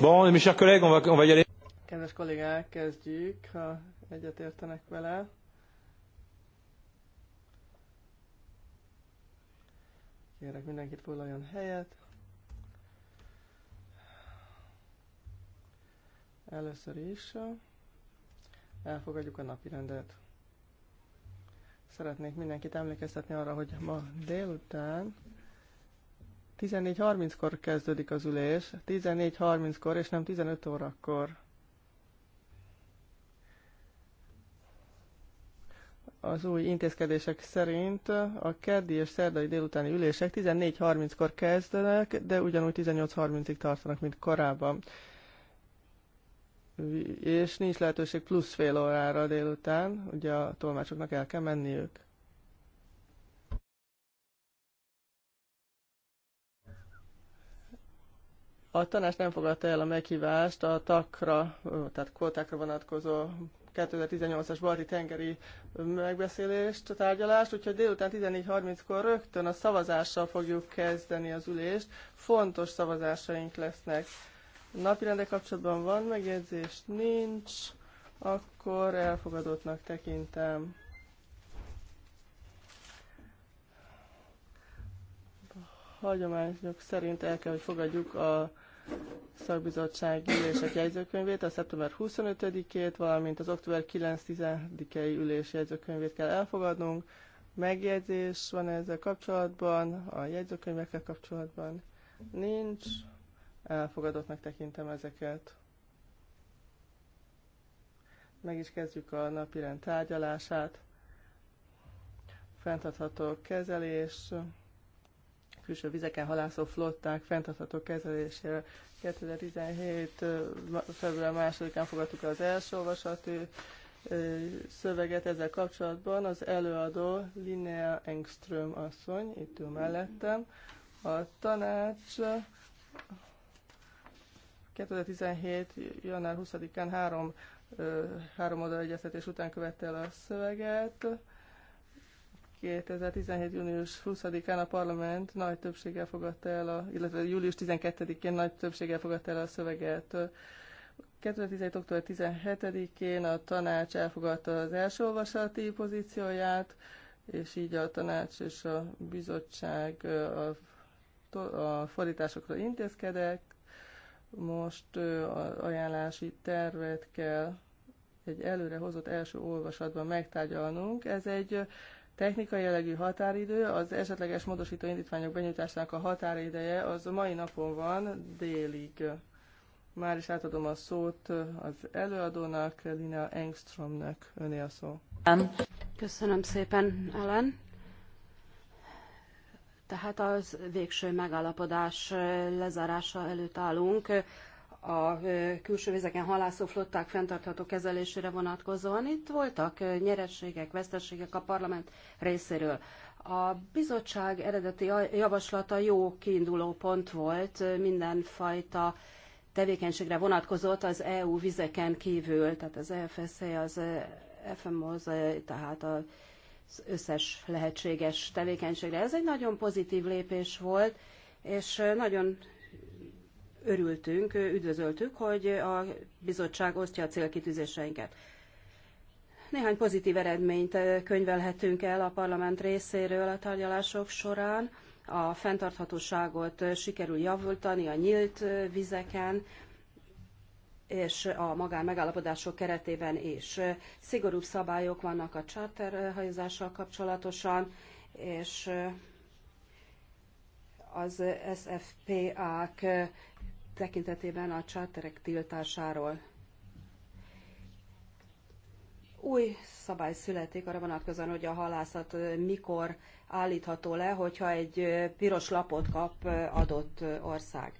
Bon, mes chers collègues, on va, on va y aller. Kedves kollégák, kezdjük, ha egyetértenek vele. Kérek mindenkit foglaljon helyet. Először is elfogadjuk a napi rendet. Szeretnék mindenkit emlékeztetni arra, hogy ma délután 14.30-kor kezdődik az ülés, 14.30-kor és nem 15 órakor. Az új intézkedések szerint a keddi és szerdai délutáni ülések 14.30-kor kezdenek, de ugyanúgy 18.30-ig tartanak, mint korábban. És nincs lehetőség plusz fél órára délután, ugye a tolmácsoknak el kell menniük. A tanács nem fogadta el a meghívást a takra, tehát kvótákra vonatkozó 2018-as balti tengeri megbeszélést, tárgyalást, úgyhogy délután 14.30-kor rögtön a szavazással fogjuk kezdeni az ülést. Fontos szavazásaink lesznek. Napirende kapcsolatban van megjegyzés? Nincs. Akkor elfogadottnak tekintem. hagyományok szerint el kell, hogy fogadjuk a szakbizottsági ülések jegyzőkönyvét, a szeptember 25-ét, valamint az október 9-10-i ülés jegyzőkönyvét kell elfogadnunk. Megjegyzés van -e ezzel kapcsolatban, a jegyzőkönyvekkel kapcsolatban nincs. Elfogadottnak tekintem ezeket. Meg is kezdjük a napirend tárgyalását. Fenntartható kezelés külső vizeken halászó flották fenntartható kezelésére. 2017. február 2-án fogadtuk az első olvasatű szöveget ezzel kapcsolatban. Az előadó Linnea Engström asszony, itt ül mellettem. A tanács 2017. január 20-án három, három oda egyeztetés után követte el a szöveget. 2017. június 20-án a parlament nagy többséggel fogadta el, a, illetve július 12-én nagy többséggel fogadta el a szöveget. 2017. október 17-én a tanács elfogadta az első olvasati pozícióját, és így a tanács és a bizottság a, a fordításokra intézkedek. Most az ajánlási tervet kell egy előre hozott első olvasatban megtárgyalnunk. Ez egy technikai jellegű határidő, az esetleges módosító indítványok benyújtásának a határideje az a mai napon van délig. Már is átadom a szót az előadónak, Lina Engströmnek, öné a szó. Köszönöm szépen, Ellen. Tehát az végső megállapodás lezárása előtt állunk a külső vizeken halászó flották fenntartható kezelésére vonatkozóan. Itt voltak nyerességek, veszteségek a parlament részéről. A bizottság eredeti javaslata jó kiinduló pont volt mindenfajta tevékenységre vonatkozott az EU vizeken kívül, tehát az EFSZ, az FMOZ, tehát az összes lehetséges tevékenységre. Ez egy nagyon pozitív lépés volt, és nagyon örültünk, üdvözöltük, hogy a bizottság osztja a célkitűzéseinket. Néhány pozitív eredményt eh, könyvelhetünk el a parlament részéről a tárgyalások során. A fenntarthatóságot eh, sikerül javultani a nyílt eh, vizeken, és a magán megállapodások keretében is. Szigorúbb szabályok vannak a charterhajózással kapcsolatosan, és az SFPA-k tekintetében a charterek tiltásáról. Új szabály születik arra vonatkozóan, hogy a halászat mikor állítható le, hogyha egy piros lapot kap adott ország.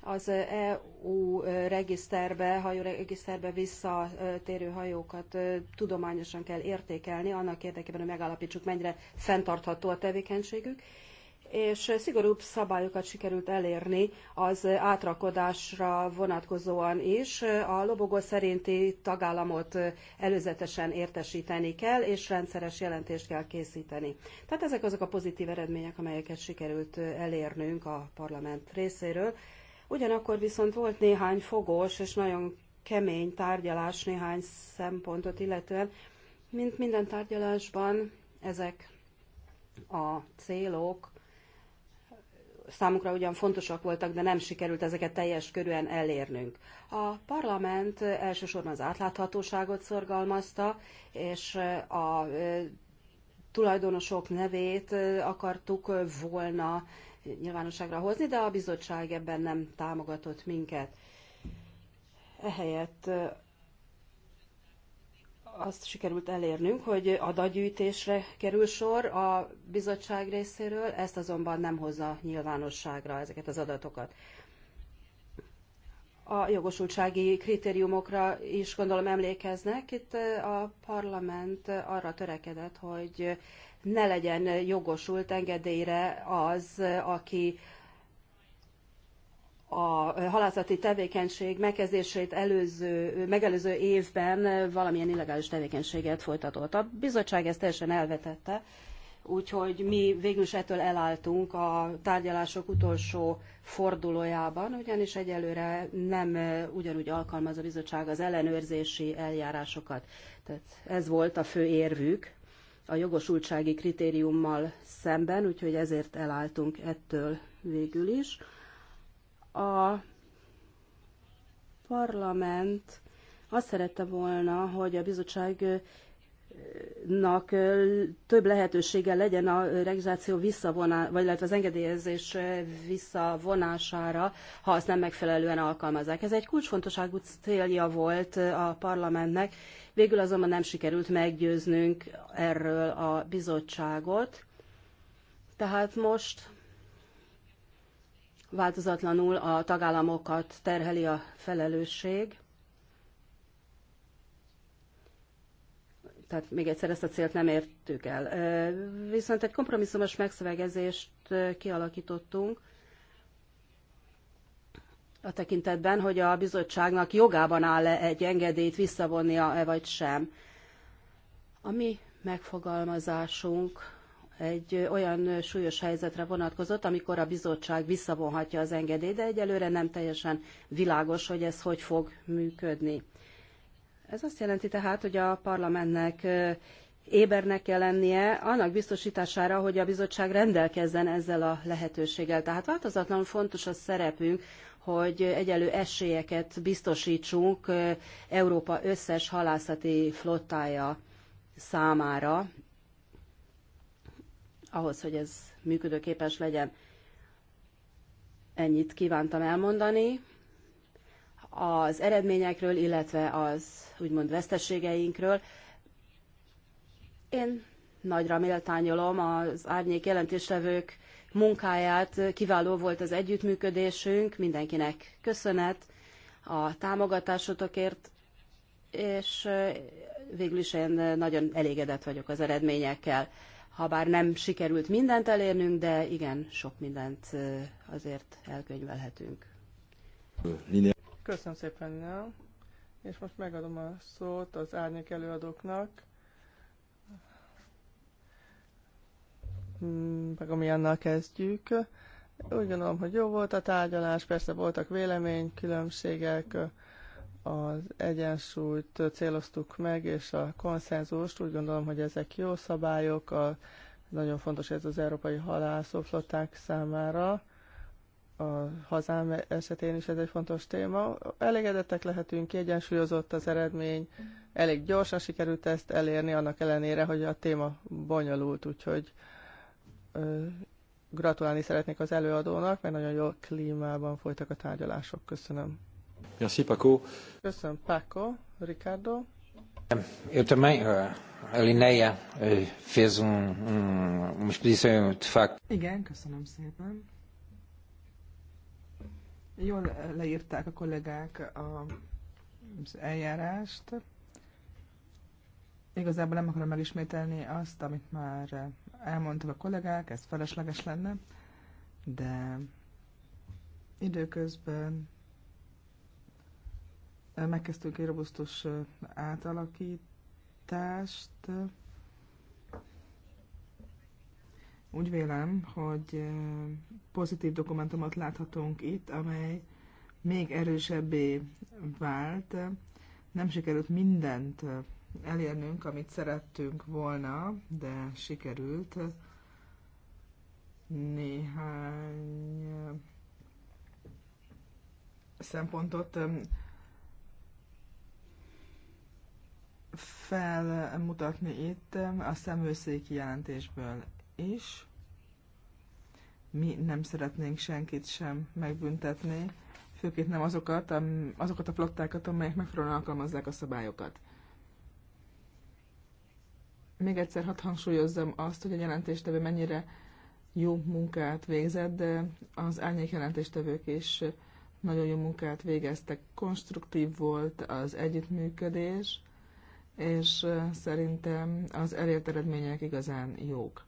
Az EU regiszterbe, hajóregiszterbe visszatérő hajókat tudományosan kell értékelni, annak érdekében, hogy megállapítsuk, mennyire fenntartható a tevékenységük, és szigorúbb szabályokat sikerült elérni az átrakodásra vonatkozóan is. A lobogó szerinti tagállamot előzetesen értesíteni kell, és rendszeres jelentést kell készíteni. Tehát ezek azok a pozitív eredmények, amelyeket sikerült elérnünk a parlament részéről. Ugyanakkor viszont volt néhány fogós és nagyon kemény tárgyalás néhány szempontot illetően, mint minden tárgyalásban ezek a célok számukra ugyan fontosak voltak, de nem sikerült ezeket teljes körűen elérnünk. A parlament elsősorban az átláthatóságot szorgalmazta, és a tulajdonosok nevét akartuk volna nyilvánosságra hozni, de a bizottság ebben nem támogatott minket. Ehelyett azt sikerült elérnünk, hogy adagyűjtésre kerül sor a bizottság részéről, ezt azonban nem hozza nyilvánosságra ezeket az adatokat. A jogosultsági kritériumokra is gondolom emlékeznek. Itt a parlament arra törekedett, hogy ne legyen jogosult engedélyre az, aki a halászati tevékenység megkezdését előző, megelőző évben valamilyen illegális tevékenységet folytatott. A bizottság ezt teljesen elvetette, úgyhogy mi végül is ettől elálltunk a tárgyalások utolsó fordulójában, ugyanis egyelőre nem ugyanúgy alkalmaz a bizottság az ellenőrzési eljárásokat. Tehát ez volt a fő érvük a jogosultsági kritériummal szemben, úgyhogy ezért elálltunk ettől végül is. A parlament azt szerette volna, hogy a bizottságnak több lehetősége legyen a regisztráció visszavonására, vagy illetve az engedélyezés visszavonására, ha azt nem megfelelően alkalmazzák. Ez egy kulcsfontosságú célja volt a parlamentnek, végül azonban nem sikerült meggyőznünk erről a bizottságot. Tehát most változatlanul a tagállamokat terheli a felelősség. Tehát még egyszer ezt a célt nem értük el. Viszont egy kompromisszumos megszövegezést kialakítottunk a tekintetben, hogy a bizottságnak jogában áll-e egy engedélyt visszavonnia-e vagy sem. A mi megfogalmazásunk egy olyan súlyos helyzetre vonatkozott, amikor a bizottság visszavonhatja az engedélyt, de egyelőre nem teljesen világos, hogy ez hogy fog működni. Ez azt jelenti tehát, hogy a parlamentnek ébernek kell lennie annak biztosítására, hogy a bizottság rendelkezzen ezzel a lehetőséggel. Tehát változatlanul fontos a szerepünk, hogy egyelő esélyeket biztosítsunk Európa összes halászati flottája számára, ahhoz, hogy ez működőképes legyen. Ennyit kívántam elmondani. Az eredményekről, illetve az úgymond veszteségeinkről. Én nagyra méltányolom az árnyék jelentéslevők munkáját, kiváló volt az együttműködésünk, mindenkinek köszönet a támogatásotokért, és eh, végül is én nagyon elégedett vagyok az eredményekkel. Habár nem sikerült mindent elérnünk, de igen, sok mindent azért elkönyvelhetünk. Köszönöm szépen, Nina. És most megadom a szót az árnyék előadóknak. Hmm, meg ami annál kezdjük. Úgy gondolom, hogy jó volt a tárgyalás, persze voltak véleménykülönbségek, különbségek az egyensúlyt céloztuk meg, és a konszenzust, úgy gondolom, hogy ezek jó szabályok, a, nagyon fontos ez az európai halászóflották számára, a hazám esetén is ez egy fontos téma. Elégedettek lehetünk, kiegyensúlyozott az eredmény, elég gyorsan sikerült ezt elérni, annak ellenére, hogy a téma bonyolult, úgyhogy ö, gratulálni szeretnék az előadónak, mert nagyon jó klímában folytak a tárgyalások. Köszönöm. Merci, Paco. Köszönöm, Paco. Ricardo? Eu também, eh, a Lineia eh, fez um, um, uma expedição de facto. Igen, köszönöm szépen. Jól leírták a kollégák a, az eljárást. Igazából nem akarom megismételni azt, amit már elmondtak a kollégák, ez felesleges lenne, de időközben megkezdtünk egy robusztus átalakítást. Úgy vélem, hogy pozitív dokumentumot láthatunk itt, amely még erősebbé vált. Nem sikerült mindent elérnünk, amit szerettünk volna, de sikerült néhány szempontot felmutatni itt a szemőszéki jelentésből is. Mi nem szeretnénk senkit sem megbüntetni, főként nem azokat, azokat a flottákat, amelyek megfelelően alkalmazzák a szabályokat. Még egyszer hadd hangsúlyozzam azt, hogy a jelentéstevő mennyire jó munkát végzett, de az árnyék jelentéstevők is nagyon jó munkát végeztek. Konstruktív volt az együttműködés, és szerintem az elért eredmények igazán jók.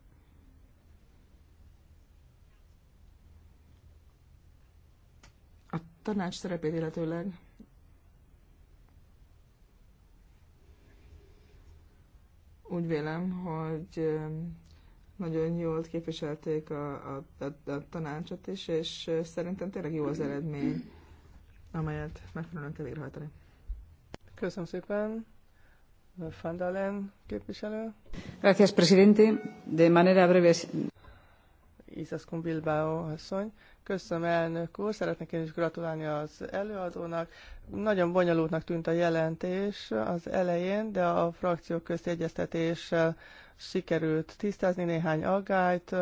A tanács szerepét illetőleg úgy vélem, hogy nagyon jól képviselték a, a, a, a tanácsot is, és szerintem tényleg jó az eredmény, amelyet megfelelően kell írhatni. Köszönöm szépen! Van Dalen képviselő. Gracias, presidente. De manera breve... Izaskun Bilbao asszony. Köszönöm, elnök úr. Szeretnék én is gratulálni az előadónak. Nagyon bonyolultnak tűnt a jelentés az elején, de a frakciók közti egyeztetéssel sikerült tisztázni néhány aggályt,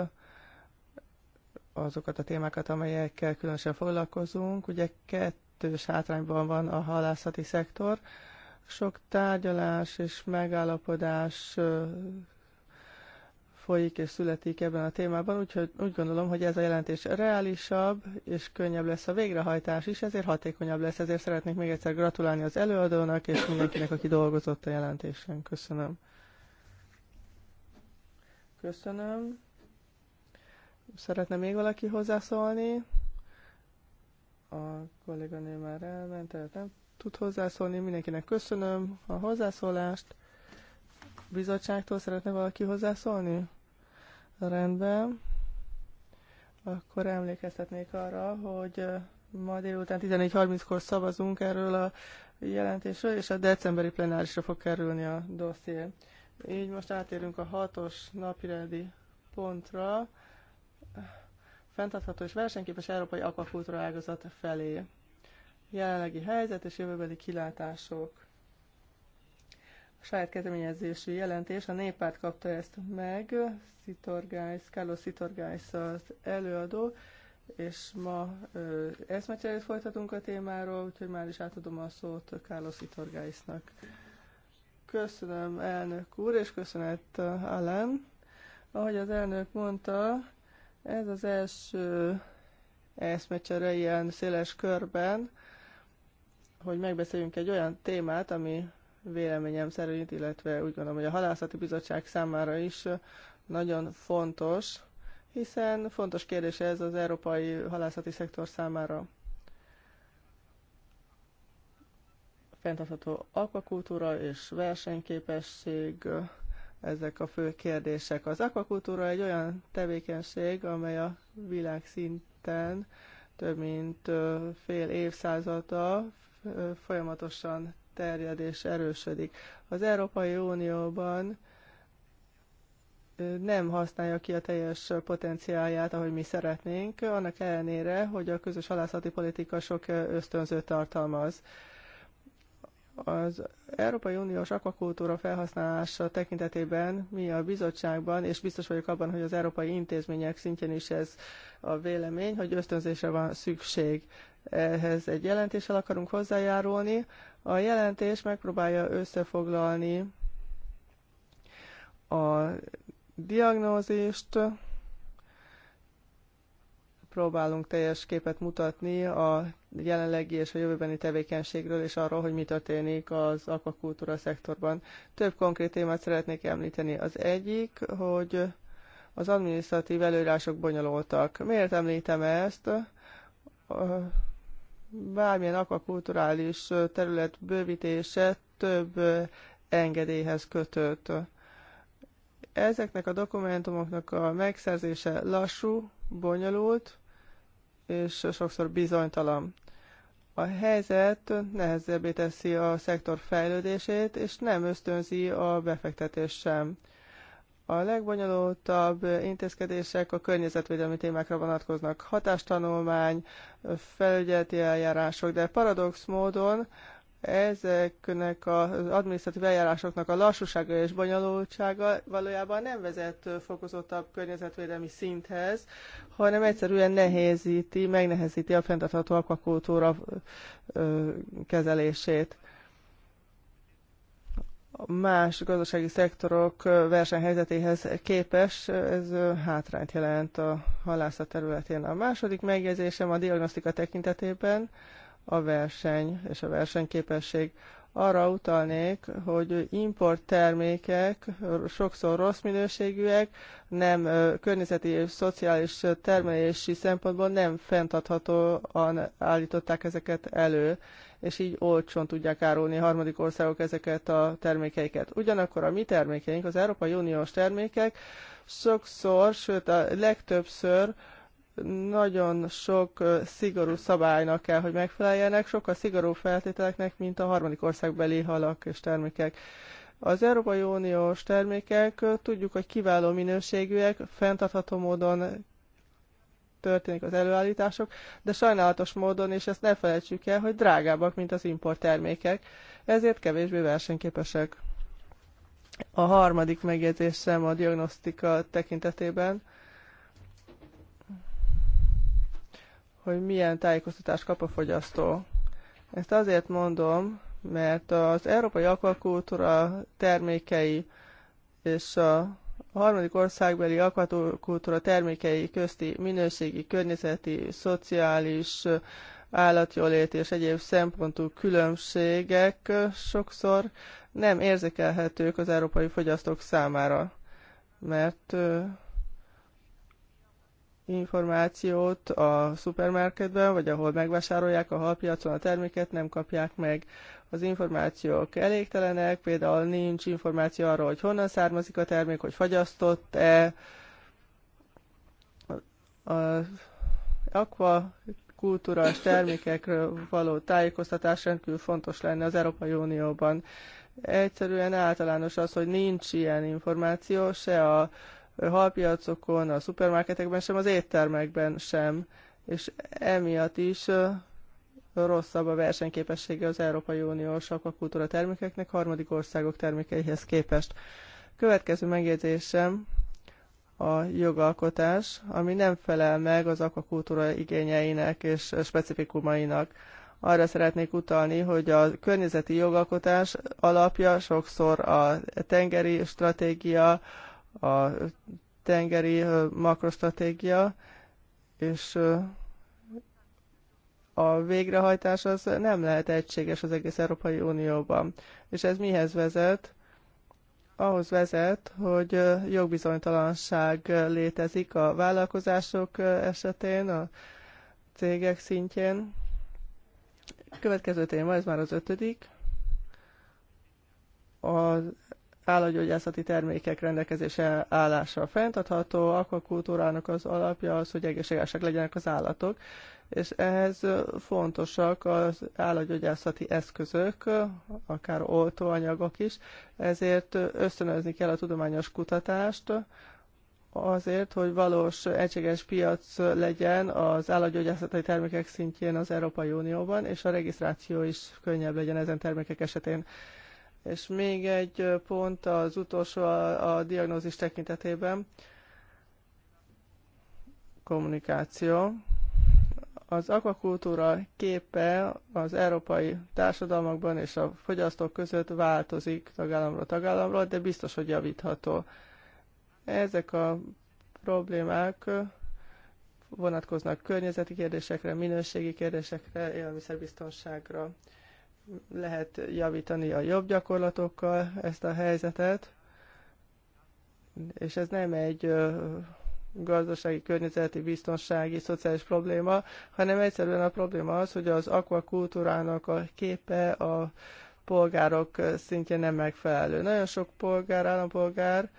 azokat a témákat, amelyekkel különösen foglalkozunk. Ugye kettős hátrányban van a halászati szektor. Sok tárgyalás és megállapodás folyik és születik ebben a témában, úgyhogy úgy gondolom, hogy ez a jelentés reálisabb és könnyebb lesz a végrehajtás is, ezért hatékonyabb lesz, ezért szeretnék még egyszer gratulálni az előadónak és mindenkinek, aki dolgozott a jelentésen. Köszönöm. Köszönöm. Szeretne még valaki hozzászólni? A kolléganő már elment, tehát nem tud hozzászólni. Mindenkinek köszönöm a hozzászólást. Bizottságtól szeretne valaki hozzászólni? Rendben. Akkor emlékeztetnék arra, hogy ma délután 14.30-kor szavazunk erről a jelentésről, és a decemberi plenárisra fog kerülni a dosszié. Így most átérünk a hatos napirendi pontra, fenntartható és versenyképes európai akvakultúra ágazat felé jelenlegi helyzet és jövőbeli kilátások. A saját kezdeményezésű jelentés, a néppárt kapta ezt meg, Szitorgász, Carlos Szitorgász az előadó, és ma eszmecserét folytatunk a témáról, úgyhogy már is átadom a szót Carlos Szitorgásznak. Köszönöm, elnök úr, és köszönet Alan. Ahogy az elnök mondta, ez az első eszmecsere ilyen széles körben, hogy megbeszéljünk egy olyan témát, ami véleményem szerint, illetve úgy gondolom, hogy a halászati bizottság számára is nagyon fontos, hiszen fontos kérdés ez az európai halászati szektor számára. Fentartható akvakultúra és versenyképesség, ezek a fő kérdések. Az akvakultúra egy olyan tevékenység, amely a világ szinten több mint fél évszázada folyamatosan terjed és erősödik. Az Európai Unióban nem használja ki a teljes potenciálját, ahogy mi szeretnénk, annak ellenére, hogy a közös halászati politika sok ösztönzőt tartalmaz. Az Európai Uniós akvakultúra felhasználása tekintetében mi a bizottságban, és biztos vagyok abban, hogy az európai intézmények szintjén is ez a vélemény, hogy ösztönzésre van szükség ehhez egy jelentéssel akarunk hozzájárulni. A jelentés megpróbálja összefoglalni a diagnózist, próbálunk teljes képet mutatni a jelenlegi és a jövőbeni tevékenységről, és arról, hogy mi történik az akvakultúra szektorban. Több konkrét témát szeretnék említeni. Az egyik, hogy az adminisztratív előírások bonyolultak. Miért említem ezt? bármilyen akvakulturális terület bővítése több engedélyhez kötött. Ezeknek a dokumentumoknak a megszerzése lassú, bonyolult és sokszor bizonytalan. A helyzet nehezebbé teszi a szektor fejlődését, és nem ösztönzi a befektetés sem. A legbonyolultabb intézkedések a környezetvédelmi témákra vonatkoznak. Hatástanulmány, felügyeleti eljárások, de paradox módon ezeknek az adminisztratív eljárásoknak a lassúsága és bonyolultsága valójában nem vezet fokozottabb környezetvédelmi szinthez, hanem egyszerűen nehézíti, megnehezíti a fenntartható akvakultúra kezelését más gazdasági szektorok versenyhelyzetéhez képes, ez hátrányt jelent a halászat területén. A második megjegyzésem a diagnosztika tekintetében a verseny és a versenyképesség arra utalnék, hogy import termékek sokszor rossz minőségűek, nem környezeti és szociális termelési szempontból nem fenntarthatóan állították ezeket elő, és így olcsón tudják árulni harmadik országok ezeket a termékeiket. Ugyanakkor a mi termékeink, az Európai Uniós termékek sokszor, sőt a legtöbbször nagyon sok szigorú szabálynak kell, hogy megfeleljenek, sokkal szigorú feltételeknek, mint a harmadik országbeli halak és termékek. Az Európai Uniós termékek tudjuk, hogy kiváló minőségűek, fenntartható módon történik az előállítások, de sajnálatos módon, és ezt ne felejtsük el, hogy drágábbak, mint az import termékek, ezért kevésbé versenyképesek. A harmadik megjegyzésem a diagnosztika tekintetében hogy milyen tájékoztatást kap a fogyasztó. Ezt azért mondom, mert az európai akvakultúra termékei és a harmadik országbeli akvakultúra termékei közti minőségi, környezeti, szociális, állatjólét és egyéb szempontú különbségek sokszor nem érzékelhetők az európai fogyasztók számára, mert információt a szupermarketben, vagy ahol megvásárolják a halpiacon a terméket, nem kapják meg. Az információk elégtelenek, például nincs információ arról, hogy honnan származik a termék, hogy fagyasztott-e. Az akvakultúrás termékekről való tájékoztatás rendkívül fontos lenne az Európai Unióban. Egyszerűen általános az, hogy nincs ilyen információ, se a halpiacokon, a szupermarketekben sem, az éttermekben sem, és emiatt is rosszabb a versenyképessége az Európai Uniós akvakultúra termékeknek harmadik országok termékeihez képest. Következő megjegyzésem a jogalkotás, ami nem felel meg az akvakultúra igényeinek és specifikumainak. Arra szeretnék utalni, hogy a környezeti jogalkotás alapja sokszor a tengeri stratégia, a tengeri makrostratégia, és a végrehajtás az nem lehet egységes az egész Európai Unióban. És ez mihez vezet? Ahhoz vezet, hogy jogbizonytalanság létezik a vállalkozások esetén, a cégek szintjén. Következő téma, ez már az ötödik. Az állagyógyászati termékek rendelkezése állása fenntartható, akvakultúrának az alapja az, hogy egészségesek legyenek az állatok, és ehhez fontosak az állagyógyászati eszközök, akár oltóanyagok is, ezért ösztönözni kell a tudományos kutatást, azért, hogy valós egységes piac legyen az állatgyógyászati termékek szintjén az Európai Unióban, és a regisztráció is könnyebb legyen ezen termékek esetén. És még egy pont az utolsó a, a diagnózis tekintetében. Kommunikáció. Az akvakultúra képe az európai társadalmakban és a fogyasztók között változik tagállamról tagállamról, de biztos, hogy javítható. Ezek a problémák vonatkoznak környezeti kérdésekre, minőségi kérdésekre, élelmiszerbiztonságra lehet javítani a jobb gyakorlatokkal ezt a helyzetet, és ez nem egy gazdasági, környezeti, biztonsági, szociális probléma, hanem egyszerűen a probléma az, hogy az akvakultúrának a képe a polgárok szintje nem megfelelő. Nagyon sok polgár, állampolgár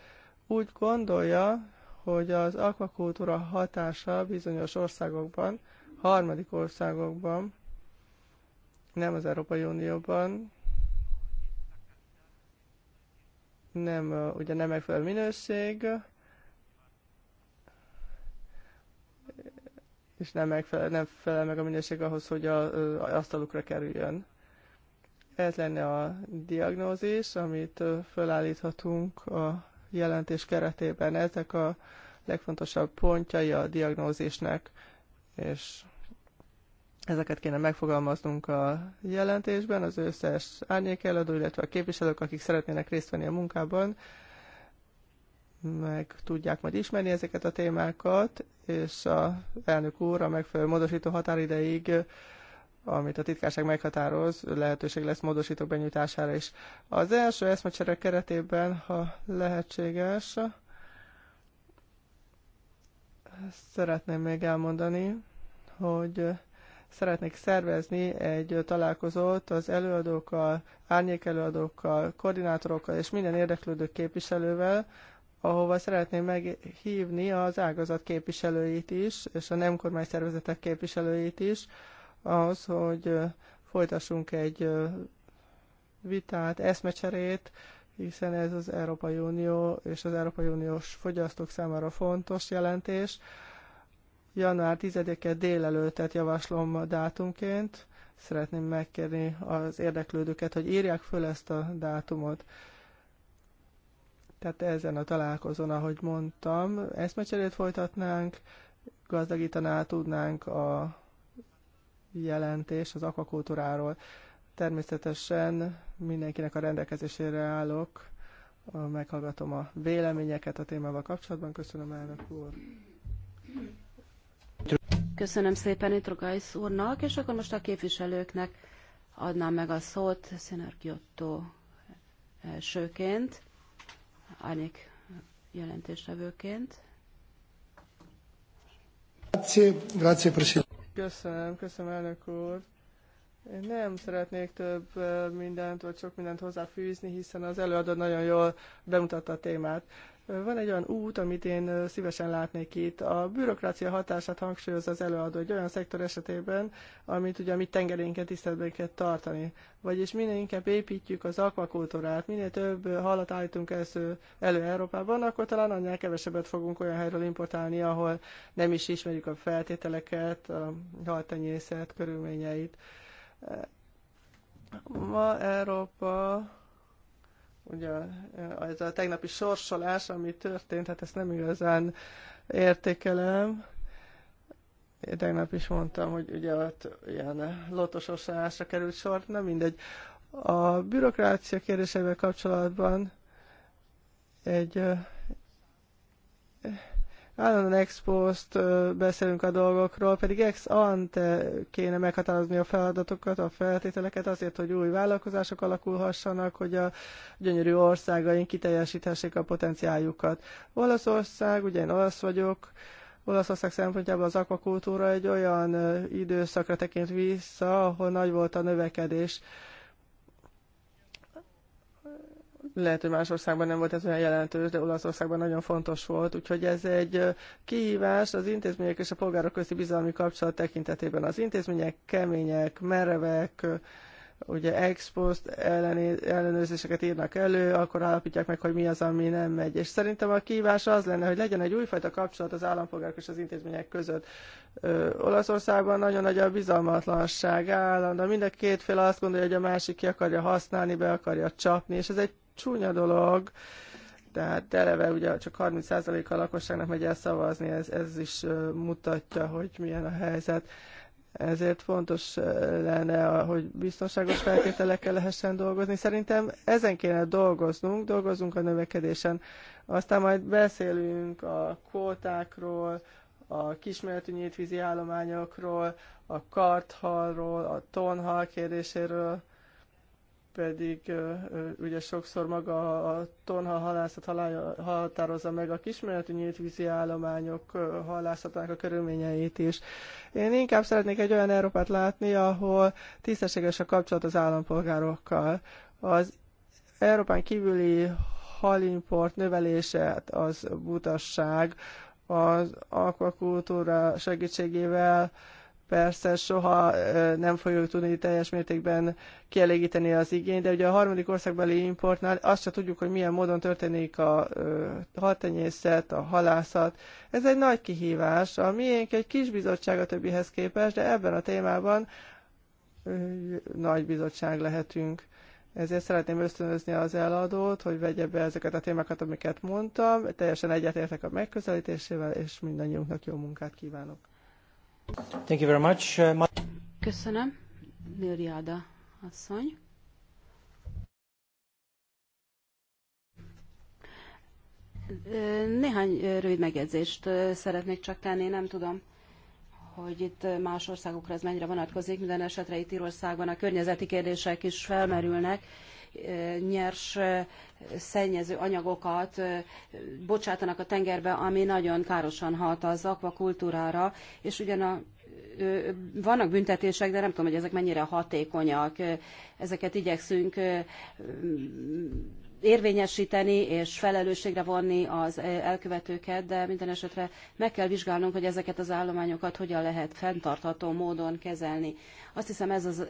úgy gondolja, hogy az akvakultúra hatása bizonyos országokban, harmadik országokban nem az Európai Unióban, nem, ugye nem megfelelő minőség, és nem, megfelel, nem felel meg a minőség ahhoz, hogy a, asztalukra kerüljön. Ez lenne a diagnózis, amit felállíthatunk a jelentés keretében. Ezek a legfontosabb pontjai a diagnózisnek, és Ezeket kéne megfogalmaznunk a jelentésben, az összes árnyékeladó, illetve a képviselők, akik szeretnének részt venni a munkában, meg tudják majd ismerni ezeket a témákat, és a elnök úr a megfelelő módosító határideig, amit a titkárság meghatároz, lehetőség lesz módosítók benyújtására is. Az első eszmecsere keretében, ha lehetséges, szeretném még elmondani, hogy szeretnék szervezni egy találkozót az előadókkal, árnyék előadókkal, koordinátorokkal és minden érdeklődő képviselővel, ahova szeretném meghívni az ágazat képviselőit is, és a nem kormány szervezetek képviselőit is, ahhoz, hogy folytassunk egy vitát, eszmecserét, hiszen ez az Európai Unió és az Európai Uniós fogyasztók számára fontos jelentés, január 10-e délelőttet javaslom dátumként. Szeretném megkérni az érdeklődőket, hogy írják föl ezt a dátumot. Tehát ezen a találkozón, ahogy mondtam, eszmecserét folytatnánk, gazdagítaná tudnánk a jelentés az akvakultúráról. Természetesen mindenkinek a rendelkezésére állok, meghallgatom a véleményeket a témával kapcsolatban. Köszönöm, elnök úr! Köszönöm szépen Itrogaisz úrnak, és akkor most a képviselőknek adnám meg a szót Szinergiotto elsőként, Anik jelentéstevőként. Köszönöm, köszönöm elnök úr. Én nem szeretnék több mindent, vagy sok mindent hozzáfűzni, hiszen az előadó nagyon jól bemutatta a témát. Van egy olyan út, amit én szívesen látnék itt. A bürokrácia hatását hangsúlyozza az előadó egy olyan szektor esetében, amit ugye a mi tengerénket tiszteletben kell tartani. Vagyis minél inkább építjük az akvakultúrát, minél több halat állítunk elő, elő Európában, akkor talán annál kevesebbet fogunk olyan helyről importálni, ahol nem is ismerjük a feltételeket, a haltenyészet körülményeit. Ma Európa ugye eh, ez a tegnapi sorsolás, ami történt, hát ezt nem igazán értékelem. Én tegnap is mondtam, hogy ugye ott ilyen lotosorsolásra került sor, nem mindegy. A bürokrácia kérdésével kapcsolatban egy eh, Állandóan ex post beszélünk a dolgokról, pedig ex ante kéne meghatározni a feladatokat, a feltételeket azért, hogy új vállalkozások alakulhassanak, hogy a gyönyörű országaink kiteljesíthessék a potenciáljukat. Olaszország, ugye én olasz vagyok, Olaszország szempontjából az akvakultúra egy olyan időszakra tekint vissza, ahol nagy volt a növekedés. Lehet, hogy más országban nem volt ez olyan jelentős, de Olaszországban nagyon fontos volt. Úgyhogy ez egy kihívás az intézmények és a polgárok közti bizalmi kapcsolat tekintetében. Az intézmények kemények, merevek, ugye ex ellenőrzéseket írnak elő, akkor állapítják meg, hogy mi az, ami nem megy. És szerintem a kívás az lenne, hogy legyen egy újfajta kapcsolat az állampolgárok és az intézmények között. Ö, Olaszországban nagyon nagy a bizalmatlanság állandó. Mind a két fél azt gondolja, hogy a másik ki akarja használni, be akarja csapni, és ez egy csúnya dolog, tehát eleve ugye csak 30%-a a lakosságnak megy el szavazni, ez, ez is mutatja, hogy milyen a helyzet. Ezért fontos lenne, hogy biztonságos feltételekkel lehessen dolgozni. Szerintem ezen kéne dolgoznunk, dolgozunk a növekedésen. Aztán majd beszélünk a kvótákról, a kisméretű nyílt állományokról, a karthalról, a tonhal kérdéséről, pedig ugye sokszor maga a tonha halászat határozza meg a kisméretű nyíltvízi állományok halászatának a körülményeit is. Én inkább szeretnék egy olyan Európát látni, ahol tisztességes a kapcsolat az állampolgárokkal. Az Európán kívüli halimport növelése hát az butasság, az akvakultúra segítségével Persze soha nem fogjuk tudni teljes mértékben kielégíteni az igényt, de ugye a harmadik országbeli importnál azt se tudjuk, hogy milyen módon történik a haltenyészet, a halászat. Ez egy nagy kihívás. A miénk egy kis bizottság a többihez képest, de ebben a témában nagy bizottság lehetünk. Ezért szeretném ösztönözni az eladót, hogy vegye be ezeket a témákat, amiket mondtam. Teljesen egyetértek a megközelítésével, és mindannyiunknak jó munkát kívánok. Thank you very much. Uh, Köszönöm. asszony. Néhány rövid megjegyzést szeretnék csak tenni, nem tudom, hogy itt más országokra ez mennyire vonatkozik, minden esetre itt Írországban a környezeti kérdések is felmerülnek, nyers szennyező anyagokat bocsátanak a tengerbe, ami nagyon károsan hat az akvakultúrára, és ugyan a vannak büntetések, de nem tudom, hogy ezek mennyire hatékonyak. Ezeket igyekszünk érvényesíteni és felelősségre vonni az elkövetőket, de minden esetre meg kell vizsgálnunk, hogy ezeket az állományokat hogyan lehet fenntartható módon kezelni. Azt hiszem ez az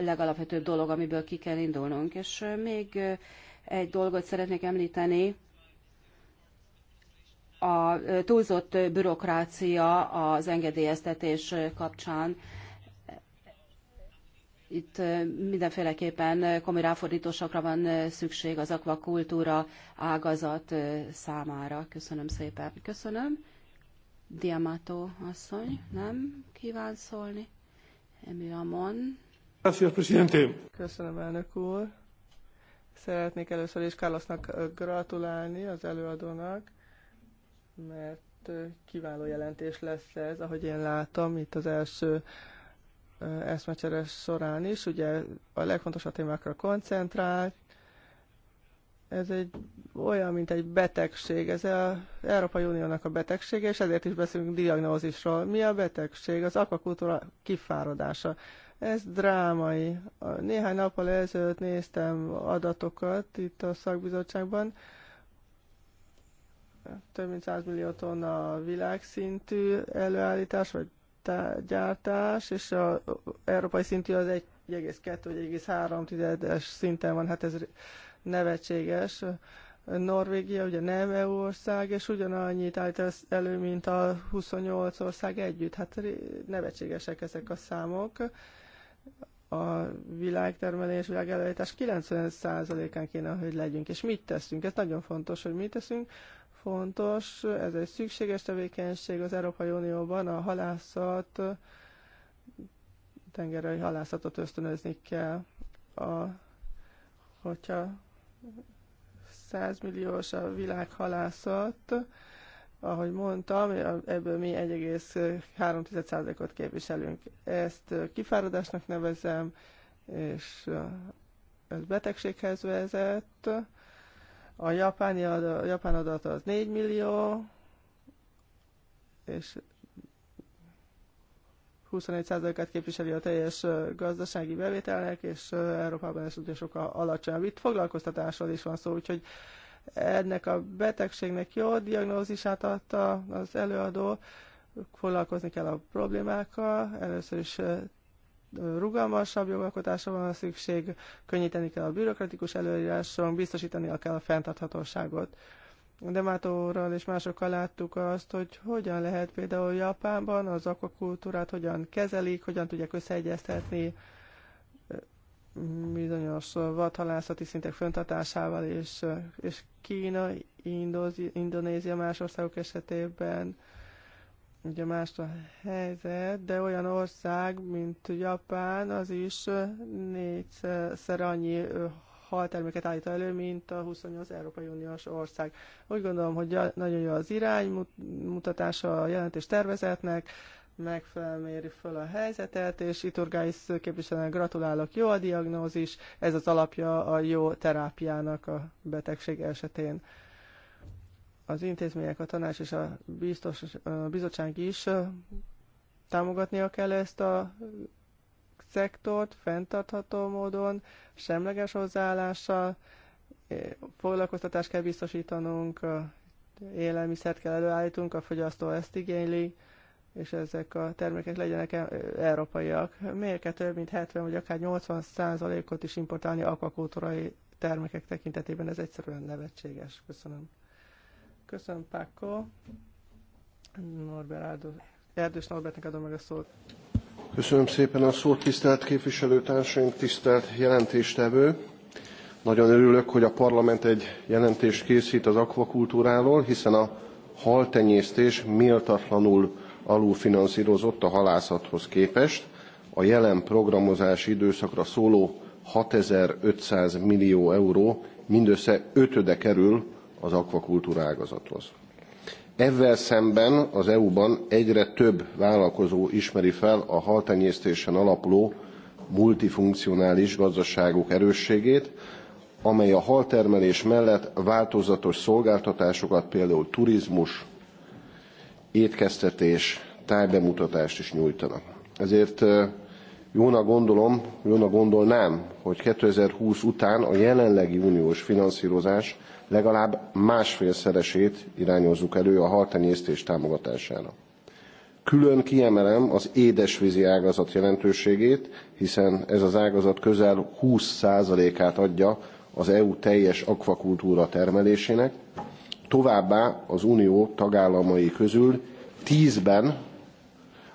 legalapvetőbb dolog, amiből ki kell indulnunk. És még egy dolgot szeretnék említeni, a túlzott bürokrácia az engedélyeztetés kapcsán. Itt mindenféleképpen komoly ráfordításokra van szükség az akvakultúra ágazat számára. Köszönöm szépen. Köszönöm. Diamato asszony, nem kíván szólni? Emi Amon. Köszönöm, elnök úr. Szeretnék először is Carlosnak gratulálni, az előadónak, mert kiváló jelentés lesz ez, ahogy én látom, itt az első eszmecseres során is, ugye a legfontosabb témákra koncentrált, ez egy olyan, mint egy betegség, ez az Európai Uniónak a betegsége, és ezért is beszélünk diagnózisról. Mi a betegség? Az akvakultúra kifáradása. Ez drámai. Néhány nappal ezelőtt néztem adatokat itt a szakbizottságban. Több mint 100 millió tonna világszintű előállítás, vagy gyártás, és az európai szintű az 1,2-1,3-es szinten van, hát ez nevetséges. Norvégia ugye nem EU ország, és ugyanannyit állít elő, mint a 28 ország együtt. Hát nevetségesek ezek a számok. A világtermelés, világelőállítás 90%-án kéne, hogy legyünk. És mit teszünk? Ez nagyon fontos, hogy mit teszünk fontos, ez egy szükséges tevékenység az Európai Unióban, a halászat, tengeri halászatot ösztönözni kell. A, hogyha 100 milliós a világ halászat, ahogy mondtam, ebből mi 1,3%-ot képviselünk. Ezt kifáradásnak nevezem, és ez betegséghez vezet, a japán, adat, a japán adat az 4 millió, és 21%-át képviseli a teljes gazdasági bevételnek, és Európában ez ugye sokkal alacsonyabb. Itt foglalkoztatásról is van szó, úgyhogy ennek a betegségnek jó diagnózisát adta az előadó, foglalkozni kell a problémákkal, először is rugalmasabb jogalkotásra van szükség, könnyíteni kell a bürokratikus előíráson, biztosítani kell a fenntarthatóságot. De Mátóral és másokkal láttuk azt, hogy hogyan lehet például Japánban az akvakultúrát, hogyan kezelik, hogyan tudják összeegyeztetni bizonyos vadhalászati szintek föntatásával, és, és Kína, Indozi, Indonézia más országok esetében ugye más a helyzet, de olyan ország, mint Japán, az is négyszer annyi halterméket állít elő, mint a 28 Európai Uniós ország. Úgy gondolom, hogy nagyon jó az irány mutatása a jelentés tervezetnek, megfelméri föl a helyzetet, és Iturgáis képviselőnek gratulálok, jó a diagnózis, ez az alapja a jó terápiának a betegség esetén az intézmények, a tanács és a, biztos, a bizottság is támogatnia kell ezt a szektort fenntartható módon, semleges hozzáállással, foglalkoztatást kell biztosítanunk, élelmiszert kell előállítunk, a fogyasztó ezt igényli, és ezek a termékek legyenek e, európaiak. Miért kell több mint 70 vagy akár 80 százalékot is importálni akvakultúrai termékek tekintetében? Ez egyszerűen nevetséges. Köszönöm. Köszönöm, Páko. Norbert Erdős Norbertnek adom meg a szót. Köszönöm szépen a szót, tisztelt képviselőtársaim, tisztelt jelentéstevő. Nagyon örülök, hogy a parlament egy jelentést készít az akvakultúráról, hiszen a haltenyésztés méltatlanul alulfinanszírozott a halászathoz képest. A jelen programozási időszakra szóló 6500 millió euró mindössze ötöde kerül az akvakultúra ágazathoz. Ezzel szemben az EU-ban egyre több vállalkozó ismeri fel a haltenyésztésen alapuló multifunkcionális gazdaságok erősségét, amely a haltermelés mellett változatos szolgáltatásokat, például turizmus, étkeztetés, tájbemutatást is nyújtanak. Ezért jónak gondolom, jónak gondolnám, hogy 2020 után a jelenlegi uniós finanszírozás legalább másfélszeresét irányozzuk elő a haltenyésztés támogatására. Külön kiemelem az édesvízi ágazat jelentőségét, hiszen ez az ágazat közel 20%-át adja az EU teljes akvakultúra termelésének, továbbá az Unió tagállamai közül 10-ben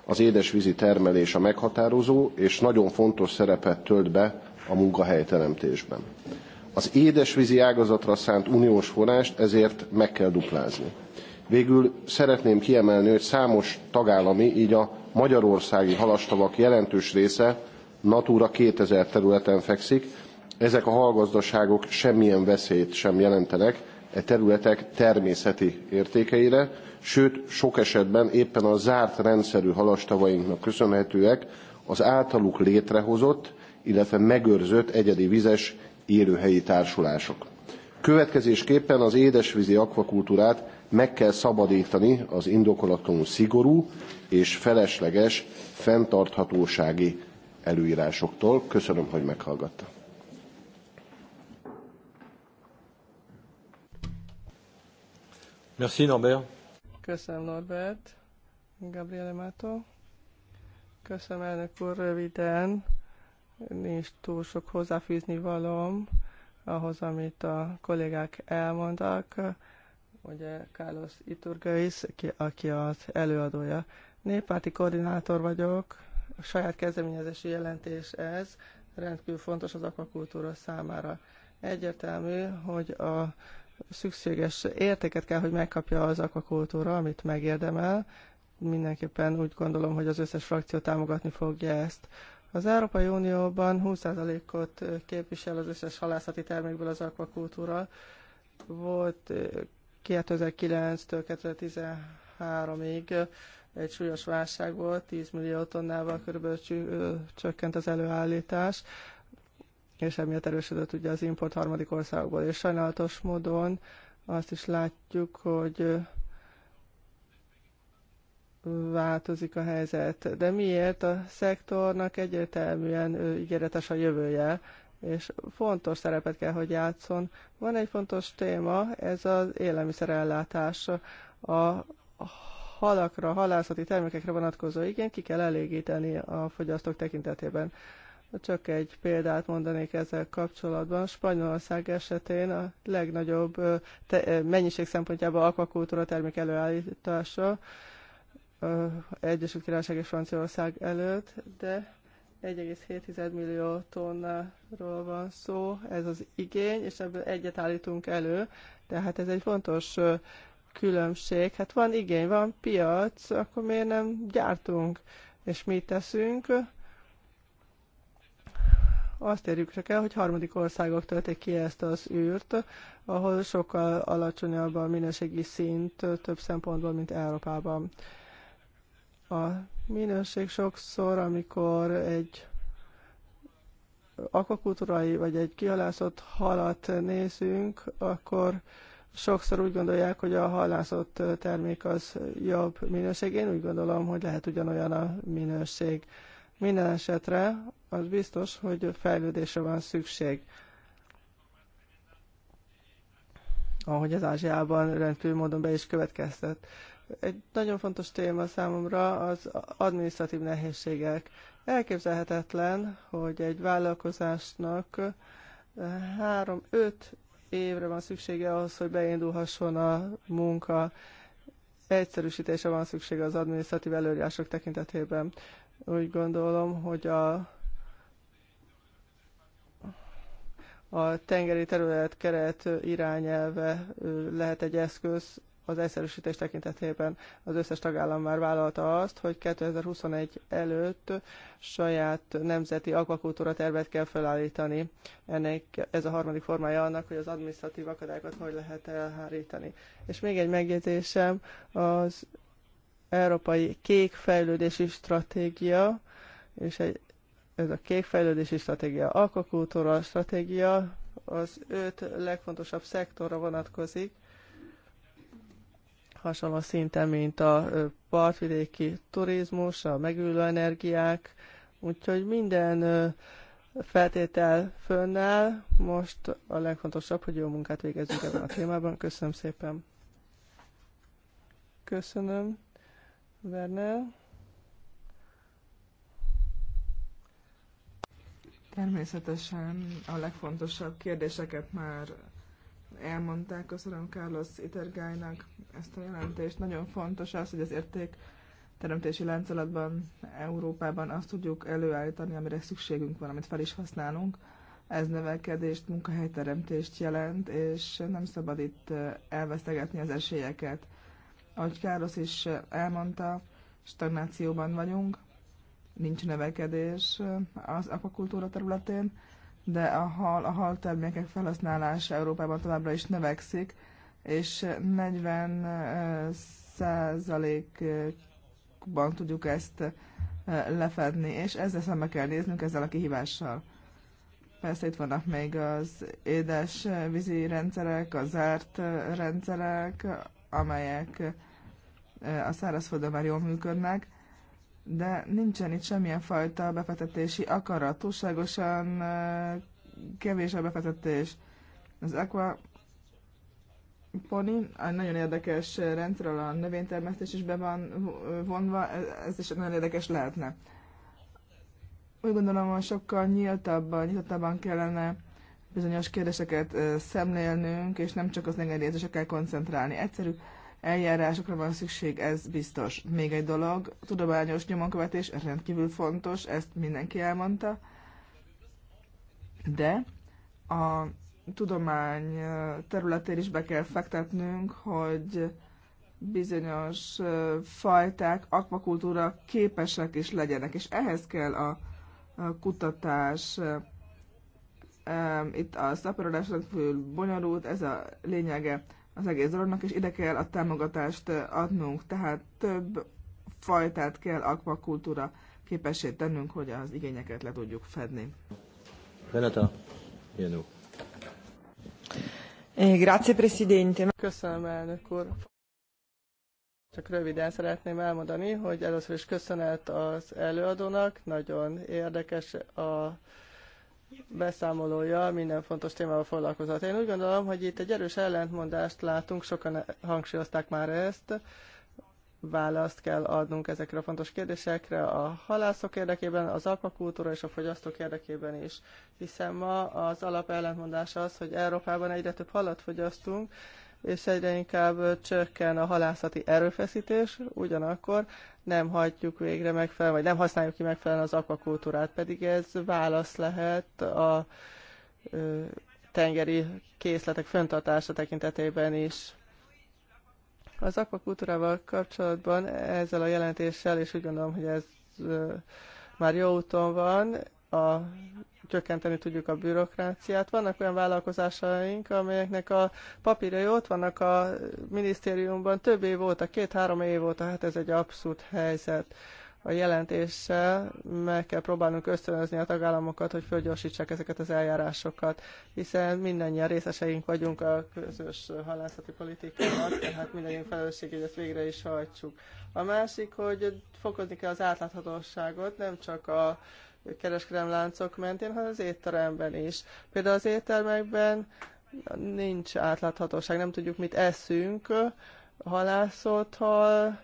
az édesvízi termelés a meghatározó, és nagyon fontos szerepet tölt be a munkahelyteremtésben. Az édesvízi ágazatra szánt uniós forrást ezért meg kell duplázni. Végül szeretném kiemelni, hogy számos tagállami, így a magyarországi halastavak jelentős része Natura 2000 területen fekszik, ezek a halgazdaságok semmilyen veszélyt sem jelentenek e területek természeti értékeire, sőt sok esetben éppen a zárt rendszerű halastavainknak köszönhetőek az általuk létrehozott, illetve megőrzött egyedi vizes élőhelyi társulások. Következésképpen az édesvízi akvakultúrát meg kell szabadítani az indokolatlanul szigorú és felesleges fenntarthatósági előírásoktól. Köszönöm, hogy meghallgatta. Merci Norbert. Köszönöm Norbert. Gabriele Mato. Köszönöm elnök úr röviden nincs túl sok hozzáfűzni valóm ahhoz, amit a kollégák elmondtak. Ugye Carlos Iturgeis, aki az előadója. Néppárti koordinátor vagyok, a saját kezdeményezési jelentés ez, rendkívül fontos az akvakultúra számára. Egyértelmű, hogy a szükséges értéket kell, hogy megkapja az akvakultúra, amit megérdemel. Mindenképpen úgy gondolom, hogy az összes frakció támogatni fogja ezt. Az Európai Unióban 20%-ot képvisel az összes halászati termékből az akvakultúra. Volt 2009-től 2013-ig egy súlyos válság volt, 10 millió tonnával körülbelül csökkent az előállítás, és emiatt erősödött ugye az import harmadik országból És sajnálatos módon azt is látjuk, hogy változik a helyzet. De miért a szektornak egyértelműen ígéretes a jövője, és fontos szerepet kell, hogy játszon. Van egy fontos téma, ez az élelmiszerellátás. A halakra, halászati termékekre vonatkozó igen, ki kell elégíteni a fogyasztók tekintetében. Csak egy példát mondanék ezzel kapcsolatban. Spanyolország esetén a legnagyobb mennyiség szempontjából akvakultúra termék előállítása Egyesült Királyság és Franciaország előtt, de 1,7 millió tonnáról van szó, ez az igény, és ebből egyet állítunk elő, tehát ez egy fontos különbség. Hát van igény, van piac, akkor miért nem gyártunk, és mit teszünk? Azt érjük csak el, hogy harmadik országok töltik ki ezt az űrt, ahol sokkal alacsonyabb a minőségi szint több szempontból, mint Európában. A minőség sokszor, amikor egy akvakultúrai vagy egy kihalászott halat nézünk, akkor sokszor úgy gondolják, hogy a halászott termék az jobb minőség. Én úgy gondolom, hogy lehet ugyanolyan a minőség. Minden esetre az biztos, hogy fejlődésre van szükség. Ahogy az Ázsiában rendkívül módon be is következtett. Egy nagyon fontos téma számomra az administratív nehézségek. Elképzelhetetlen, hogy egy vállalkozásnak eh, három-öt évre van szüksége ahhoz, hogy beindulhasson a munka. Egyszerűsítése van szüksége az administratív előírások tekintetében. Úgy gondolom, hogy a a tengeri terület keret irányelve lehet egy eszköz az egyszerűsítés tekintetében. Az összes tagállam már vállalta azt, hogy 2021 előtt saját nemzeti akvakultúra tervet kell felállítani. Ennek ez a harmadik formája annak, hogy az administratív akadályokat hogy lehet elhárítani. És még egy megjegyzésem, az Európai Kék Fejlődési Stratégia, és egy, ez a kék fejlődési stratégia, akvakultúra stratégia, az öt legfontosabb szektorra vonatkozik, hasonló szinten, mint a partvidéki turizmus, a megülő energiák, úgyhogy minden feltétel fönnel. Most a legfontosabb, hogy jó munkát végezzünk ebben a témában. Köszönöm szépen. Köszönöm, Werner. Természetesen a legfontosabb kérdéseket már elmondták. Köszönöm Carlos Itergájnak ezt a jelentést. Nagyon fontos az, hogy az érték teremtési láncolatban Európában azt tudjuk előállítani, amire szükségünk van, amit fel is használunk. Ez növekedést, munkahelyteremtést jelent, és nem szabad itt elvesztegetni az esélyeket. Ahogy Károsz is elmondta, stagnációban vagyunk, nincs növekedés az akvakultúra területén, de a hal, a hal termékek felhasználása Európában továbbra is növekszik, és 40 eh, százalékban tudjuk ezt eh, lefedni, és ezzel szembe kell néznünk ezzel a kihívással. Persze itt vannak még az édes eh, vízi rendszerek, a zárt rendszerek, amelyek a szárazföldön már jól működnek, de nincsen itt semmilyen fajta befektetési akarat, túlságosan kevés a befektetés. Az Aqua Pony, egy nagyon érdekes rendszerrel a növénytermesztés is be van vonva, ez is nagyon érdekes lehetne. Úgy gondolom, hogy sokkal nyíltabban, nyitottabban kellene bizonyos kérdéseket szemlélnünk, és nem csak az engedélyezésekkel koncentrálni. Egyszerű eljárásokra van szükség, ez biztos. Még egy dolog, tudományos nyomonkövetés rendkívül fontos, ezt mindenki elmondta, de a tudomány területén is be kell fektetnünk, hogy bizonyos fajták, akvakultúra képesek is legyenek, és ehhez kell a kutatás. Itt a szaporodás rendkívül bonyolult, ez a lényege az egész dolognak, és ide kell a támogatást adnunk, tehát több fajtát kell akvakultúra képessé tennünk, hogy az igényeket le tudjuk fedni. Renata, Jenő. Eh, grazie, Presidente. Köszönöm, elnök úr. Csak röviden szeretném elmondani, hogy először is köszönet az előadónak, nagyon érdekes a beszámolója minden fontos témával foglalkozott. Én úgy gondolom, hogy itt egy erős ellentmondást látunk, sokan hangsúlyozták már ezt, választ kell adnunk ezekre a fontos kérdésekre a halászok érdekében, az akvakultúra és a fogyasztók érdekében is. Hiszen ma az alap ellentmondás az, hogy Európában egyre több halat fogyasztunk, és egyre inkább csökken a halászati erőfeszítés, ugyanakkor nem hagyjuk végre megfelelően, vagy nem használjuk ki megfelelően az akvakultúrát, pedig ez válasz lehet a ö, tengeri készletek föntartása tekintetében is. Az akvakultúrával kapcsolatban ezzel a jelentéssel, és úgy gondolom, hogy ez ö, már jó úton van, a, csökkenteni tudjuk a bürokráciát. Vannak olyan vállalkozásaink, amelyeknek a papírjai ott vannak a minisztériumban több év óta, két-három év óta, hát ez egy abszurd helyzet. A jelentéssel meg kell próbálnunk ösztönözni a tagállamokat, hogy fölgyorsítsák ezeket az eljárásokat, hiszen mindannyian részeseink vagyunk a közös halászati politikának, tehát mindannyian felelősség, hogy ezt végre is hajtsuk. A másik, hogy fokozni kell az átláthatóságot, nem csak a Kereskedelemláncok láncok mentén, hanem az étteremben is. Például az éttermekben nincs átláthatóság, nem tudjuk, mit eszünk, halászott hal,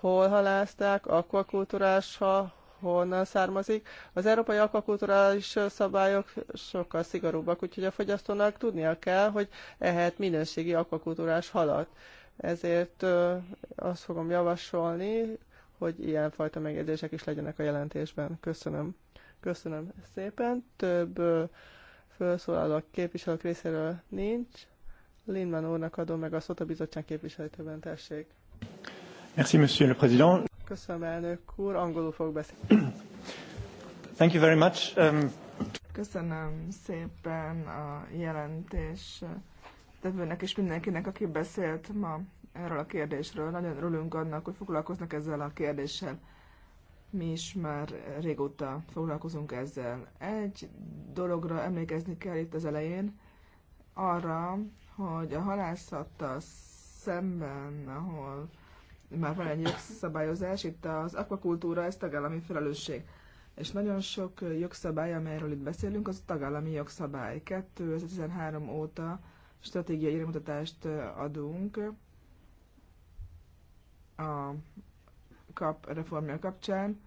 hol halázták, akvakultúrás hal, honnan származik. Az európai akvakulturális szabályok sokkal szigorúbbak, úgyhogy a fogyasztónak tudnia kell, hogy ehet minőségi akvakultúrás halat. Ezért azt fogom javasolni, hogy ilyenfajta megjegyzések is legyenek a jelentésben. Köszönöm. Köszönöm szépen. Több felszólaló képviselők részéről nincs. Lindman úrnak adom meg a szót a bizottság képviselőtőben, tessék. Merci, monsieur le président. Köszönöm, elnök úr. Angolul fog beszélni. Thank you very much. Um... Köszönöm szépen a jelentés tevőnek és mindenkinek, aki beszélt ma erről a kérdésről. Nagyon örülünk annak, hogy foglalkoznak ezzel a kérdéssel mi is már régóta foglalkozunk ezzel. Egy dologra emlékezni kell itt az elején, arra, hogy a halászattal szemben, ahol már van egy jogszabályozás, itt az akvakultúra, ez tagállami felelősség. És nagyon sok jogszabály, amelyről itt beszélünk, az a tagállami jogszabály. 2013 óta stratégiai iránymutatást adunk a kap reformja kapcsán,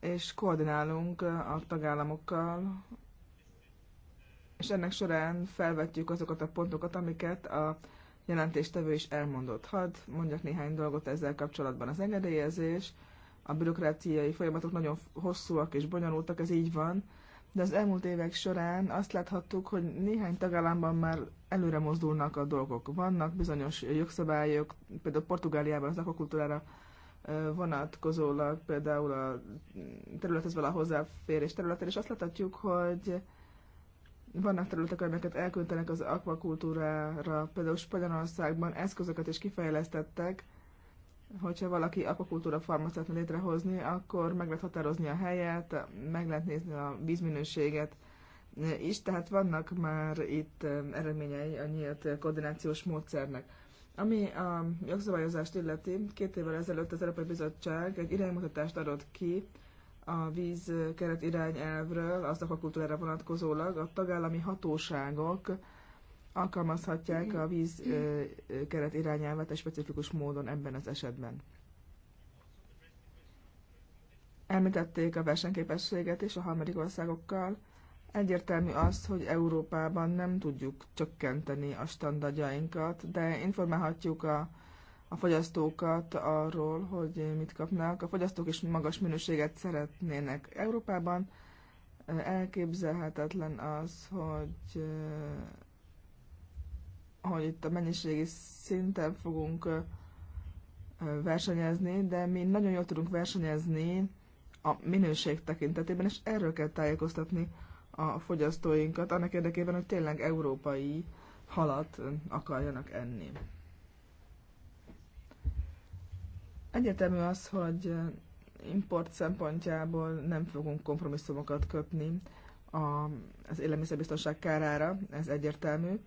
és koordinálunk a tagállamokkal, és ennek során felvetjük azokat a pontokat, amiket a jelentéstevő is elmondott. Hadd mondjak néhány dolgot ezzel kapcsolatban. Az engedélyezés, a bürokráciai folyamatok nagyon hosszúak és bonyolultak, ez így van, de az elmúlt évek során azt láthattuk, hogy néhány tagállamban már előre mozdulnak a dolgok. Vannak bizonyos jogszabályok, például Portugáliában az akvakultúrára vonatkozólag például a területhez való hozzáférés területen, és azt láthatjuk, hogy vannak területek, amelyeket elküldtenek az akvakultúrára, például Spanyolországban eszközöket is kifejlesztettek, hogyha valaki akvakultúra farmot szeretne létrehozni, akkor meg lehet határozni a helyet, meg lehet nézni a vízminőséget is, tehát vannak már itt eredményei a nyílt koordinációs módszernek. Ami a jogszabályozást illeti, két évvel ezelőtt az Európai Bizottság egy iránymutatást adott ki a vízkeret irányelvről, az akvakultúrára vonatkozólag a tagállami hatóságok alkalmazhatják a vízkeret irányelvet egy specifikus módon ebben az esetben. Említették a versenyképességet és a harmadik országokkal, Egyértelmű az, hogy Európában nem tudjuk csökkenteni a standardjainkat, de informálhatjuk a, a fogyasztókat arról, hogy mit kapnak. A fogyasztók is magas minőséget szeretnének Európában. Eh, elképzelhetetlen az, hogy, eh, hogy itt a mennyiségi szinten fogunk eh, versenyezni, de mi nagyon jól tudunk versenyezni a minőség tekintetében, és erről kell tájékoztatni a fogyasztóinkat annak érdekében, hogy tényleg európai halat akarjanak enni. Egyetemű az, hogy import szempontjából nem fogunk kompromisszumokat kötni a, az élelmiszerbiztonság kárára, ez egyértelmű,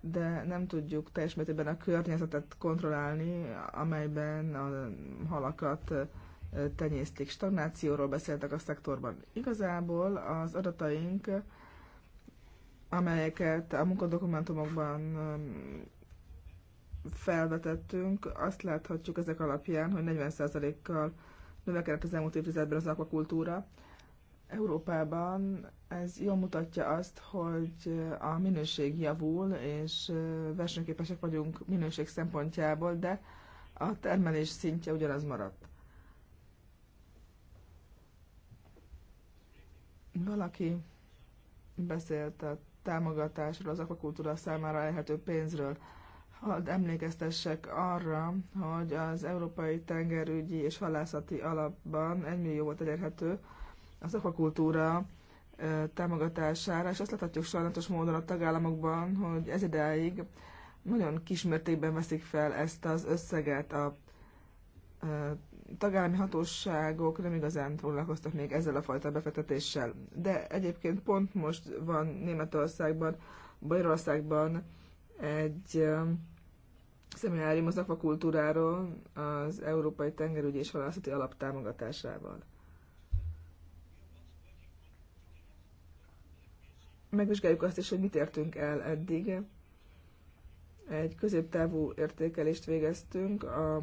de nem tudjuk teljes mértékben a környezetet kontrollálni, amelyben a halakat tenyészték. Stagnációról beszéltek a szektorban. Igazából az adataink, amelyeket a munkadokumentumokban felvetettünk, azt láthatjuk ezek alapján, hogy 40%-kal növekedett az elmúlt évtizedben az akvakultúra. Európában ez jól mutatja azt, hogy a minőség javul, és versenyképesek vagyunk minőség szempontjából, de a termelés szintje ugyanaz maradt. Valaki beszélt a támogatásról, az akvakultúra számára elhető pénzről. Hadd emlékeztessek arra, hogy az Európai Tengerügyi és Halászati Alapban 1 millió volt elérhető az akvakultúra támogatására, és azt láthatjuk sajnálatos módon a tagállamokban, hogy ez ideig nagyon kismértékben veszik fel ezt az összeget a tagállami hatóságok nem igazán foglalkoztak még ezzel a fajta befektetéssel. De egyébként pont most van Németországban, Bajorországban egy um, szeminárium az akvakultúráról az Európai Tengerügyi és Halászati Alap támogatásával. Megvizsgáljuk azt is, hogy mit értünk el eddig. Egy középtávú értékelést végeztünk a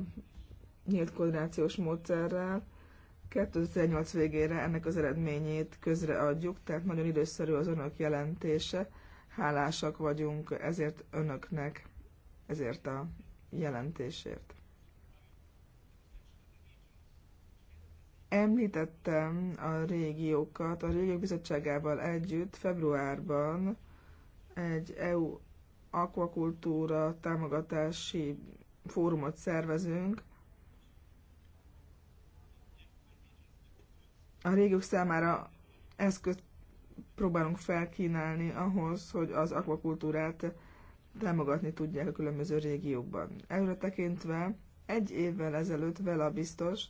nyílt koordinációs módszerrel. 2018 végére ennek az eredményét közreadjuk, tehát nagyon időszerű az önök jelentése. Hálásak vagyunk ezért önöknek, ezért a jelentésért. Említettem a régiókat, a régiók bizottságával együtt februárban egy EU akvakultúra támogatási fórumot szervezünk, a régiók számára eszközt próbálunk felkínálni ahhoz, hogy az akvakultúrát támogatni tudják a különböző régiókban. Előre tekintve egy évvel ezelőtt vele biztos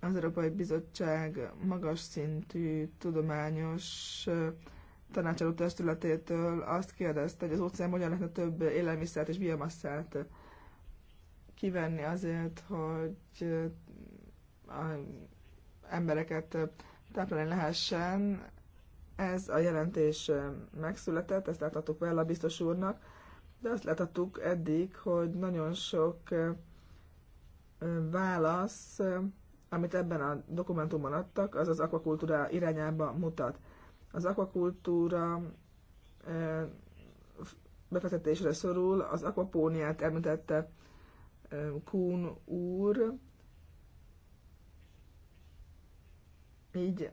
az Európai Bizottság magas szintű tudományos tanácsadó testületétől azt kérdezte, hogy az óceán hogyan lehetne több élelmiszert és biomasszát kivenni azért, hogy a embereket táplálni lehessen. Ez a jelentés megszületett, ezt láthattuk vele a biztos úrnak, de azt láthattuk eddig, hogy nagyon sok válasz, amit ebben a dokumentumban adtak, az az akvakultúra irányába mutat. Az akvakultúra befektetésre szorul, az akvapóniát említette Kuhn úr, Így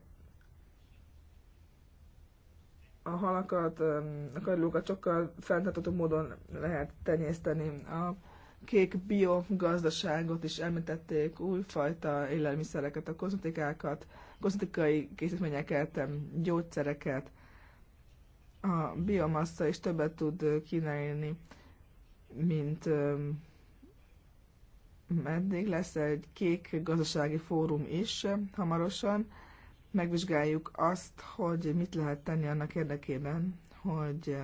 a halakat, a karlókat sokkal fenntartható módon lehet tenyészteni. A kék biogazdaságot is említették, újfajta élelmiszereket, a kozmetikákat, kozmetikai készítményeket, gyógyszereket. A biomassa is többet tud kínálni, mint meddig lesz egy kék gazdasági fórum is hamarosan, megvizsgáljuk azt, hogy mit lehet tenni annak érdekében, hogy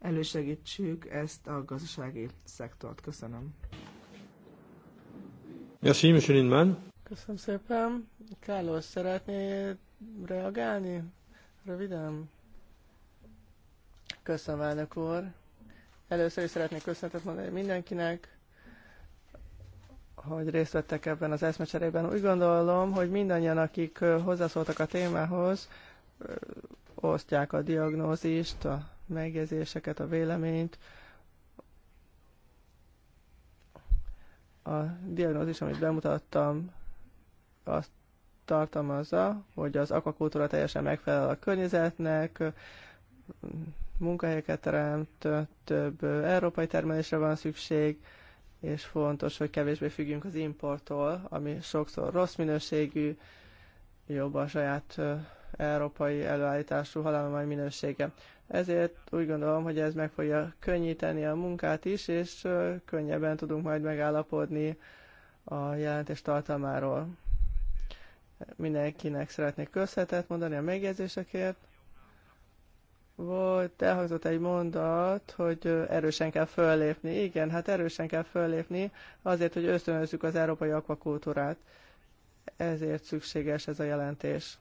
elősegítsük ezt a gazdasági szektort. Köszönöm. Merci, Lindman. Köszönöm szépen. Carlos, szeretné reagálni? Röviden. Köszönöm, elnök úr. Először is szeretnék köszönetet mondani mindenkinek hogy részt vettek ebben az eszmecserében. Úgy gondolom, hogy mindannyian, akik hozzászóltak a témához, osztják a diagnózist, a megjegyzéseket, a véleményt. A diagnózis, amit bemutattam, azt tartalmazza, hogy az akvakultúra teljesen megfelel a környezetnek, munkahelyeket teremt, több európai termelésre van szükség, és fontos, hogy kevésbé függjünk az importtól, ami sokszor rossz minőségű, jobb a saját európai előállítású halálomány minősége. Ezért úgy gondolom, hogy ez meg fogja könnyíteni a munkát is, és könnyebben tudunk majd megállapodni a jelentés tartalmáról. Mindenkinek szeretnék köszönetet mondani a megjegyzésekért. Volt, elhangzott egy mondat, hogy erősen kell föllépni. Igen, hát erősen kell föllépni azért, hogy ösztönözzük az európai akvakultúrát. Ezért szükséges ez a jelentés.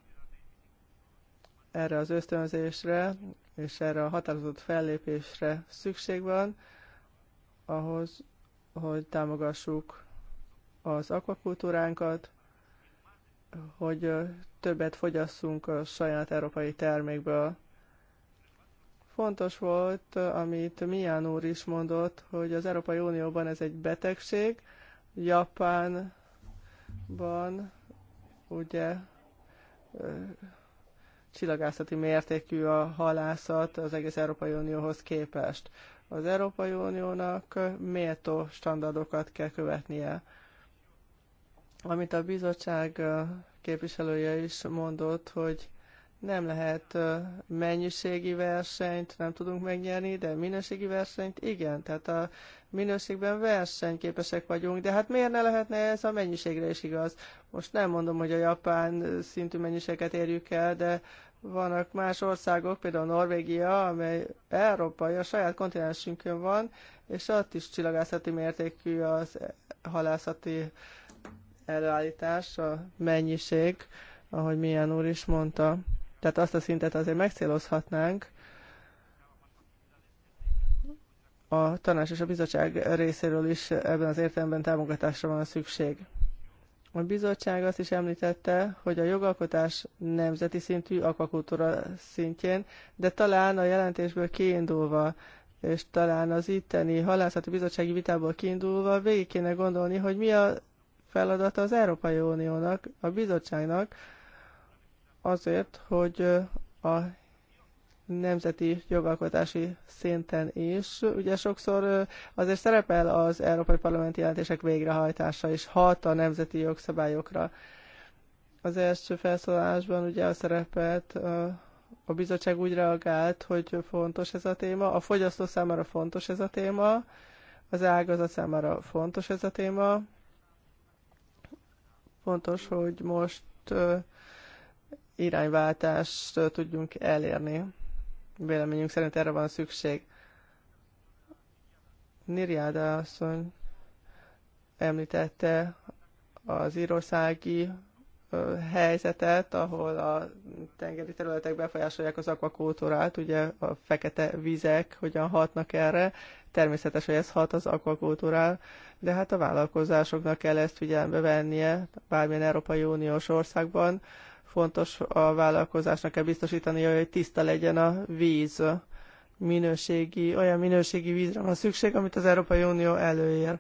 Erre az ösztönzésre és erre a határozott fellépésre szükség van, ahhoz, hogy támogassuk az akvakultúránkat, hogy többet fogyasszunk a saját európai termékből. Fontos volt, amit Mián úr is mondott, hogy az Európai Unióban ez egy betegség, Japánban ugye csillagászati mértékű a halászat az egész Európai Unióhoz képest. Az Európai Uniónak méltó standardokat kell követnie. Amit a bizottság képviselője is mondott, hogy nem lehet mennyiségi versenyt, nem tudunk megnyerni, de minőségi versenyt igen. Tehát a minőségben versenyképesek vagyunk, de hát miért ne lehetne ez a mennyiségre is igaz? Most nem mondom, hogy a japán szintű mennyiséget érjük el, de vannak más országok, például Norvégia, amely európai, a saját kontinensünkön van, és ott is csillagászati mértékű az halászati előállítás, a mennyiség, ahogy milyen úr is mondta. Tehát azt a szintet azért megcélozhatnánk a tanács és a bizottság részéről is ebben az értelemben támogatásra van a szükség. A bizottság azt is említette, hogy a jogalkotás nemzeti szintű akvakultúra szintjén, de talán a jelentésből kiindulva, és talán az itteni halászati bizottsági vitából kiindulva végig kéne gondolni, hogy mi a feladata az Európai Uniónak, a bizottságnak, azért, hogy a nemzeti jogalkotási szinten is. Ugye sokszor azért szerepel az Európai Parlamenti jelentések végrehajtása is, hat a nemzeti jogszabályokra. Az első felszólásban ugye a szerepet a bizottság úgy reagált, hogy fontos ez a téma, a fogyasztó számára fontos ez a téma, az ágazat számára fontos ez a téma. Fontos, hogy most irányváltást tudjunk elérni. Véleményünk szerint erre van szükség. Nirjáda asszony említette az írországi helyzetet, ahol a tengeri területek befolyásolják az akvakultúrát, ugye a fekete vizek hogyan hatnak erre, természetes, hogy ez hat az akvakultúrál, de hát a vállalkozásoknak kell ezt figyelembe vennie, bármilyen Európai Uniós országban, Fontos a vállalkozásnak kell biztosítani, hogy tiszta legyen a víz, minőségi, olyan minőségi vízre van szükség, amit az Európai Unió előír.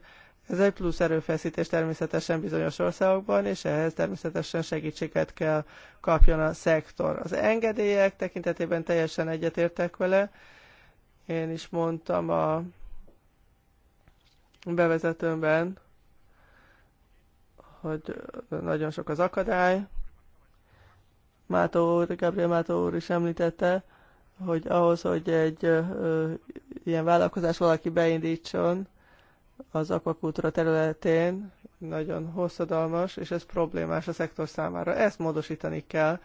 Ez egy plusz erőfeszítés természetesen bizonyos országokban, és ehhez természetesen segítséget kell kapjon a szektor. Az engedélyek tekintetében teljesen egyetértek vele. Én is mondtam a bevezetőmben, hogy nagyon sok az akadály, Mátó úr, Gabriel Mátó úr is említette, hogy ahhoz, hogy egy ö, ilyen vállalkozás valaki beindítson az akvakultúra területén, nagyon hosszadalmas, és ez problémás a szektor számára. Ezt módosítani kell,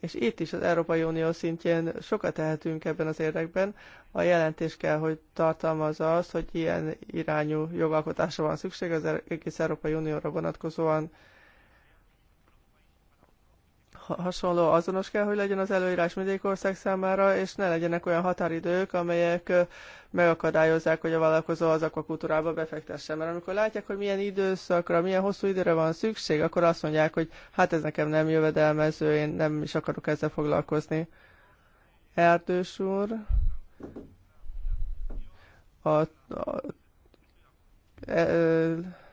és itt is az Európai Unió szintjén sokat tehetünk ebben az érdekben. A jelentés kell, hogy tartalmazza azt, hogy ilyen irányú jogalkotásra van szükség az egész Európai Unióra vonatkozóan, hasonló, azonos kell, hogy legyen az előírás mindegyik ország számára, és ne legyenek olyan határidők, amelyek megakadályozzák, hogy a vállalkozó az akvakultúrába befektessen. Mert amikor látják, hogy milyen időszakra, milyen hosszú időre van szükség, akkor azt mondják, hogy hát ez nekem nem jövedelmező, én nem is akarok ezzel foglalkozni. Erdős úr, a, a, a, e, a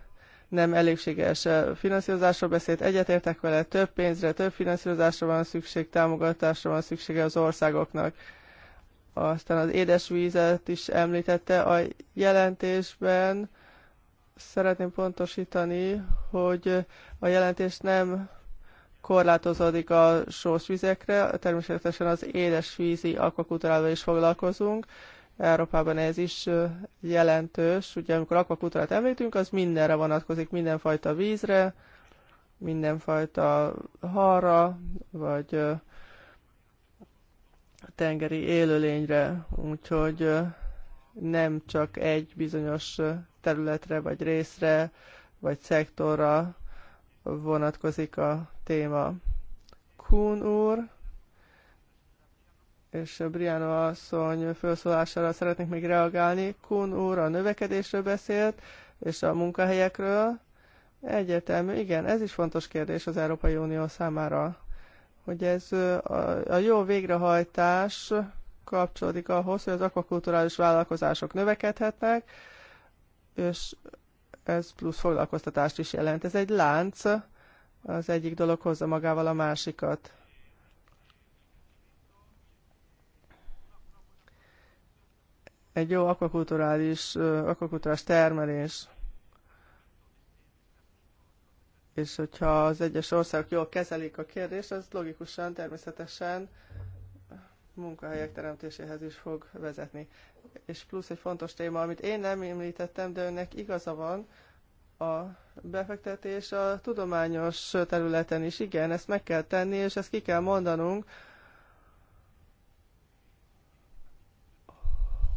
nem elégséges finanszírozásról beszélt, egyetértek vele, több pénzre, több finanszírozásra van szükség, támogatásra van szüksége az országoknak. Aztán az édesvízet is említette a jelentésben. Szeretném pontosítani, hogy a jelentés nem korlátozódik a sós vizekre, természetesen az édesvízi akvakultúrával is foglalkozunk, Európában ez is jelentős. Ugye amikor akvakultúrát említünk, az mindenre vonatkozik, mindenfajta vízre, mindenfajta halra, vagy tengeri élőlényre, úgyhogy nem csak egy bizonyos területre, vagy részre, vagy szektorra vonatkozik a téma. Kuhn úr és Briano asszony felszólására szeretnék még reagálni. Kun úr a növekedésről beszélt, és a munkahelyekről. egyetemű igen, ez is fontos kérdés az Európai Unió számára, hogy ez a, a jó végrehajtás kapcsolódik ahhoz, hogy az akvakulturális vállalkozások növekedhetnek, és ez plusz foglalkoztatást is jelent. Ez egy lánc, az egyik dolog hozza magával a másikat. egy jó akvakulturális, akvakulturális termelés, és hogyha az egyes országok jól kezelik a kérdést, az logikusan, természetesen munkahelyek teremtéséhez is fog vezetni. És plusz egy fontos téma, amit én nem említettem, de önnek igaza van, a befektetés a tudományos területen is. Igen, ezt meg kell tenni, és ezt ki kell mondanunk,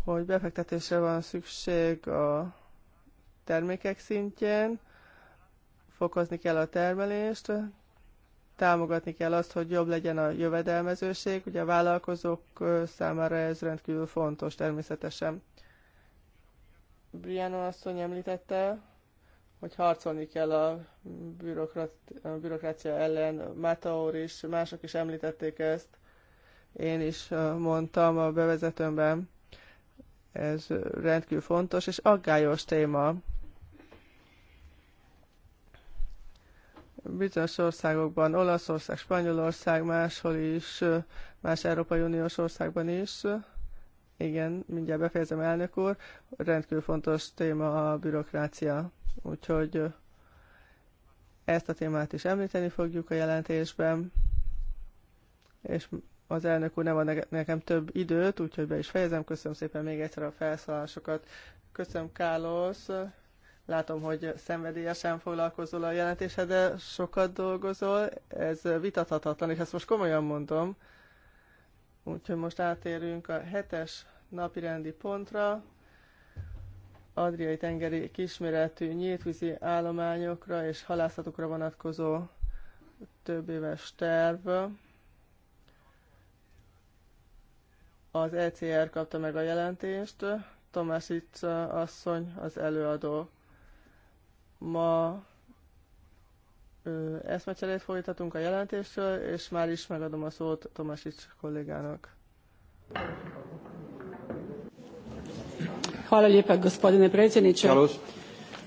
hogy befektetésre van szükség a termékek szintjén, fokozni kell a termelést, támogatni kell azt, hogy jobb legyen a jövedelmezőség. Ugye a vállalkozók számára ez rendkívül fontos természetesen. Brianna asszony említette, hogy harcolni kell a, bürokrat, a bürokrácia ellen. Mátaur is, mások is említették ezt. Én is mondtam a bevezetőmben. Ez rendkívül fontos és aggályos téma. Bizonyos országokban, Olaszország, Spanyolország, máshol is, más Európai Uniós országban is, igen, mindjárt befejezem, elnök úr, rendkívül fontos téma a bürokrácia, úgyhogy ezt a témát is említeni fogjuk a jelentésben, és az elnök úr nem ad nekem több időt, úgyhogy be is fejezem. Köszönöm szépen még egyszer a felszólásokat. Köszönöm, Kálos. Látom, hogy szenvedélyesen foglalkozol a jelentésed, de sokat dolgozol. Ez vitathatatlan, és ezt most komolyan mondom. Úgyhogy most átérünk a hetes napirendi pontra. Adriai tengeri kisméretű nyíltvízi állományokra és halászatokra vonatkozó több éves terv. Az ECR kapta meg a jelentést, Tomásics asszony az előadó. Ma eszmecserét folytatunk a jelentésről, és már is megadom a szót Tomásics kollégának. Hvala lijepa gospodine predsjedniče.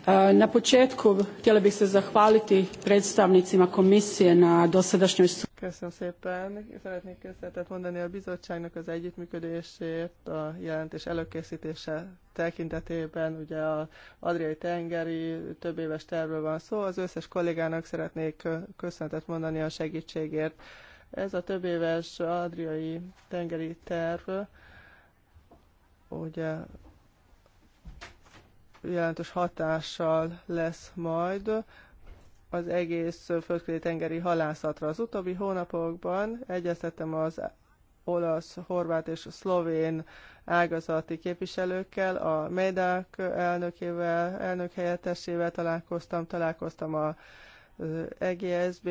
E, na početku htjela bih se zahvaliti predstavnicima komisije na dosadašnjoj Köszönöm szépen. Szeretnék köszönetet mondani a bizottságnak az együttműködését, a jelentés előkészítése tekintetében, ugye a Adriai tengeri több éves tervről van szó. Az összes kollégának szeretnék köszönetet mondani a segítségért. Ez a több éves Adriai tengeri terv, ugye jelentős hatással lesz majd az egész földközi tengeri halászatra. Az utóbbi hónapokban egyeztettem az olasz, horvát és szlovén ágazati képviselőkkel, a MEDÁK elnökével, elnök helyettesével találkoztam, találkoztam a EGSB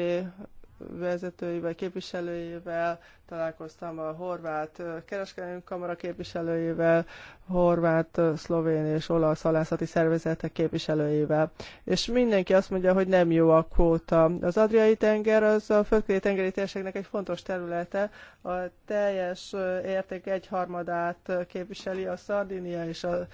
vezetőivel, képviselőjével, találkoztam a horvát kereskedelmi kamara képviselőjével, horvát, szlovén és olasz halászati szervezetek képviselőjével. És mindenki azt mondja, hogy nem jó a kvóta. Az Adriai tenger az a földközi tengeri térségnek egy fontos területe. A teljes érték egyharmadát képviseli a Szardinia és a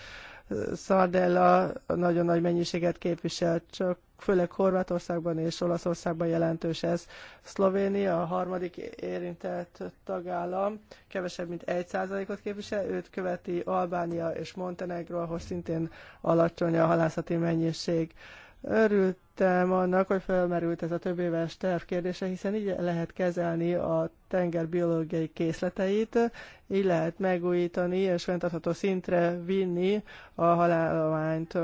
szardella nagyon nagy mennyiséget képvisel, csak főleg Horvátországban és Olaszországban jelentős ez. Szlovénia a harmadik érintett tagállam, kevesebb mint 1%-ot képvisel, őt követi Albánia és Montenegro, ahol szintén alacsony a halászati mennyiség. Örült örültem annak, hogy felmerült ez a több éves terv kérdése, hiszen így lehet kezelni a tenger biológiai készleteit, így lehet megújítani és fenntartható szintre vinni a halállományt.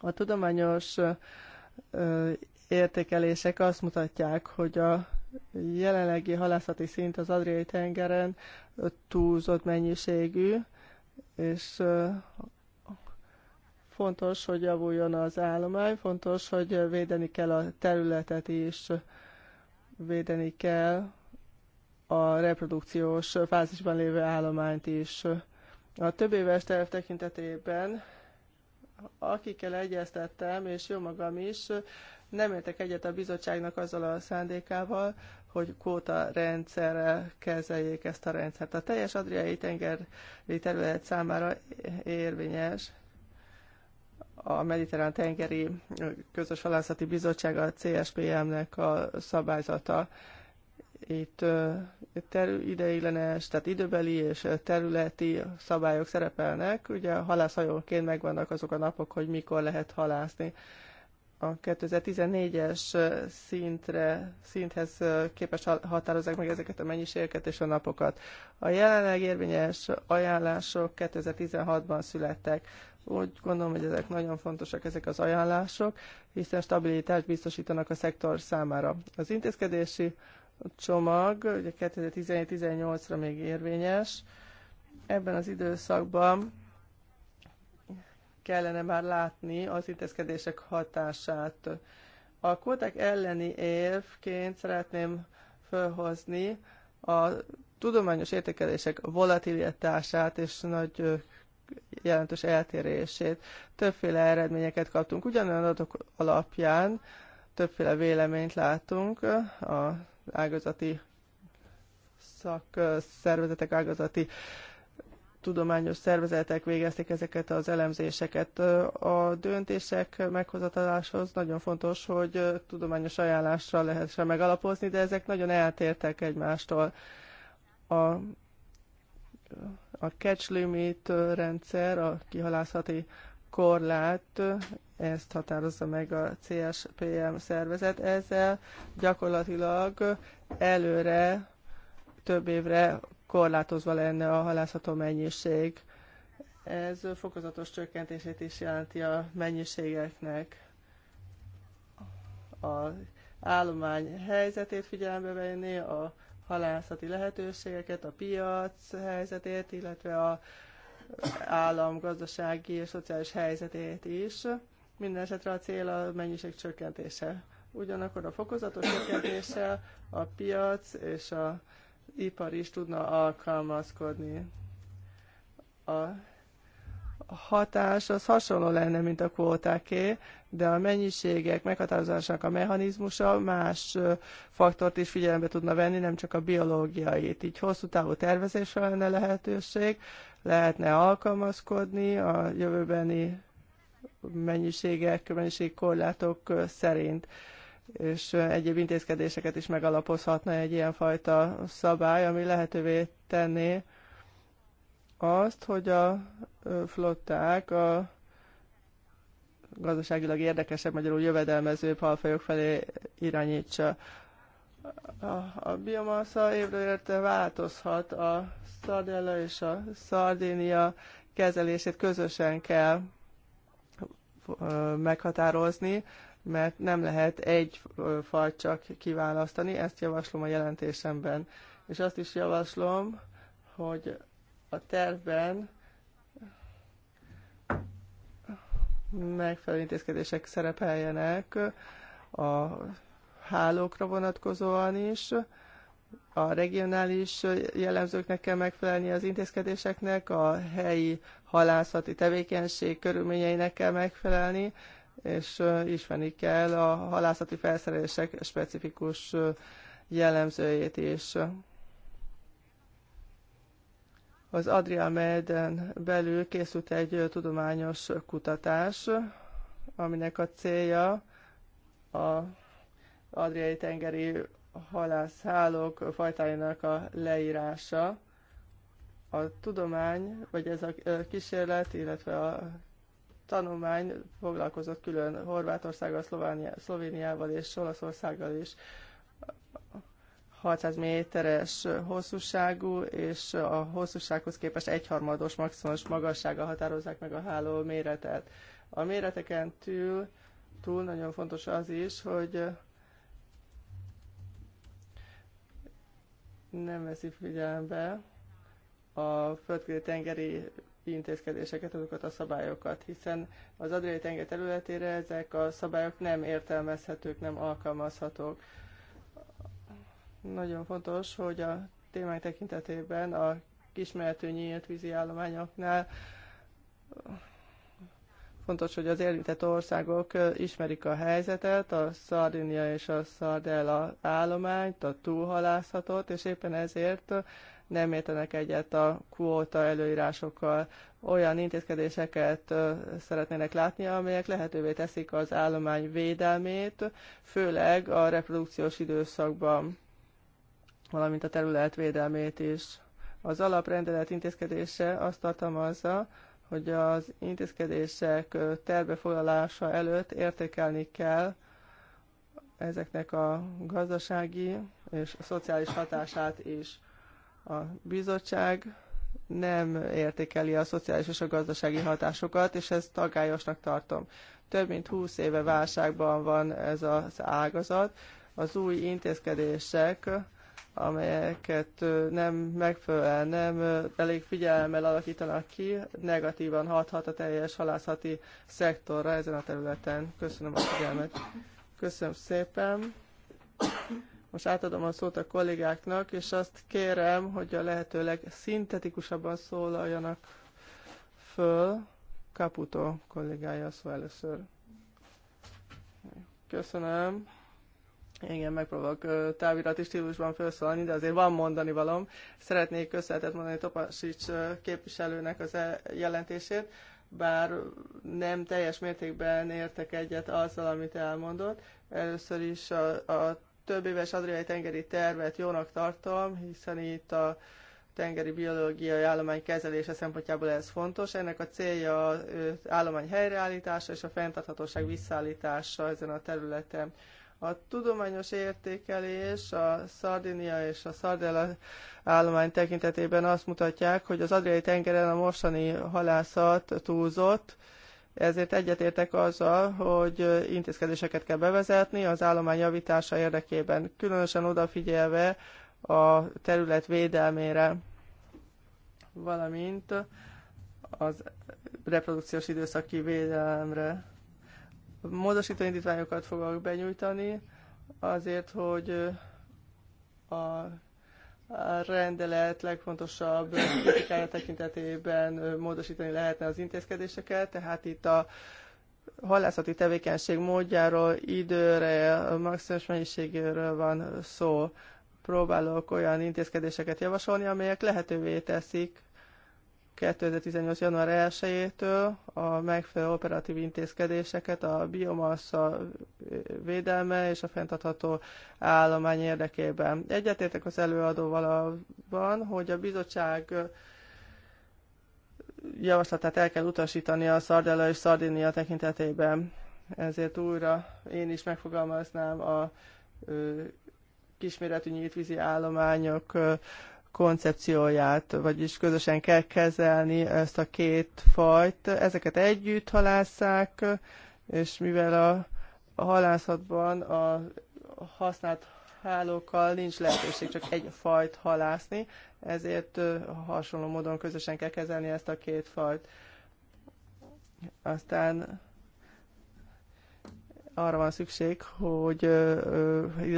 A tudományos értékelések azt mutatják, hogy a jelenlegi halászati szint az Adriai tengeren túlzott mennyiségű, és Fontos, hogy javuljon az állomány, fontos, hogy védeni kell a területet is, védeni kell a reprodukciós fázisban lévő állományt is. A több éves terv tekintetében, akikkel egyeztettem, és jó magam is, nem értek egyet a bizottságnak azzal a szándékával, hogy kóta rendszerre kezeljék ezt a rendszert. A teljes Adriai tengeri terület számára érvényes a Mediterrán Tengeri Közös Halászati Bizottság a CSPM-nek a szabályzata. Itt terü- ideiglenes, tehát időbeli és területi szabályok szerepelnek. Ugye halászhajóként megvannak azok a napok, hogy mikor lehet halászni. A 2014-es szintre, szinthez képes határozzák meg ezeket a mennyiségeket és a napokat. A jelenleg érvényes ajánlások 2016-ban születtek úgy gondolom, hogy ezek nagyon fontosak, ezek az ajánlások, hiszen stabilitást biztosítanak a szektor számára. Az intézkedési csomag ugye 2017-18-ra még érvényes. Ebben az időszakban kellene már látni az intézkedések hatását. A kvóták elleni érvként szeretném felhozni a tudományos értékelések volatilitását és nagy jelentős eltérését. Többféle eredményeket kaptunk. Ugyanolyan adatok alapján többféle véleményt látunk az ágazati szakszervezetek, ágazati tudományos szervezetek végezték ezeket az elemzéseket. A döntések meghozataláshoz nagyon fontos, hogy tudományos ajánlásra lehessen megalapozni, de ezek nagyon eltértek egymástól. A a catch limit rendszer, a kihalászati korlát, ezt határozza meg a CSPM szervezet. Ezzel gyakorlatilag előre, több évre korlátozva lenne a halászható mennyiség. Ez fokozatos csökkentését is jelenti a mennyiségeknek. A állomány helyzetét figyelembe venni, a halászati lehetőségeket, a piac helyzetét, illetve a állam gazdasági és szociális helyzetét is. Minden esetre a cél a mennyiség csökkentése. Ugyanakkor a fokozatos csökkentése a piac és a ipar is tudna alkalmazkodni. A hatás az hasonló lenne, mint a kvótáké, de a mennyiségek meghatározásának a mechanizmusa más faktort is figyelembe tudna venni, nem csak a biológiait. Így hosszú távú tervezésre lenne lehetőség, lehetne alkalmazkodni a jövőbeni mennyiségek, mennyiségkorlátok szerint és egyéb intézkedéseket is megalapozhatna egy ilyenfajta szabály, ami lehetővé tenné, azt, hogy a flották a gazdaságilag érdekesebb, magyarul jövedelmezőbb halfajok felé irányítsa. A, biomassa évről érte változhat, a szardella és a szardénia kezelését közösen kell meghatározni, mert nem lehet egy fajt csak kiválasztani, ezt javaslom a jelentésemben. És azt is javaslom, hogy a tervben megfelelő intézkedések szerepeljenek a hálókra vonatkozóan is, a regionális jellemzőknek kell megfelelni az intézkedéseknek, a helyi halászati tevékenység körülményeinek kell megfelelni, és ismerni kell a halászati felszerelések specifikus jellemzőjét is az Adria Melden belül készült egy tudományos kutatás, aminek a célja a Adriai tengeri halászhálók fajtáinak a leírása. A tudomány, vagy ez a kísérlet, illetve a tanulmány foglalkozott külön Horvátországgal, Szlovéniával és Olaszországgal is. 600 méteres hosszúságú, és a hosszúsághoz képest egyharmados maximális magassága határozzák meg a háló méretet. A méreteken túl, túl nagyon fontos az is, hogy nem veszi figyelembe a földkörű tengeri intézkedéseket, azokat a szabályokat, hiszen az adriai tenger területére ezek a szabályok nem értelmezhetők, nem alkalmazhatók. Nagyon fontos, hogy a témák tekintetében a kismeretű nyílt vízi állományoknál fontos, hogy az érintett országok ismerik a helyzetet, a Szardinia és a Szardella állományt, a túlhalászatot, és éppen ezért nem értenek egyet a kvóta előírásokkal. Olyan intézkedéseket szeretnének látni, amelyek lehetővé teszik az állomány védelmét, főleg a reprodukciós időszakban valamint a terület védelmét is. Az alaprendelet intézkedése azt tartalmazza, hogy az intézkedések tervefoglalása előtt értékelni kell ezeknek a gazdasági és a szociális hatását is. A bizottság nem értékeli a szociális és a gazdasági hatásokat, és ezt tagályosnak tartom. Több mint 20 éve válságban van ez az ágazat. Az új intézkedések amelyeket nem megfelelően, nem elég figyelemmel alakítanak ki, negatívan hathat a teljes halászati szektorra ezen a területen. Köszönöm a figyelmet. Köszönöm szépen. Most átadom a szót a kollégáknak, és azt kérem, hogy a lehetőleg szintetikusabban szólaljanak föl. Caputo kollégája szó először. Köszönöm. Igen, megpróbálok távirati stílusban felszólalni, de azért van mondani valam. Szeretnék köszönetet mondani Topasics képviselőnek az e- jelentését, bár nem teljes mértékben értek egyet azzal, amit elmondott. Először is a, a több éves adriai tengeri tervet jónak tartom, hiszen itt a tengeri biológiai állomány kezelése szempontjából ez fontos. Ennek a célja az állomány helyreállítása és a fenntarthatóság visszaállítása ezen a területen. A tudományos értékelés a Szardinia és a Szardella állomány tekintetében azt mutatják, hogy az Adriai tengeren a mostani halászat túlzott, ezért egyetértek azzal, hogy intézkedéseket kell bevezetni az állomány javítása érdekében, különösen odafigyelve a terület védelmére, valamint az reprodukciós időszaki védelemre. Módosító indítványokat fogok benyújtani azért, hogy a rendelet legfontosabb kritikája tekintetében módosítani lehetne az intézkedéseket, tehát itt a halászati tevékenység módjáról, időre, maximális mennyiségéről van szó. Próbálok olyan intézkedéseket javasolni, amelyek lehetővé teszik 2018. január 1-től a megfelelő operatív intézkedéseket a biomassa védelme és a fenntartható állomány érdekében. Egyetértek az előadóval abban, hogy a bizottság javaslatát el kell utasítani a Szardella és Szardinia tekintetében. Ezért újra én is megfogalmaznám a kisméretű nyíltvízi állományok koncepcióját, vagyis közösen kell kezelni ezt a két fajt. Ezeket együtt halásszák, és mivel a halászatban a használt hálókkal nincs lehetőség csak egy fajt halászni, ezért hasonló módon közösen kell kezelni ezt a két fajt. Aztán arra van szükség, hogy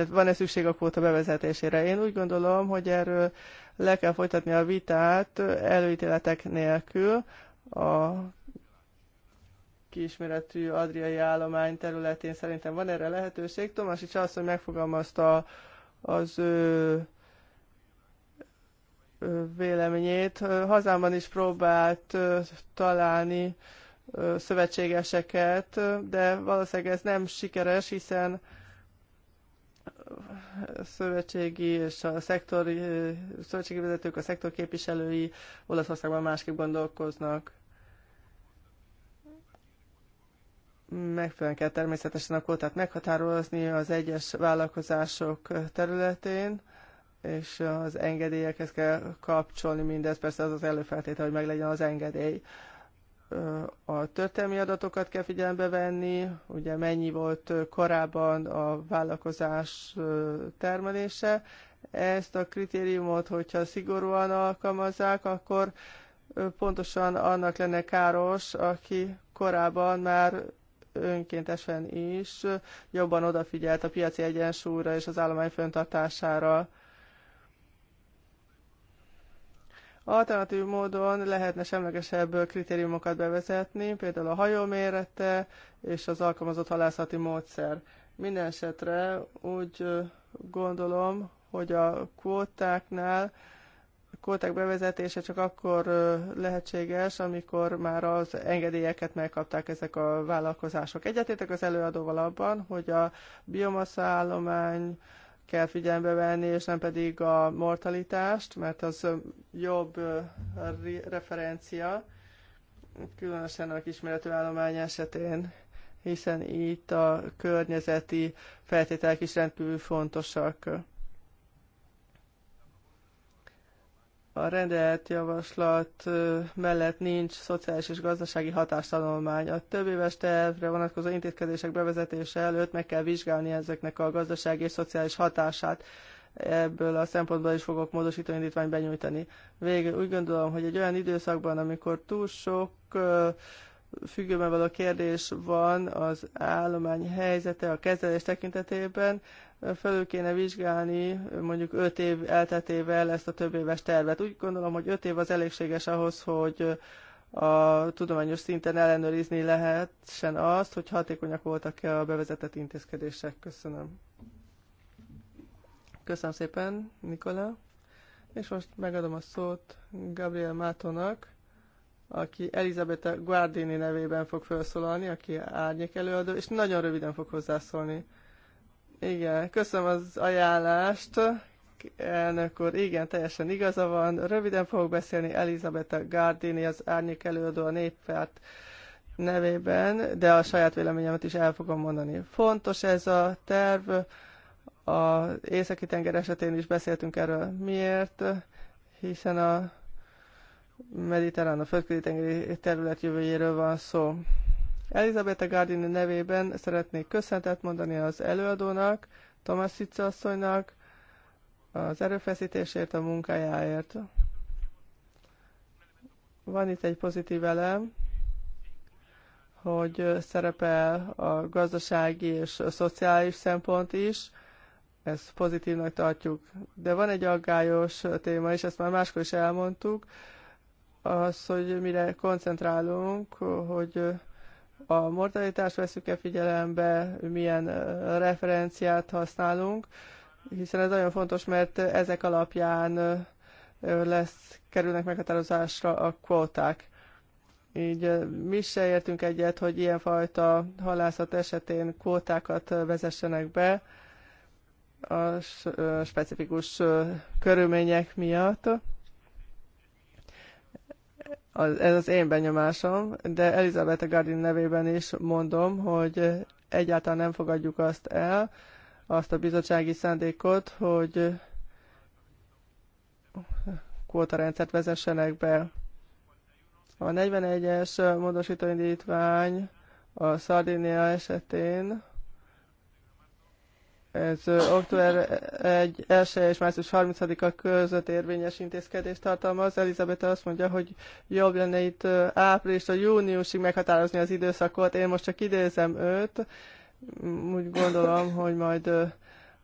van-e szükség a kvóta bevezetésére. Én úgy gondolom, hogy erről le kell folytatni a vitát előítéletek nélkül a kisméretű adriai állomány területén szerintem van erre lehetőség. Tomásics azt, hogy megfogalmazta az ő véleményét. Hazámban is próbált találni szövetségeseket, de valószínűleg ez nem sikeres, hiszen szövetségi és a szektori, szövetségi vezetők, a szektor képviselői Olaszországban másképp gondolkoznak. Megfelelően kell természetesen a kótát meghatározni az egyes vállalkozások területén, és az engedélyekhez kell kapcsolni mindez, persze az az előfeltétel, hogy meglegyen az engedély a történelmi adatokat kell figyelembe venni, ugye mennyi volt korábban a vállalkozás termelése. Ezt a kritériumot, hogyha szigorúan alkalmazzák, akkor pontosan annak lenne káros, aki korábban már önkéntesen is jobban odafigyelt a piaci egyensúlyra és az állomány föntartására. Alternatív módon lehetne semlegesebb kritériumokat bevezetni, például a hajó mérete és az alkalmazott halászati módszer. Minden esetre úgy gondolom, hogy a kvótáknál a kvóták bevezetése csak akkor lehetséges, amikor már az engedélyeket megkapták ezek a vállalkozások. Egyetértek az előadóval abban, hogy a biomasza állomány kell figyelembe venni, és nem pedig a mortalitást, mert az jobb referencia, különösen a kisméretű állomány esetén, hiszen itt a környezeti feltételek is rendkívül fontosak. a javaslat mellett nincs szociális és gazdasági hatástanulmány. A több éves tervre vonatkozó intézkedések bevezetése előtt meg kell vizsgálni ezeknek a gazdasági és szociális hatását. Ebből a szempontból is fogok módosító indítványt benyújtani. Végül úgy gondolom, hogy egy olyan időszakban, amikor túl sok függőben való kérdés van az állomány helyzete a kezelés tekintetében, felül kéne vizsgálni mondjuk 5 év elteltével ezt a több éves tervet. Úgy gondolom, hogy 5 év az elégséges ahhoz, hogy a tudományos szinten ellenőrizni lehessen azt, hogy hatékonyak voltak-e a bevezetett intézkedések. Köszönöm. Köszönöm szépen, Nikola. És most megadom a szót Gabriel Mátonak, aki Elizabeth Guardini nevében fog felszólalni, aki árnyék előadó, és nagyon röviden fog hozzászólni. Igen, köszönöm az ajánlást. Elnök úr, igen, teljesen igaza van. Röviden fogok beszélni Elizabeth Gardini, az árnyék előadó a néppárt nevében, de a saját véleményemet is el fogom mondani. Fontos ez a terv, az északi tenger esetén is beszéltünk erről. Miért? Hiszen a mediterrán, a földközi tengeri terület jövőjéről van szó. Elizabeth Gardini nevében szeretnék köszöntet mondani az előadónak, Tomasica asszonynak, az erőfeszítésért, a munkájáért. Van itt egy pozitív elem, hogy szerepel a gazdasági és a szociális szempont is, ezt pozitívnak tartjuk. De van egy aggályos téma, és ezt már máskor is elmondtuk, az, hogy mire koncentrálunk, hogy a mortalitást veszük-e figyelembe, milyen referenciát használunk, hiszen ez nagyon fontos, mert ezek alapján lesz, kerülnek meghatározásra a kvóták. Így mi se értünk egyet, hogy ilyenfajta halászat esetén kvótákat vezessenek be a specifikus körülmények miatt. Az, ez az én benyomásom, de Elizabeth Gardin nevében is mondom, hogy egyáltalán nem fogadjuk azt el, azt a bizottsági szándékot, hogy kvótarendszert vezessenek be. A 41-es módosítóindítvány a Szardinia esetén ez október 1, első és március 30-a között érvényes intézkedést tartalmaz. Elizabeth azt mondja, hogy jobb lenne itt április, a júniusig meghatározni az időszakot. Én most csak idézem őt. Úgy gondolom, hogy majd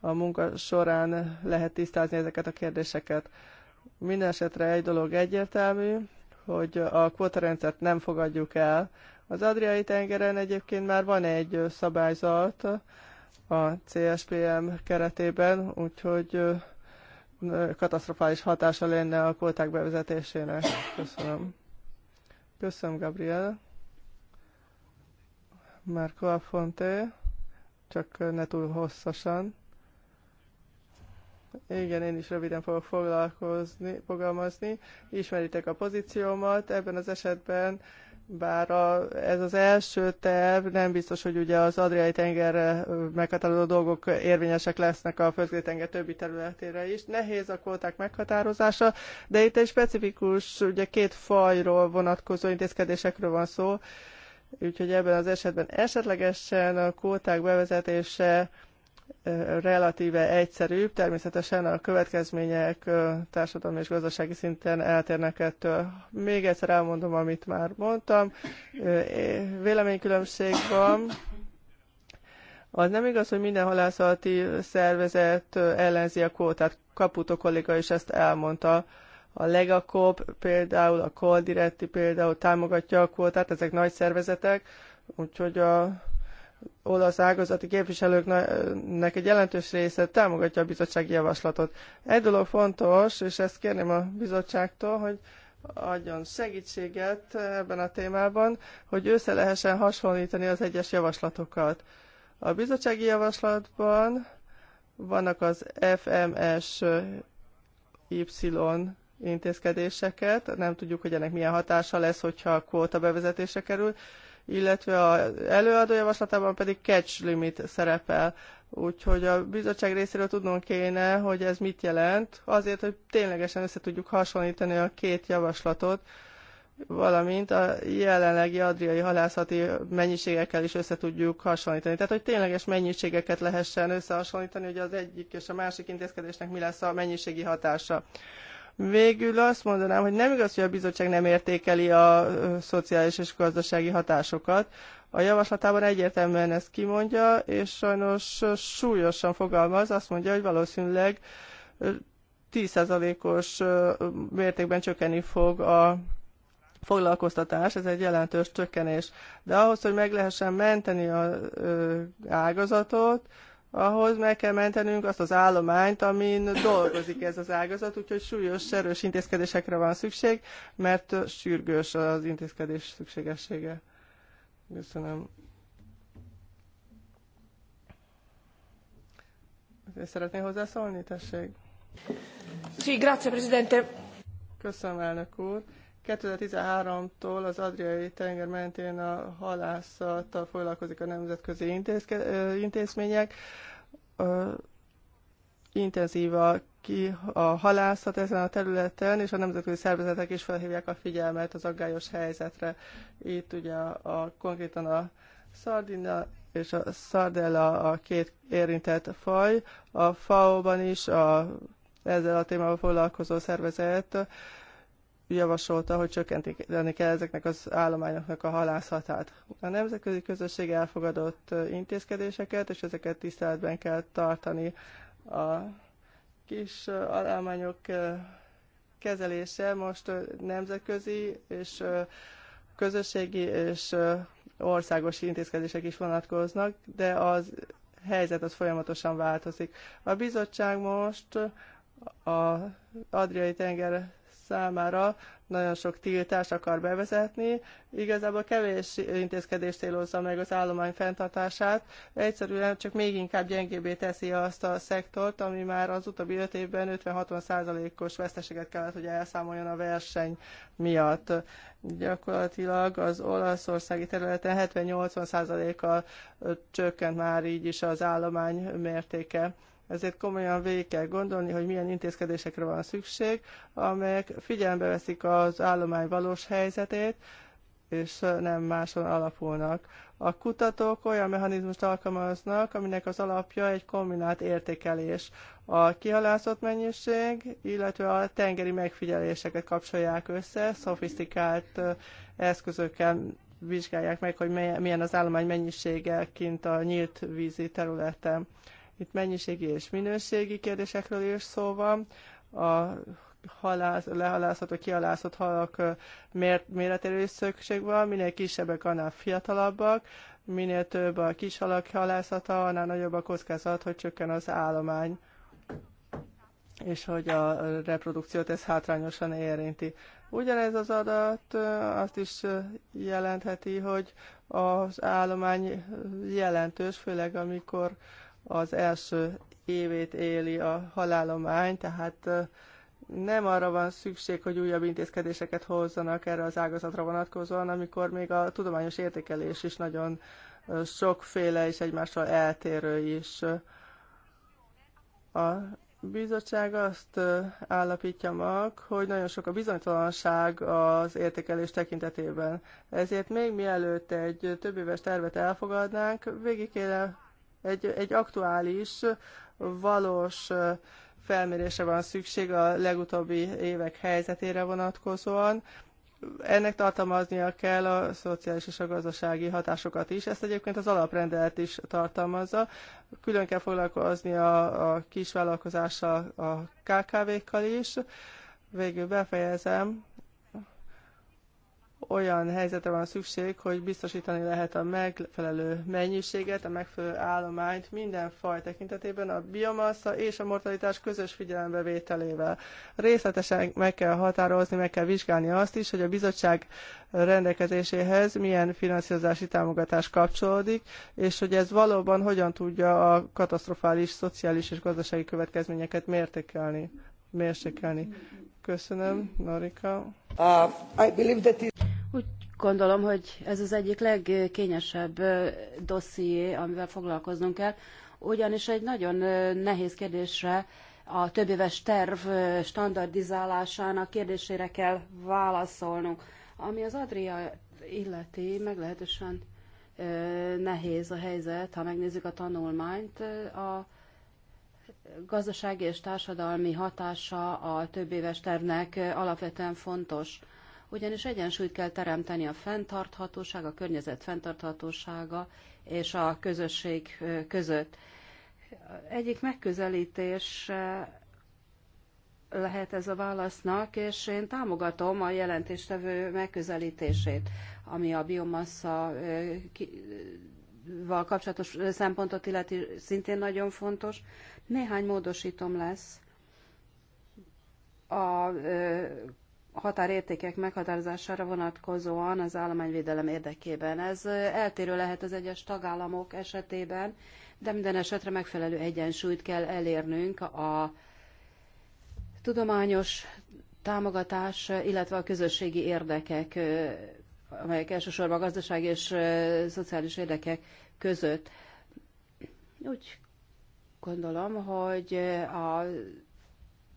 a munka során lehet tisztázni ezeket a kérdéseket. Mindenesetre egy dolog egyértelmű, hogy a kvótarendszert nem fogadjuk el. Az Adriai tengeren egyébként már van egy szabályzat, a CSPM keretében, úgyhogy katasztrofális hatása lenne a kolták bevezetésének. Köszönöm. Köszönöm, Gabriel. Marco Afonte, csak ne túl hosszasan. Igen, én is röviden fogok foglalkozni, fogalmazni. Ismeritek a pozíciómat. Ebben az esetben bár a, ez az első terv nem biztos, hogy ugye az Adriai tengerre meghatározó dolgok érvényesek lesznek a földközi tenger többi területére is. Nehéz a kvóták meghatározása, de itt egy specifikus, ugye két fajról vonatkozó intézkedésekről van szó, úgyhogy ebben az esetben esetlegesen a kvóták bevezetése relatíve egyszerűbb, természetesen a következmények társadalmi és gazdasági szinten eltérnek ettől. Még egyszer elmondom, amit már mondtam. Véleménykülönbség van. Az nem igaz, hogy minden halászati szervezet ellenzi a kvótát. Kaputó kolléga is ezt elmondta. A Legacop például, a Koldiretti például támogatja a kvótát, ezek nagy szervezetek, úgyhogy a olasz ágazati képviselőknek egy jelentős része támogatja a bizottsági javaslatot. Egy dolog fontos, és ezt kérném a bizottságtól, hogy adjon segítséget ebben a témában, hogy össze lehessen hasonlítani az egyes javaslatokat. A bizottsági javaslatban vannak az FMS Y intézkedéseket, nem tudjuk, hogy ennek milyen hatása lesz, hogyha a kvóta bevezetése kerül, illetve az előadó javaslatában pedig catch limit szerepel. Úgyhogy a bizottság részéről tudnunk kéne, hogy ez mit jelent, azért, hogy ténylegesen össze tudjuk hasonlítani a két javaslatot, valamint a jelenlegi adriai halászati mennyiségekkel is össze tudjuk hasonlítani. Tehát, hogy tényleges mennyiségeket lehessen összehasonlítani, hogy az egyik és a másik intézkedésnek mi lesz a mennyiségi hatása. Végül azt mondanám, hogy nem igaz, hogy a bizottság nem értékeli a szociális és gazdasági hatásokat. A javaslatában egyértelműen ezt kimondja, és sajnos súlyosan fogalmaz, azt mondja, hogy valószínűleg 10%-os mértékben csökkenni fog a foglalkoztatás, ez egy jelentős csökkenés. De ahhoz, hogy meg lehessen menteni az ágazatot, ahhoz meg kell mentenünk azt az állományt, amin dolgozik ez az ágazat, úgyhogy súlyos, erős intézkedésekre van szükség, mert sürgős az intézkedés szükségessége. Köszönöm. Szeretné hozzászólni, tessék? Sí, grazie, Presidente. Köszönöm, elnök úr. 2013-tól az Adriai tenger mentén a halászattal foglalkozik a nemzetközi intézke, intézmények. Intenzív a, ki a halászat ezen a területen, és a nemzetközi szervezetek is felhívják a figyelmet az aggályos helyzetre. Itt ugye a, a konkrétan a szardina és a szardella a két érintett faj. A FAO-ban is a, ezzel a témával foglalkozó szervezet javasolta, hogy csökkenteni kell ezeknek az állományoknak a halászatát. A nemzetközi közösség elfogadott intézkedéseket, és ezeket tiszteletben kell tartani. A kis állományok kezelése most nemzetközi és közösségi és országos intézkedések is vonatkoznak, de az helyzet az folyamatosan változik. A bizottság most az Adriai tenger számára nagyon sok tiltást akar bevezetni. Igazából kevés intézkedés célozza meg az állomány fenntartását. Egyszerűen csak még inkább gyengébbé teszi azt a szektort, ami már az utóbbi öt évben 50-60 százalékos veszteséget kellett, hogy elszámoljon a verseny miatt. Gyakorlatilag az olaszországi területen 70-80 százalékkal csökkent már így is az állomány mértéke ezért komolyan végig kell gondolni, hogy milyen intézkedésekre van szükség, amelyek figyelembe veszik az állomány valós helyzetét, és nem máson alapulnak. A kutatók olyan mechanizmust alkalmaznak, aminek az alapja egy kombinált értékelés. A kihalászott mennyiség, illetve a tengeri megfigyeléseket kapcsolják össze, szofisztikált eszközökkel vizsgálják meg, hogy milyen az állomány mennyisége kint a nyílt vízi területen. Itt mennyiségi és minőségi kérdésekről is szó van. A halász, lehalászott, vagy kihalászott halak méretéről is szükség van, minél kisebbek, annál fiatalabbak, minél több a kis halak halászata, annál nagyobb a kockázat, hogy csökken az állomány és hogy a reprodukciót ez hátrányosan érinti. Ugyanez az adat azt is jelentheti, hogy az állomány jelentős, főleg amikor az első évét éli a halálomány, tehát nem arra van szükség, hogy újabb intézkedéseket hozzanak erre az ágazatra vonatkozóan, amikor még a tudományos értékelés is nagyon sokféle és egymással eltérő is. A bizottság azt állapítja meg, hogy nagyon sok a bizonytalanság az értékelés tekintetében. Ezért még mielőtt egy több éves tervet elfogadnánk, végig kéne egy, egy aktuális, valós felmérése van szükség a legutóbbi évek helyzetére vonatkozóan. Ennek tartalmaznia kell a szociális és a gazdasági hatásokat is. Ezt egyébként az alaprendelet is tartalmazza. Külön kell foglalkozni a, a kisvállalkozással, a KKV-kkal is. Végül befejezem olyan helyzetre van szükség, hogy biztosítani lehet a megfelelő mennyiséget, a megfelelő állományt minden faj tekintetében a biomassa és a mortalitás közös figyelembevételével. Részletesen meg kell határozni, meg kell vizsgálni azt is, hogy a bizottság rendelkezéséhez milyen finanszírozási támogatás kapcsolódik, és hogy ez valóban hogyan tudja a katasztrofális szociális és gazdasági következményeket mértékelni mérsékelni. Köszönöm, Norika. Uh, I believe that it... Úgy gondolom, hogy ez az egyik legkényesebb dosszié, amivel foglalkoznunk kell, ugyanis egy nagyon nehéz kérdésre a többéves terv standardizálásának kérdésére kell válaszolnunk. Ami az Adria illeti, meglehetősen nehéz a helyzet, ha megnézzük a tanulmányt, a gazdasági és társadalmi hatása a többéves tervnek alapvetően fontos ugyanis egyensúlyt kell teremteni a fenntarthatóság, a környezet fenntarthatósága és a közösség között. Egyik megközelítés lehet ez a válasznak, és én támogatom a jelentéstevő megközelítését, ami a biomassa val kapcsolatos szempontot illeti szintén nagyon fontos. Néhány módosítom lesz a határértékek meghatározására vonatkozóan az állományvédelem érdekében. Ez eltérő lehet az egyes tagállamok esetében, de minden esetre megfelelő egyensúlyt kell elérnünk a tudományos támogatás, illetve a közösségi érdekek, amelyek elsősorban a gazdasági és szociális érdekek között. Úgy gondolom, hogy a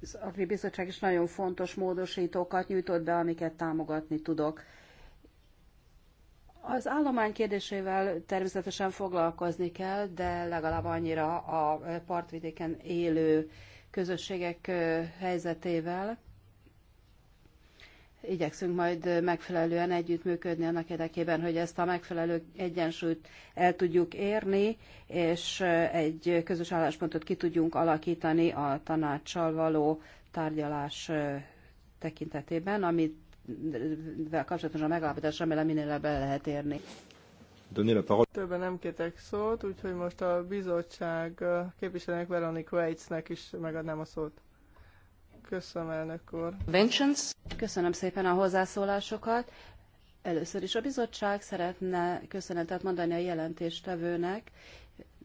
az Agri Bizottság is nagyon fontos módosítókat nyújtott be, amiket támogatni tudok. Az állomány kérdésével természetesen foglalkozni kell, de legalább annyira a partvidéken élő közösségek helyzetével igyekszünk majd megfelelően együttműködni annak érdekében, hogy ezt a megfelelő egyensúlyt el tudjuk érni, és egy közös álláspontot ki tudjunk alakítani a tanácssal való tárgyalás tekintetében, amivel kapcsolatosan a megállapodás remélem minél le lehet érni. Többen nem kétek szót, úgyhogy most a bizottság képviselőnek Veronik Weitznek is megadnám a szót. Köszönöm, elnök úr. Köszönöm szépen a hozzászólásokat. Először is a bizottság szeretne köszönetet mondani a jelentéstevőnek.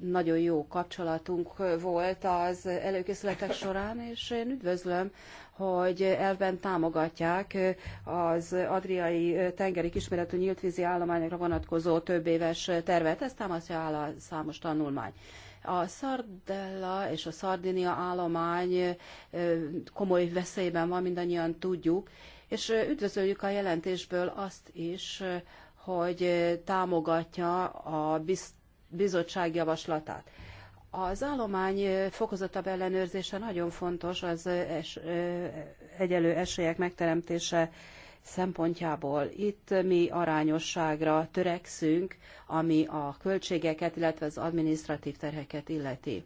Nagyon jó kapcsolatunk volt az előkészületek során, és én üdvözlöm, hogy elben támogatják az adriai tengeri kisméretű nyíltvízi állományokra vonatkozó több éves tervet. Ezt támasztja áll a számos tanulmány. A Sardella és a Szardinia állomány komoly veszélyben van, mindannyian tudjuk, és üdvözöljük a jelentésből azt is, hogy támogatja a bizottság javaslatát. Az állomány fokozottabb ellenőrzése nagyon fontos az es, egyelő esélyek megteremtése szempontjából. Itt mi arányosságra törekszünk, ami a költségeket, illetve az administratív terheket illeti.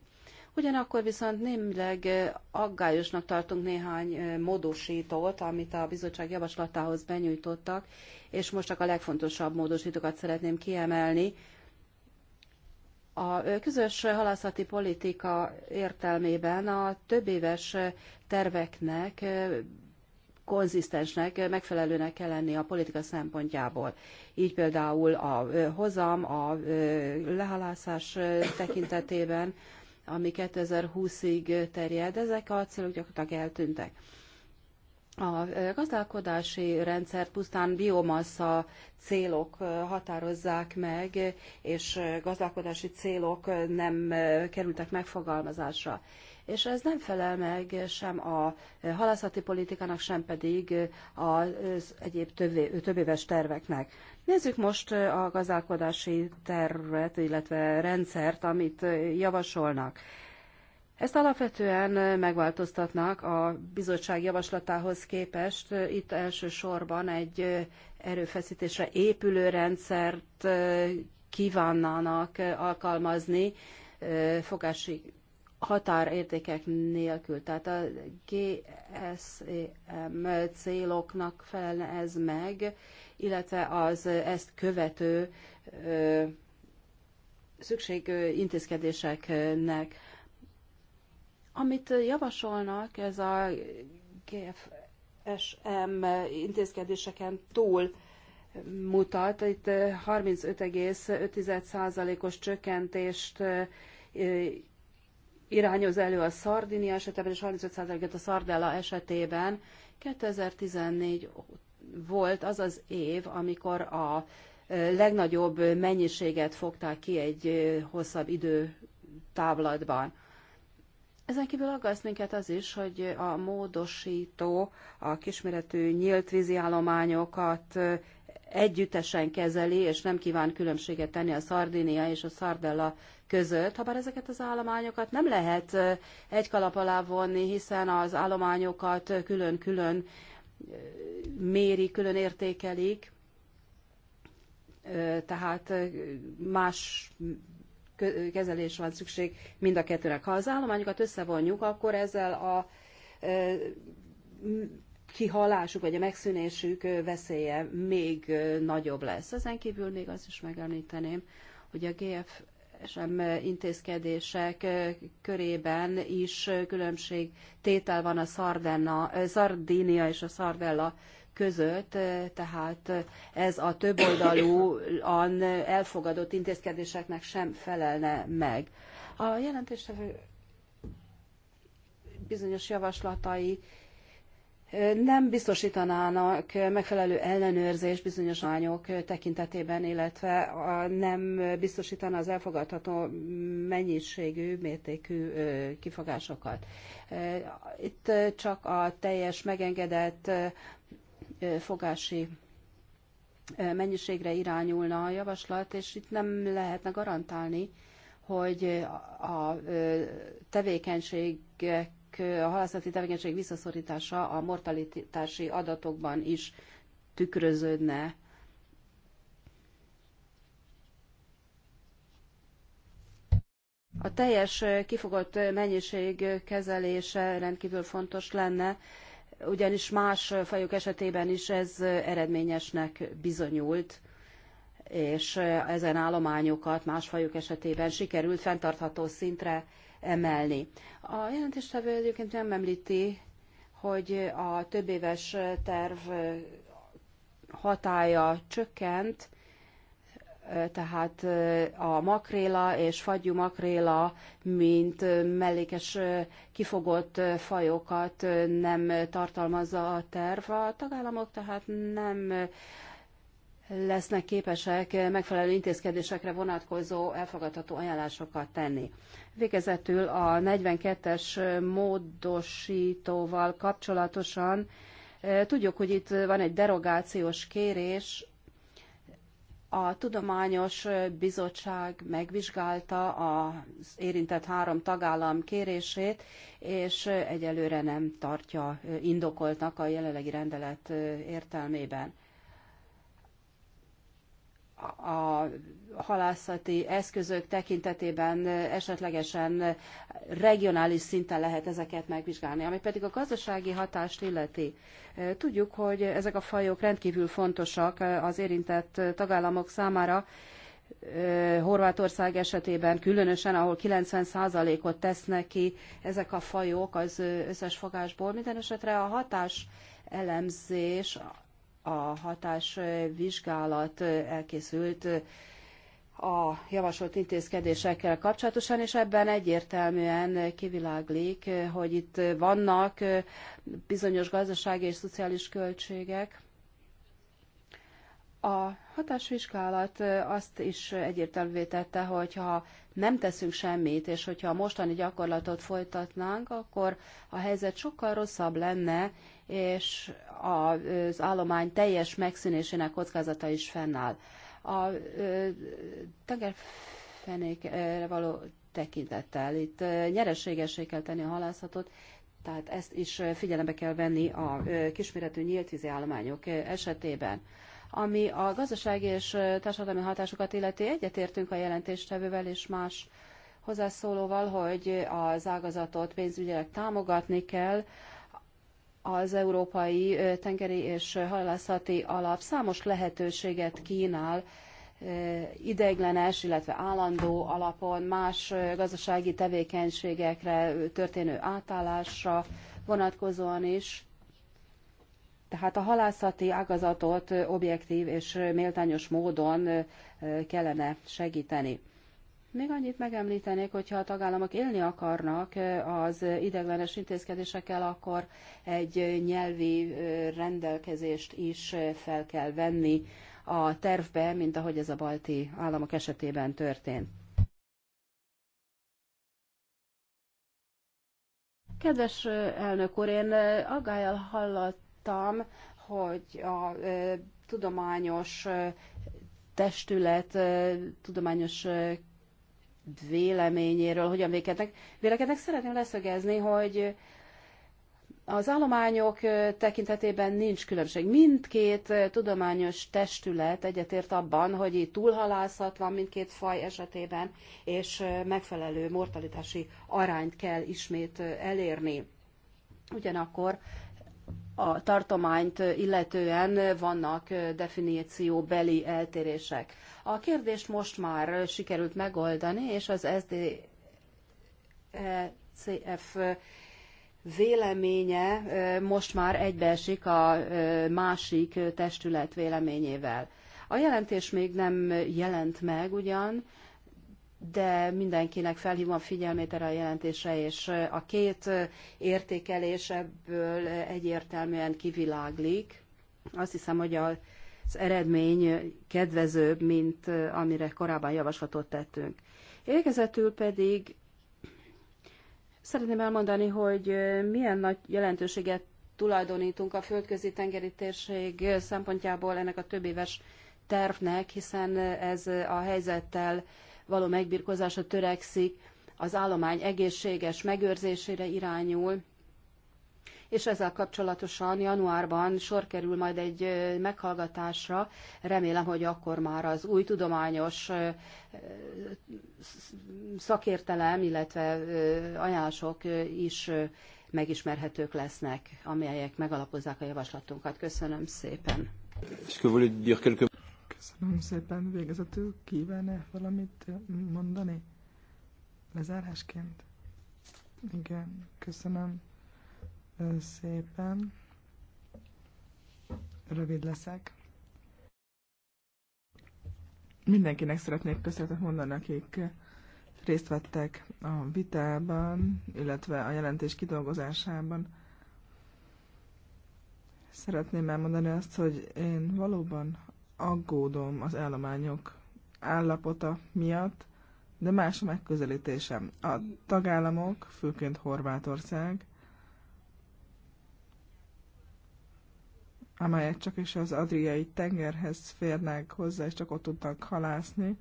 Ugyanakkor viszont némileg aggályosnak tartunk néhány módosítót, amit a bizottság javaslatához benyújtottak, és most csak a legfontosabb módosítókat szeretném kiemelni. A közös halászati politika értelmében a többéves terveknek konzisztensnek, megfelelőnek kell lenni a politika szempontjából. Így például a hozam, a lehalászás tekintetében, ami 2020-ig terjed, ezek a célok gyakorlatilag eltűntek. A gazdálkodási rendszer pusztán biomassa célok határozzák meg, és gazdálkodási célok nem kerültek megfogalmazásra és ez nem felel meg sem a halászati politikának, sem pedig az egyéb többéves terveknek. Nézzük most a gazdálkodási tervet, illetve rendszert, amit javasolnak. Ezt alapvetően megváltoztatnak a bizottság javaslatához képest. Itt elsősorban egy erőfeszítésre épülő rendszert kívánnának alkalmazni fogási határértékek nélkül. Tehát a GSM céloknak felelne ez meg, illetve az ezt követő szükség intézkedéseknek. Amit javasolnak, ez a GFSM intézkedéseken túl mutat. Itt 35,5%-os csökkentést irányoz elő a Szardinia esetében, és 35%-et a Szardella esetében. 2014 volt az az év, amikor a legnagyobb mennyiséget fogták ki egy hosszabb időtávlatban. Ezen kívül aggaszt minket az is, hogy a módosító a kisméretű nyílt állományokat együttesen kezeli, és nem kíván különbséget tenni a Szardinia és a Szardella között, ha bár ezeket az állományokat nem lehet egy kalap alá vonni, hiszen az állományokat külön-külön méri, külön értékelik, tehát más kezelés van szükség mind a kettőnek. Ha az állományokat összevonjuk, akkor ezzel a kihalásuk vagy a megszűnésük veszélye még nagyobb lesz. Ezen kívül még azt is megemlíteném, hogy a GF sem intézkedések körében is különbség tétel van a Sardenna, Sardinia és a Sardella között, tehát ez a többoldalúan elfogadott intézkedéseknek sem felelne meg. A jelentéstevő bizonyos javaslatai nem biztosítanának megfelelő ellenőrzést bizonyos anyok tekintetében, illetve nem biztosítana az elfogadható mennyiségű, mértékű kifogásokat. Itt csak a teljes megengedett fogási mennyiségre irányulna a javaslat, és itt nem lehetne garantálni, hogy a tevékenységek a halászati tevékenység visszaszorítása a mortalitási adatokban is tükröződne. A teljes kifogott mennyiség kezelése rendkívül fontos lenne, ugyanis más fajok esetében is ez eredményesnek bizonyult, és ezen állományokat más fajok esetében sikerült fenntartható szintre emelni. A jelentéstevő egyébként nem említi, hogy a több éves terv hatája csökkent, tehát a makréla és fagyú makréla, mint mellékes kifogott fajokat nem tartalmazza a terv. A tagállamok tehát nem lesznek képesek megfelelő intézkedésekre vonatkozó elfogadható ajánlásokat tenni. Végezetül a 42-es módosítóval kapcsolatosan tudjuk, hogy itt van egy derogációs kérés, a Tudományos Bizottság megvizsgálta az érintett három tagállam kérését, és egyelőre nem tartja indokoltnak a jelenlegi rendelet értelmében a halászati eszközök tekintetében esetlegesen regionális szinten lehet ezeket megvizsgálni. Ami pedig a gazdasági hatást illeti, eh, tudjuk, hogy ezek a fajok rendkívül fontosak eh, az érintett tagállamok számára, eh, Horvátország esetében különösen, ahol 90%-ot tesznek ki ezek a fajok az összes fogásból, minden esetre a hatás elemzés a hatásvizsgálat elkészült a javasolt intézkedésekkel kapcsolatosan, és ebben egyértelműen kiviláglik, hogy itt vannak bizonyos gazdasági és szociális költségek, a hatásvizsgálat azt is egyértelművé tette, hogy ha nem teszünk semmit, és hogyha a mostani gyakorlatot folytatnánk, akkor a helyzet sokkal rosszabb lenne, és az állomány teljes megszűnésének kockázata is fennáll. A tengerfenékre való tekintettel itt nyereségessé kell tenni a halászatot, tehát ezt is figyelembe kell venni a kisméretű nyíltvízi állományok esetében. Ami a gazdasági és társadalmi hatásokat illeti, egyetértünk a jelentéstevővel és más hozzászólóval, hogy az ágazatot pénzügyileg támogatni kell, az Európai Tengeri és Hajlászati Alap számos lehetőséget kínál ideiglenes, illetve állandó alapon más gazdasági tevékenységekre történő átállásra vonatkozóan is. Tehát a halászati ágazatot objektív és méltányos módon kellene segíteni. Még annyit megemlítenék, hogyha a tagállamok élni akarnak az ideglenes intézkedésekkel, akkor egy nyelvi rendelkezést is fel kell venni a tervbe, mint ahogy ez a balti államok esetében történt. Kedves elnök úr, én aggályal hallat láttam, hogy a tudományos testület tudományos véleményéről hogyan vélekednek. Vélekednek szeretném leszögezni, hogy az állományok tekintetében nincs különbség. Mindkét tudományos testület egyetért abban, hogy itt túlhalászat van mindkét faj esetében, és megfelelő mortalitási arányt kell ismét elérni. Ugyanakkor a tartományt illetően vannak definícióbeli eltérések. A kérdést most már sikerült megoldani, és az SDCF e véleménye most már egybeesik a másik testület véleményével. A jelentés még nem jelent meg ugyan, de mindenkinek felhívom a figyelmét erre a jelentésre, és a két értékelés ebből egyértelműen kiviláglik. Azt hiszem, hogy az eredmény kedvezőbb, mint amire korábban javaslatot tettünk. Érkezetül pedig szeretném elmondani, hogy milyen nagy jelentőséget tulajdonítunk a földközi tengeri térség szempontjából ennek a több éves tervnek, hiszen ez a helyzettel való megbirkózása törekszik, az állomány egészséges megőrzésére irányul, és ezzel kapcsolatosan januárban sor kerül majd egy meghallgatásra. Remélem, hogy akkor már az új tudományos szakértelem, illetve ajánlások is megismerhetők lesznek, amelyek megalapozzák a javaslatunkat. Köszönöm szépen. Köszönöm szépen végezetül. Kívánne valamit eh, mondani? Lezárásként? Igen, köszönöm eh, szépen. Rövid leszek. Mindenkinek szeretnék köszönetet mondani, akik eh, részt vettek a vitában, illetve a jelentés kidolgozásában. Szeretném elmondani azt, hogy én valóban aggódom az állományok állapota miatt, de más a megközelítésem. A tagállamok, főként Horvátország, amelyek csak is az adriai tengerhez férnek hozzá, és csak ott tudnak halászni.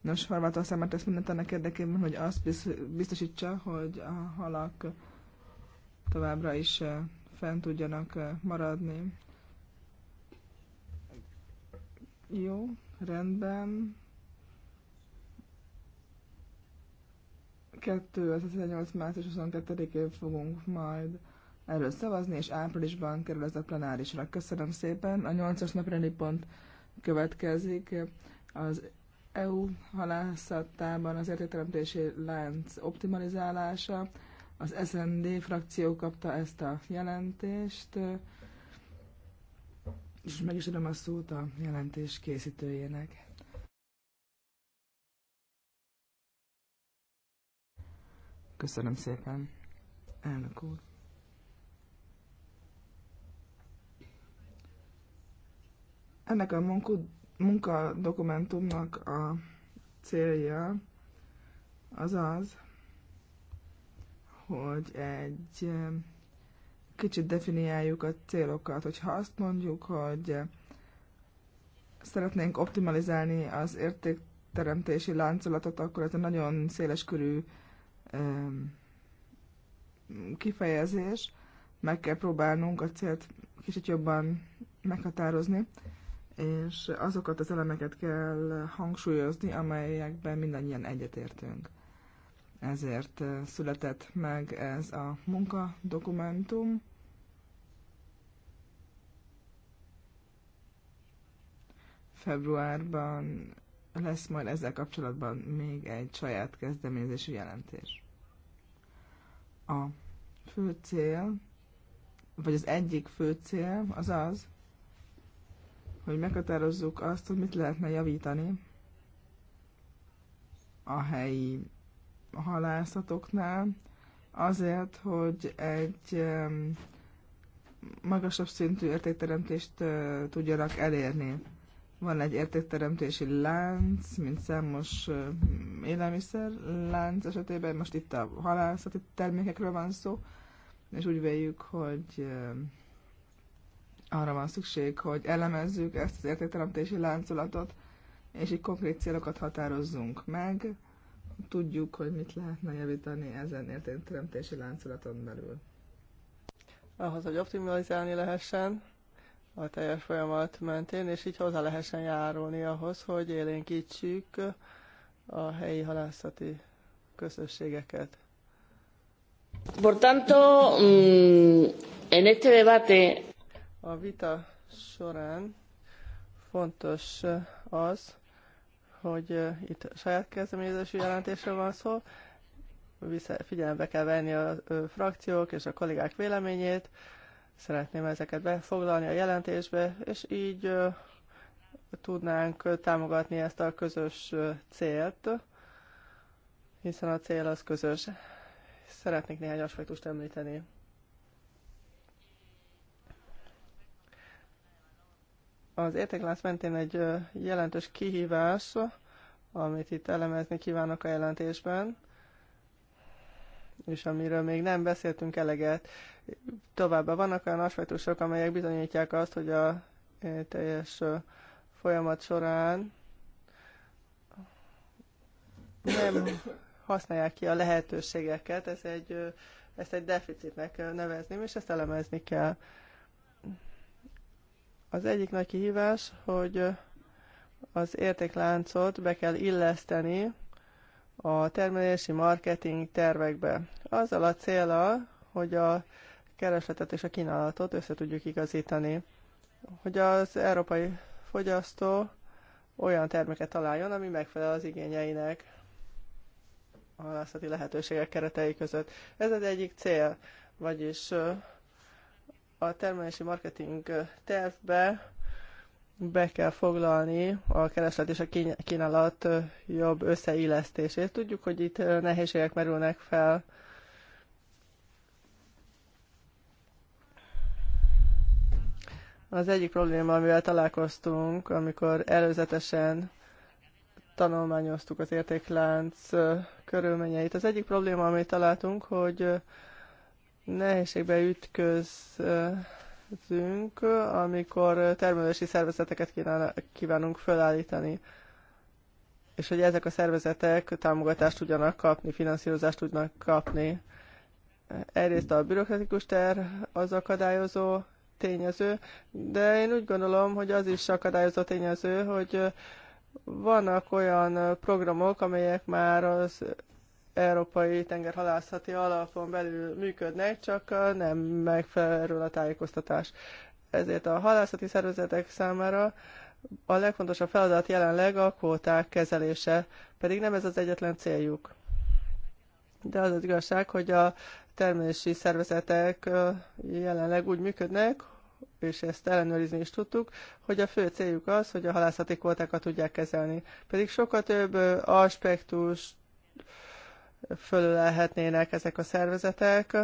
Nos, Horvátország már tesz mindent annak érdekében, hogy azt biztosítsa, hogy a halak továbbra is fent tudjanak maradni jó, rendben. 2018. március 22-én fogunk majd erről szavazni, és áprilisban kerül ez a plenárisra. Köszönöm szépen. A 8-as napreni pont következik. Az EU halászattában az értékteremtési lánc optimalizálása. Az SND frakció kapta ezt a jelentést és meg is adom a szót a jelentés készítőjének. Köszönöm szépen, elnök úr. Ennek a munkadokumentumnak a célja az az, hogy egy kicsit definiáljuk a célokat. Hogyha azt mondjuk, hogy szeretnénk optimalizálni az értékteremtési láncolatot, akkor ez egy nagyon széleskörű kifejezés. Meg kell próbálnunk a célt kicsit jobban meghatározni, és azokat az elemeket kell hangsúlyozni, amelyekben mindannyian egyetértünk ezért eh, született meg ez a munkadokumentum. Februárban lesz majd ezzel kapcsolatban még egy saját kezdeményezési jelentés. A fő cél, vagy az egyik fő cél az az, hogy meghatározzuk azt, hogy mit lehetne javítani a helyi halászatoknál, azért, hogy egy magasabb szintű értékteremtést tudjanak elérni. Van egy értékteremtési lánc, mint számos élelmiszer lánc esetében, most itt a halászati termékekről van szó, és úgy véljük, hogy arra van szükség, hogy elemezzük ezt az értékteremtési láncolatot, és így konkrét célokat határozzunk meg, tudjuk, hogy mit lehetne javítani ezen értékteremtési láncolaton belül. Ahhoz, hogy optimalizálni lehessen a teljes folyamat mentén, és így hozzá lehessen járulni ahhoz, hogy élénkítsük a helyi halászati közösségeket. Por tanto, mm, en este debate... A vita során fontos az, hogy itt saját kezdeményezésű jelentésre van szó, vissza, figyelembe kell venni a frakciók és a kollégák véleményét, szeretném ezeket befoglalni a jelentésbe, és így tudnánk támogatni ezt a közös célt, hiszen a cél az közös. Szeretnék néhány aspektust említeni. az értéklánc mentén egy jelentős kihívás, amit itt elemezni kívánok a jelentésben, és amiről még nem beszéltünk eleget. Továbbá vannak olyan aspektusok, amelyek bizonyítják azt, hogy a teljes folyamat során nem használják ki a lehetőségeket, ez egy, ezt egy deficitnek nevezném, és ezt elemezni kell. Az egyik nagy kihívás, hogy az értékláncot be kell illeszteni a termelési marketing tervekbe. Azzal a célra, hogy a keresletet és a kínálatot össze tudjuk igazítani, hogy az európai fogyasztó olyan terméket találjon, ami megfelel az igényeinek a halászati lehetőségek keretei között. Ez az egyik cél, vagyis a termelési marketing tervbe be kell foglalni a kereslet és a kínálat jobb összeillesztését. Tudjuk, hogy itt nehézségek merülnek fel. Az egyik probléma, amivel találkoztunk, amikor előzetesen tanulmányoztuk az értéklánc körülményeit, az egyik probléma, amit találtunk, hogy nehézségbe ütközünk, amikor termelési szervezeteket kívánunk felállítani, és hogy ezek a szervezetek támogatást tudjanak kapni, finanszírozást tudnak kapni. Egyrészt a bürokratikus ter az akadályozó tényező, de én úgy gondolom, hogy az is akadályozó tényező, hogy vannak olyan programok, amelyek már az európai tengerhalászati alapon belül működnek, csak nem megfelelő a tájékoztatás. Ezért a halászati szervezetek számára a legfontosabb feladat jelenleg a kvóták kezelése, pedig nem ez az egyetlen céljuk. De az az igazság, hogy a termelési szervezetek jelenleg úgy működnek, és ezt ellenőrizni is tudtuk, hogy a fő céljuk az, hogy a halászati kvótákat tudják kezelni. Pedig sokkal több aspektus fölülelhetnének ezek a szervezetek.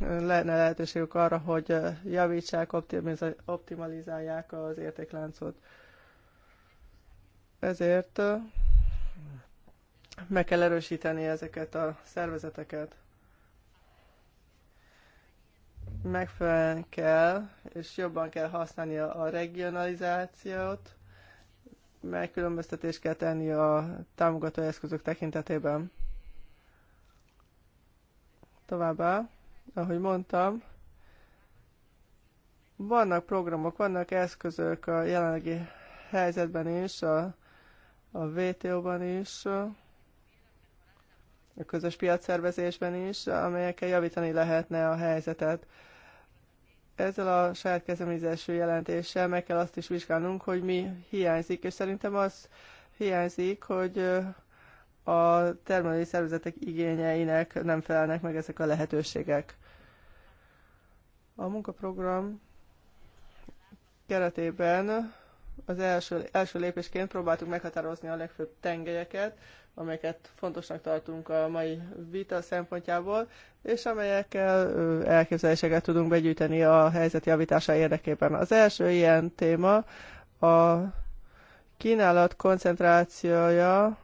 Lenne lehetőségük arra, hogy javítsák, optimalizálják az értékláncot. Ezért meg kell erősíteni ezeket a szervezeteket. Megfelelően kell, és jobban kell használni a regionalizációt, megkülönböztetést kell tenni a támogató eszközök tekintetében. Továbbá, ahogy mondtam, vannak programok, vannak eszközök a jelenlegi helyzetben is, a, a WTO-ban is, a közös piacszervezésben is, amelyekkel javítani lehetne a helyzetet. Ezzel a saját kezdeményezésű jelentéssel meg kell azt is vizsgálnunk, hogy mi hiányzik, és szerintem az hiányzik, hogy a termelői szervezetek igényeinek nem felelnek meg ezek a lehetőségek. A munkaprogram keretében az első, első lépésként próbáltuk meghatározni a legfőbb tengelyeket, amelyeket fontosnak tartunk a mai vita szempontjából, és amelyekkel elképzeléseket tudunk begyűjteni a helyzet javítása érdekében. Az első ilyen téma a kínálat koncentrációja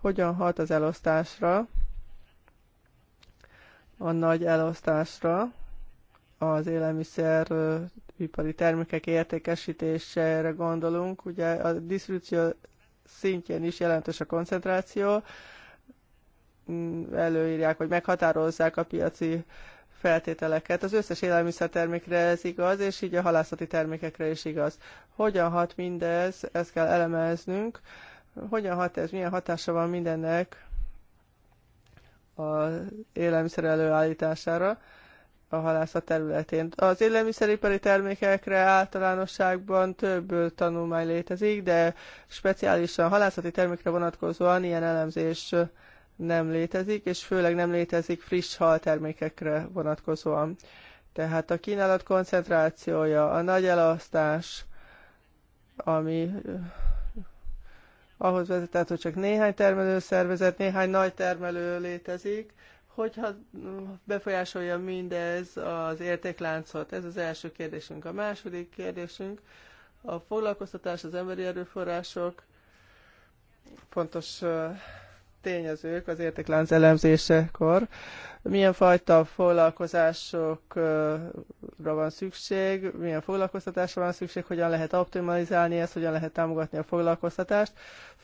hogyan hat az elosztásra, a nagy elosztásra, az élelmiszer ipari termékek értékesítésére gondolunk. Ugye a disztribúció szintjén is jelentős a koncentráció. Mm, előírják, hogy meghatározzák a piaci feltételeket. Az összes élelmiszertermékre ez igaz, és így a halászati termékekre is igaz. Hogyan hat mindez, ezt kell elemeznünk. Hogyan hat ez, milyen hatása van mindennek az élelmiszer előállítására a halászat területén? Az élelmiszeripari termékekre általánosságban több tanulmány létezik, de speciálisan halászati termékre vonatkozóan ilyen elemzés nem létezik, és főleg nem létezik friss hal termékekre vonatkozóan. Tehát a kínálat koncentrációja, a nagy elasztás, ami ahhoz vezetett, hogy csak néhány termelőszervezet, néhány nagy termelő létezik, hogyha befolyásolja mindez az értékláncot? Ez az első kérdésünk. A második kérdésünk, a foglalkoztatás, az emberi erőforrások fontos tényezők az értéklánc elemzésekor. Milyen fajta foglalkozásokra van szükség, milyen foglalkoztatásra van szükség, hogyan lehet optimalizálni ezt, hogyan lehet támogatni a foglalkoztatást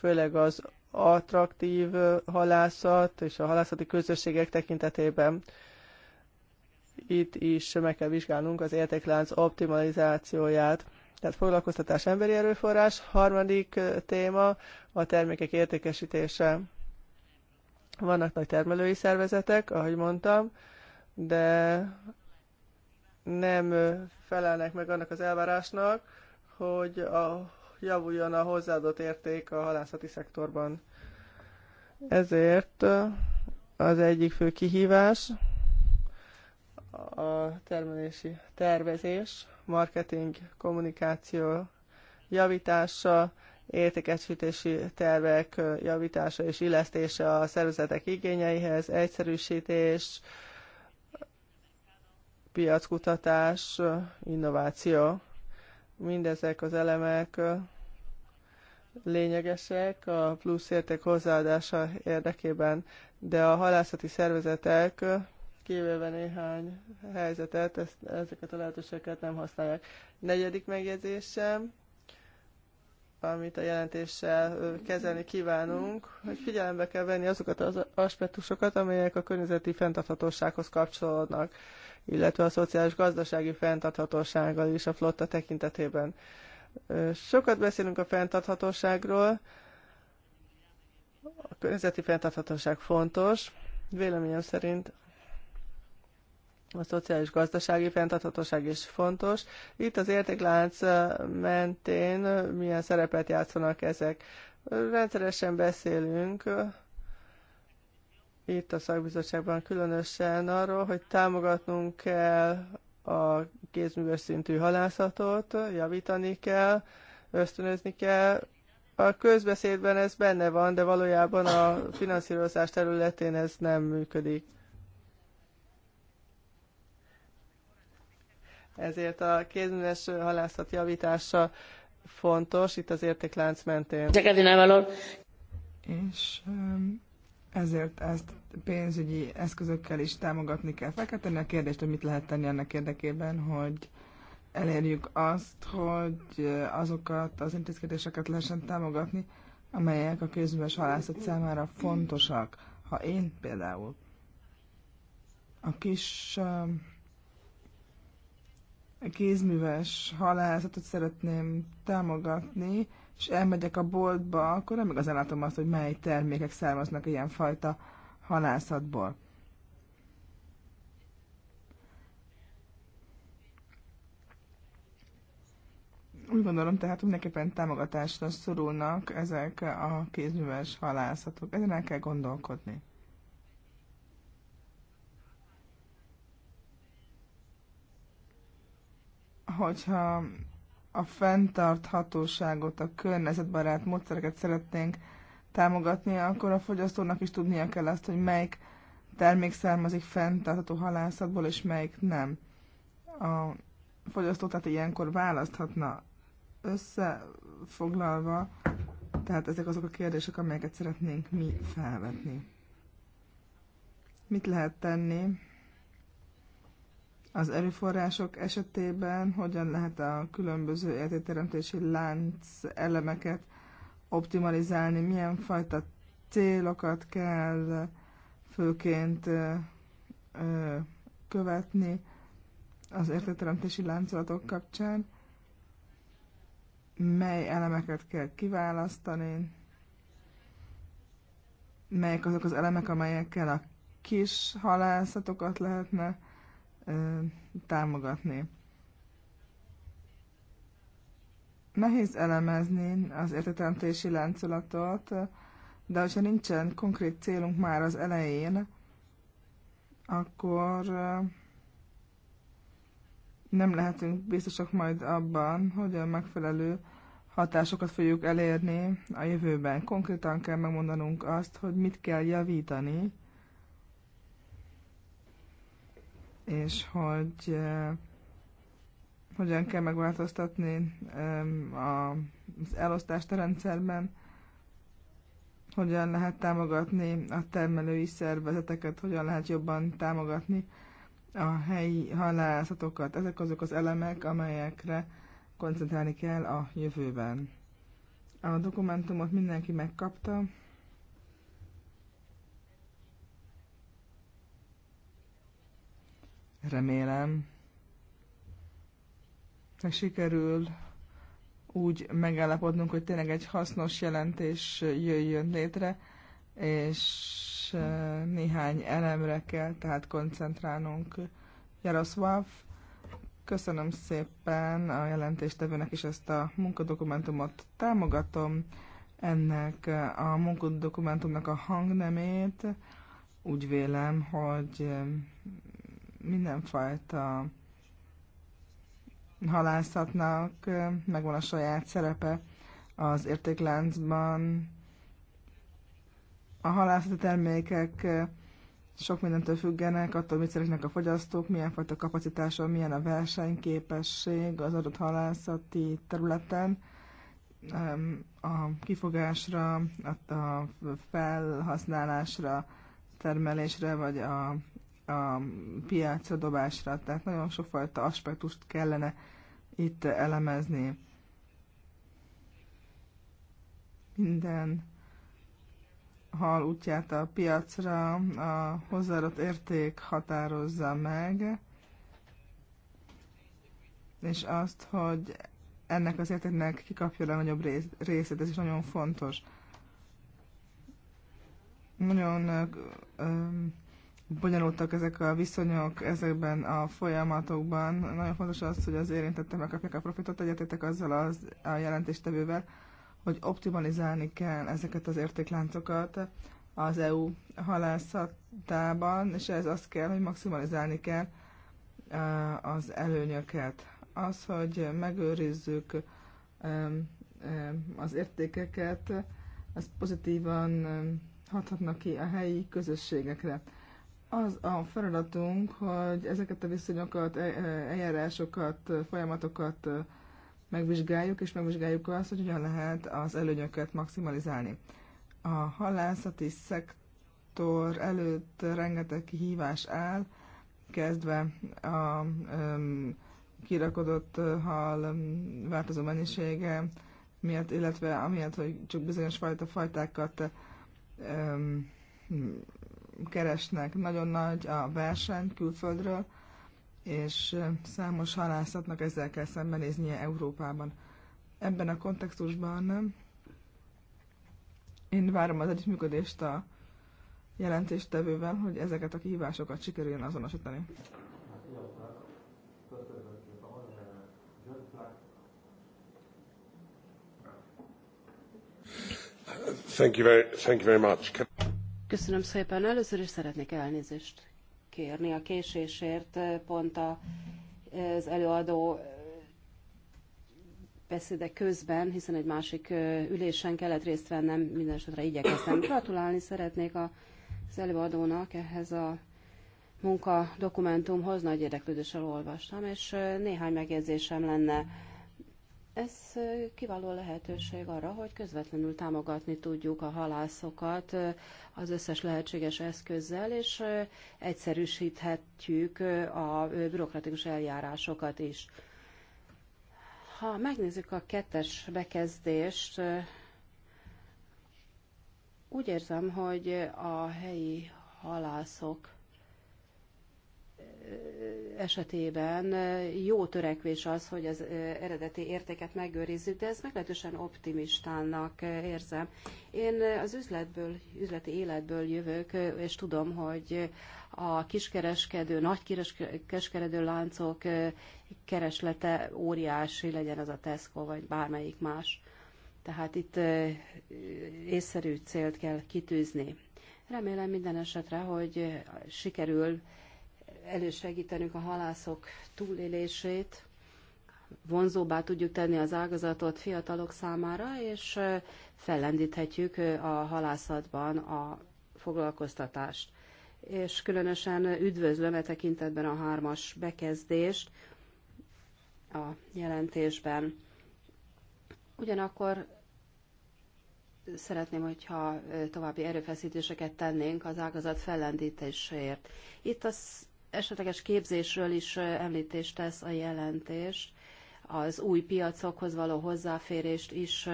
főleg az attraktív halászat és a halászati közösségek tekintetében. Itt is meg kell vizsgálnunk az értéklánc optimalizációját. Tehát foglalkoztatás emberi erőforrás. Harmadik téma a termékek értékesítése. Vannak nagy termelői szervezetek, ahogy mondtam, de nem felelnek meg annak az elvárásnak, hogy a javuljon a hozzáadott érték a halászati szektorban. Ezért az egyik fő kihívás a termelési tervezés, marketing, kommunikáció javítása, értékesítési tervek javítása és illesztése a szervezetek igényeihez, egyszerűsítés, piackutatás, innováció. Mindezek az elemek lényegesek a plusz érték hozzáadása érdekében, de a halászati szervezetek kivéve néhány helyzetet, ezt, ezeket a lehetőségeket nem használják. Negyedik megjegyzésem, amit a jelentéssel kezelni kívánunk, hogy figyelembe kell venni azokat az aspektusokat, amelyek a környezeti fenntarthatósághoz kapcsolódnak, illetve a szociális gazdasági fenntarthatósággal is a flotta tekintetében. Sokat beszélünk a fenntarthatóságról, a környezeti fenntarthatóság fontos, véleményem szerint a szociális gazdasági fenntarthatóság is fontos. Itt az értéklánc mentén milyen szerepet játszanak ezek? Rendszeresen beszélünk itt a szakbizottságban különösen arról, hogy támogatnunk kell a kézműves szintű halászatot, javítani kell, ösztönözni kell. A közbeszédben ez benne van, de valójában a finanszírozás területén ez nem működik. Ezért a kézműves halászat javítása fontos itt az értéklánc mentén. És ezért ezt pénzügyi eszközökkel is támogatni kell. Fel kell tenni a kérdést, hogy mit lehet tenni annak érdekében, hogy elérjük azt, hogy azokat az intézkedéseket lehessen támogatni, amelyek a kézműves halászat számára fontosak. Ha én például a kis kézműves halászatot szeretném támogatni, és elmegyek a boltba, akkor nem igazán látom azt, hogy mely termékek származnak ilyen fajta halászatból. Úgy gondolom tehát, hogy mindenképpen támogatásra szorulnak ezek a kézműves halászatok. Ezen el kell gondolkodni. hogyha a fenntarthatóságot, a környezetbarát módszereket szeretnénk támogatni, akkor a fogyasztónak is tudnia kell azt, hogy melyik termék származik fenntartható halászatból, és melyik nem. A fogyasztó tehát ilyenkor választhatna összefoglalva, tehát ezek azok a kérdések, amelyeket szeretnénk mi felvetni. Mit lehet tenni az erőforrások esetében hogyan lehet a különböző értékteremtési lánc elemeket optimalizálni, milyen fajta célokat kell főként követni az értékteremtési láncolatok kapcsán, mely elemeket kell kiválasztani, melyek azok az elemek, amelyekkel a kis halászatokat lehetne támogatni. Nehéz elemezni az értetemtési láncolatot, de hogyha nincsen konkrét célunk már az elején, akkor nem lehetünk biztosak majd abban, hogy a megfelelő hatásokat fogjuk elérni a jövőben. Konkrétan kell megmondanunk azt, hogy mit kell javítani, és hogy eh, hogyan kell megváltoztatni az elosztást a rendszerben, hogyan lehet támogatni a termelői szervezeteket, hogyan lehet jobban támogatni a helyi halászatokat. Ezek azok az elemek, amelyekre koncentrálni kell a jövőben. A dokumentumot mindenki megkapta. Remélem, ha sikerül úgy megállapodnunk, hogy tényleg egy hasznos jelentés jöjjön létre, és néhány elemre kell tehát koncentrálnunk. Jaroszláv, köszönöm szépen a jelentéstevőnek is ezt a munkadokumentumot támogatom, ennek a munkadokumentumnak a hangnemét. Úgy vélem, hogy mindenfajta halászatnak megvan a saját szerepe az értékláncban. A halászati termékek sok mindentől függenek, attól mit szeretnek a fogyasztók, milyen fajta kapacitása, milyen a versenyképesség az adott halászati területen, a kifogásra, a felhasználásra, termelésre vagy a a piacra dobásra, tehát nagyon sokfajta aspektust kellene itt elemezni. Minden hal útját a piacra a hozzáadott érték határozza meg, és azt, hogy ennek az értéknek kikapja a nagyobb részét, ez is nagyon fontos. Nagyon ö, ö, bonyolultak ezek a viszonyok ezekben a folyamatokban. Nagyon fontos az, hogy az érintettek megkapják a profitot, egyetétek azzal az, a jelentéstevővel, hogy optimalizálni kell ezeket az értékláncokat az EU halászatában, és ez azt kell, hogy maximalizálni kell az előnyöket. Az, hogy megőrizzük az értékeket, ez pozitívan hathatnak ki a helyi közösségekre az a feladatunk, hogy ezeket a viszonyokat, e-, e-, eljárásokat, folyamatokat megvizsgáljuk, és megvizsgáljuk azt, hogy hogyan lehet az előnyöket maximalizálni. A halászati szektor előtt rengeteg kihívás áll, kezdve a um, kirakodott hal változó mennyisége miatt, illetve amiatt, hogy csak bizonyos fajta fajtákat um, keresnek. Nagyon nagy a verseny külföldről, és számos halászatnak ezzel kell szembenéznie Európában. Ebben a kontextusban én várom az együttműködést a jelentéstevővel, hogy ezeket a kihívásokat sikerüljön azonosítani. Thank you very, thank you very much. Köszönöm szépen. Először is szeretnék elnézést kérni a késésért. Pont az előadó beszéde közben, hiszen egy másik ülésen kellett részt vennem, minden esetre igyekeztem. Gratulálni szeretnék az előadónak ehhez a munka dokumentumhoz, nagy érdeklődéssel olvastam, és néhány megjegyzésem lenne ez kiváló lehetőség arra, hogy közvetlenül támogatni tudjuk a halászokat az összes lehetséges eszközzel, és egyszerűsíthetjük a bürokratikus eljárásokat is. Ha megnézzük a kettes bekezdést, úgy érzem, hogy a helyi halászok esetében jó törekvés az, hogy az eredeti értéket megőrizzük, de ezt meglehetősen optimistának érzem. Én az üzletből, üzleti életből jövök, és tudom, hogy a kiskereskedő, nagy kiskereskedő láncok kereslete óriási, legyen az a Tesco, vagy bármelyik más. Tehát itt észszerű célt kell kitűzni. Remélem minden esetre, hogy sikerül elősegítenünk a halászok túlélését, vonzóbbá tudjuk tenni az ágazatot fiatalok számára, és fellendíthetjük a halászatban a foglalkoztatást. És különösen üdvözlöm e tekintetben a hármas bekezdést a jelentésben. Ugyanakkor szeretném, hogyha további erőfeszítéseket tennénk az ágazat fellendítéséért. Itt az esetleges képzésről is említést tesz a jelentés. Az új piacokhoz való hozzáférést is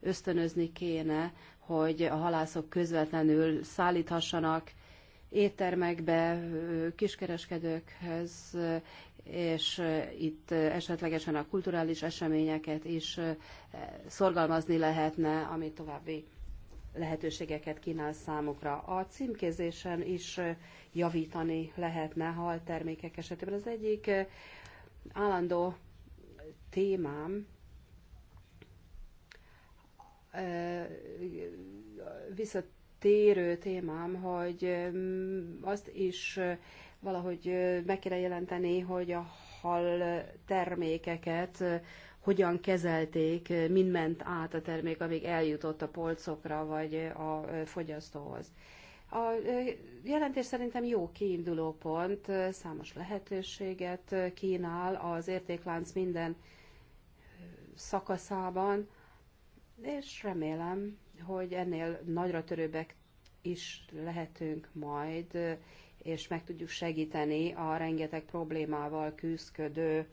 ösztönözni kéne, hogy a halászok közvetlenül szállíthassanak éttermekbe, kiskereskedőkhez, és itt esetlegesen a kulturális eseményeket is szorgalmazni lehetne, ami további lehetőségeket kínál számukra. A címkézésen is javítani lehetne hal termékek esetében. Az egyik állandó témám visszatérő témám, hogy azt is valahogy meg kéne jelenteni, hogy a hal termékeket hogyan kezelték, mind ment át a termék, amíg eljutott a polcokra vagy a fogyasztóhoz. A jelentés szerintem jó kiinduló pont, számos lehetőséget kínál az értéklánc minden szakaszában, és remélem, hogy ennél nagyra törőbbek is lehetünk majd, és meg tudjuk segíteni a rengeteg problémával küzdködő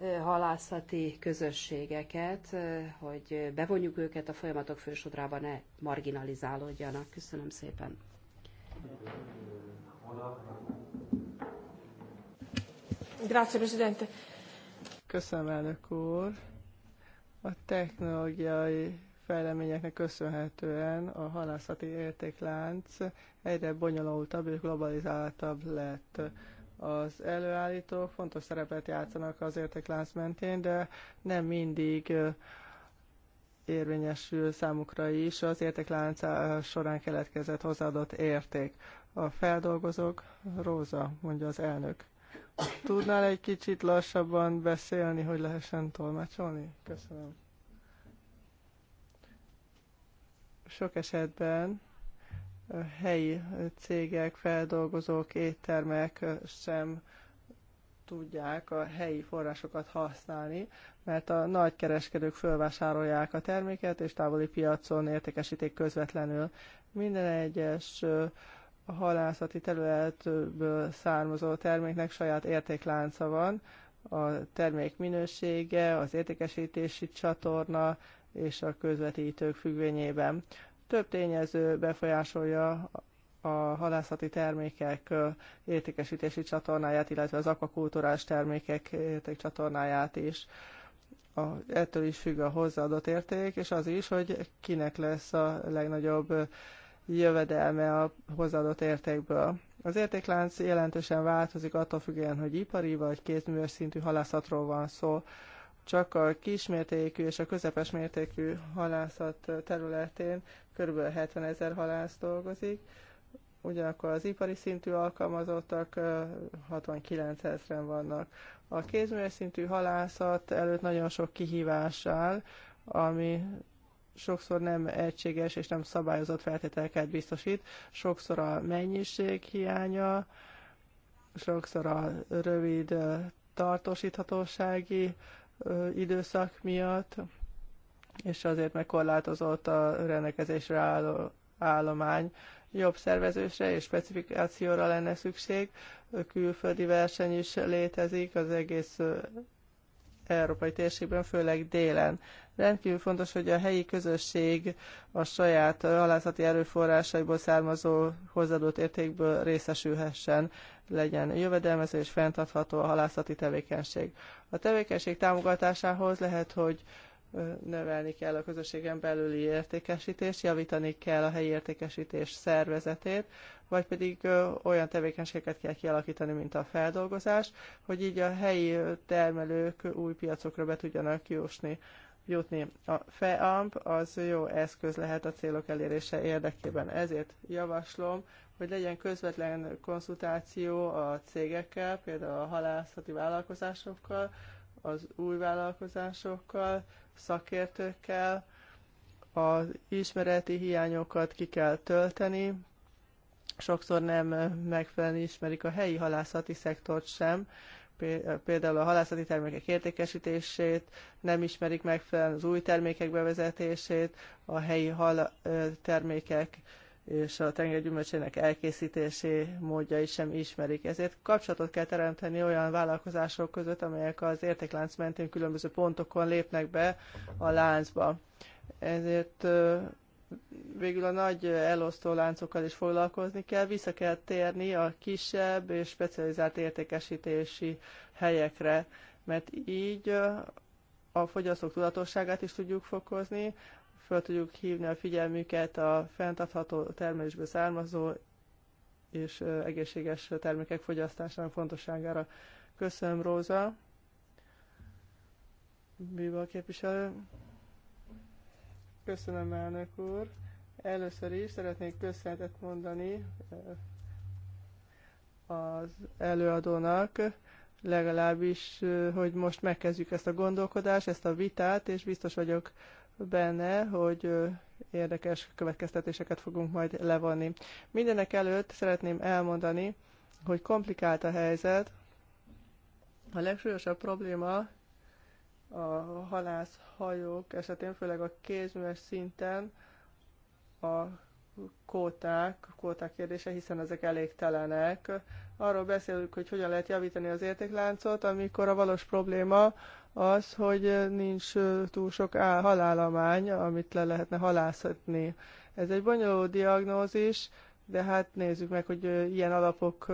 halászati közösségeket, hogy bevonjuk őket a folyamatok fősodrába, ne marginalizálódjanak. Köszönöm szépen. Grazie, Presidente. Köszönöm, elnök úr. A technológiai fejleményeknek köszönhetően a halászati értéklánc egyre bonyolultabb és globalizáltabb lett az előállítók fontos szerepet játszanak az értéklánc mentén, de nem mindig érvényesül számukra is az értéklánc során keletkezett hozzáadott érték. A feldolgozók, Róza, mondja az elnök. Tudnál egy kicsit lassabban beszélni, hogy lehessen tolmácsolni? Köszönöm. Sok esetben helyi cégek, feldolgozók, éttermek sem tudják a helyi forrásokat használni, mert a nagy kereskedők fölvásárolják a terméket, és távoli piacon értékesítik közvetlenül. Minden egyes halászati területből származó terméknek saját értéklánca van, a termék minősége, az értékesítési csatorna és a közvetítők függvényében. Több tényező befolyásolja a halászati termékek értékesítési csatornáját, illetve az akvakultúrás termékek értékcsatornáját is. A, ettől is függ a hozzáadott érték, és az is, hogy kinek lesz a legnagyobb jövedelme a hozzáadott értékből. Az értéklánc jelentősen változik attól függően, hogy ipari vagy kézműves szintű halászatról van szó csak a kismértékű és a közepes mértékű halászat területén kb. 70 ezer halász dolgozik, ugyanakkor az ipari szintű alkalmazottak 69 ezeren vannak. A kézműves szintű halászat előtt nagyon sok kihívás áll, ami sokszor nem egységes és nem szabályozott feltételeket biztosít, sokszor a mennyiség hiánya, sokszor a rövid tartósíthatósági időszak miatt, és azért megkorlátozott a rendelkezésre álló állomány. Jobb szervezésre és specifikációra lenne szükség, külföldi verseny is létezik, az egész európai térségben, főleg délen. Rendkívül fontos, hogy a helyi közösség a saját halászati erőforrásaiból származó hozzáadott értékből részesülhessen, legyen jövedelmező és fenntartható a halászati tevékenység. A tevékenység támogatásához lehet, hogy növelni kell a közösségen belüli értékesítést, javítani kell a helyi értékesítés szervezetét, vagy pedig olyan tevékenységeket kell kialakítani, mint a feldolgozás, hogy így a helyi termelők új piacokra be tudjanak jusni. jutni. A FEAMP az jó eszköz lehet a célok elérése érdekében. Ezért javaslom, hogy legyen közvetlen konzultáció a cégekkel, például a halászati vállalkozásokkal, az új vállalkozásokkal, szakértőkkel, az ismereti hiányokat ki kell tölteni, sokszor nem megfelelően ismerik a helyi halászati szektort sem, például a halászati termékek értékesítését, nem ismerik megfelelően az új termékek bevezetését, a helyi hal termékek és a tengergyümölcsének elkészítési módjai sem ismerik. Ezért kapcsolatot kell teremteni olyan vállalkozások között, amelyek az értéklánc mentén különböző pontokon lépnek be a láncba. Ezért végül a nagy elosztó láncokkal is foglalkozni kell, vissza kell térni a kisebb és specializált értékesítési helyekre, mert így a fogyasztók tudatosságát is tudjuk fokozni, fel tudjuk hívni a figyelmüket a fenntartható termelésből származó és egészséges termékek fogyasztásának fontosságára. Köszönöm, Róza. Biba képviselő. Köszönöm, elnök úr. Először is szeretnék köszönetet mondani az előadónak, legalábbis, hogy most megkezdjük ezt a gondolkodást, ezt a vitát, és biztos vagyok benne, hogy érdekes következtetéseket fogunk majd levonni. Mindenek előtt szeretném elmondani, hogy komplikált a helyzet. A legsúlyosabb probléma a halászhajók esetén, főleg a kézműves szinten a kóták, kóták kérdése, hiszen ezek elégtelenek. Arról beszélünk, hogy hogyan lehet javítani az értékláncot, amikor a valós probléma az, hogy nincs túl sok halálamány, amit le lehetne halászatni. Ez egy bonyolult diagnózis, de hát nézzük meg, hogy ilyen alapok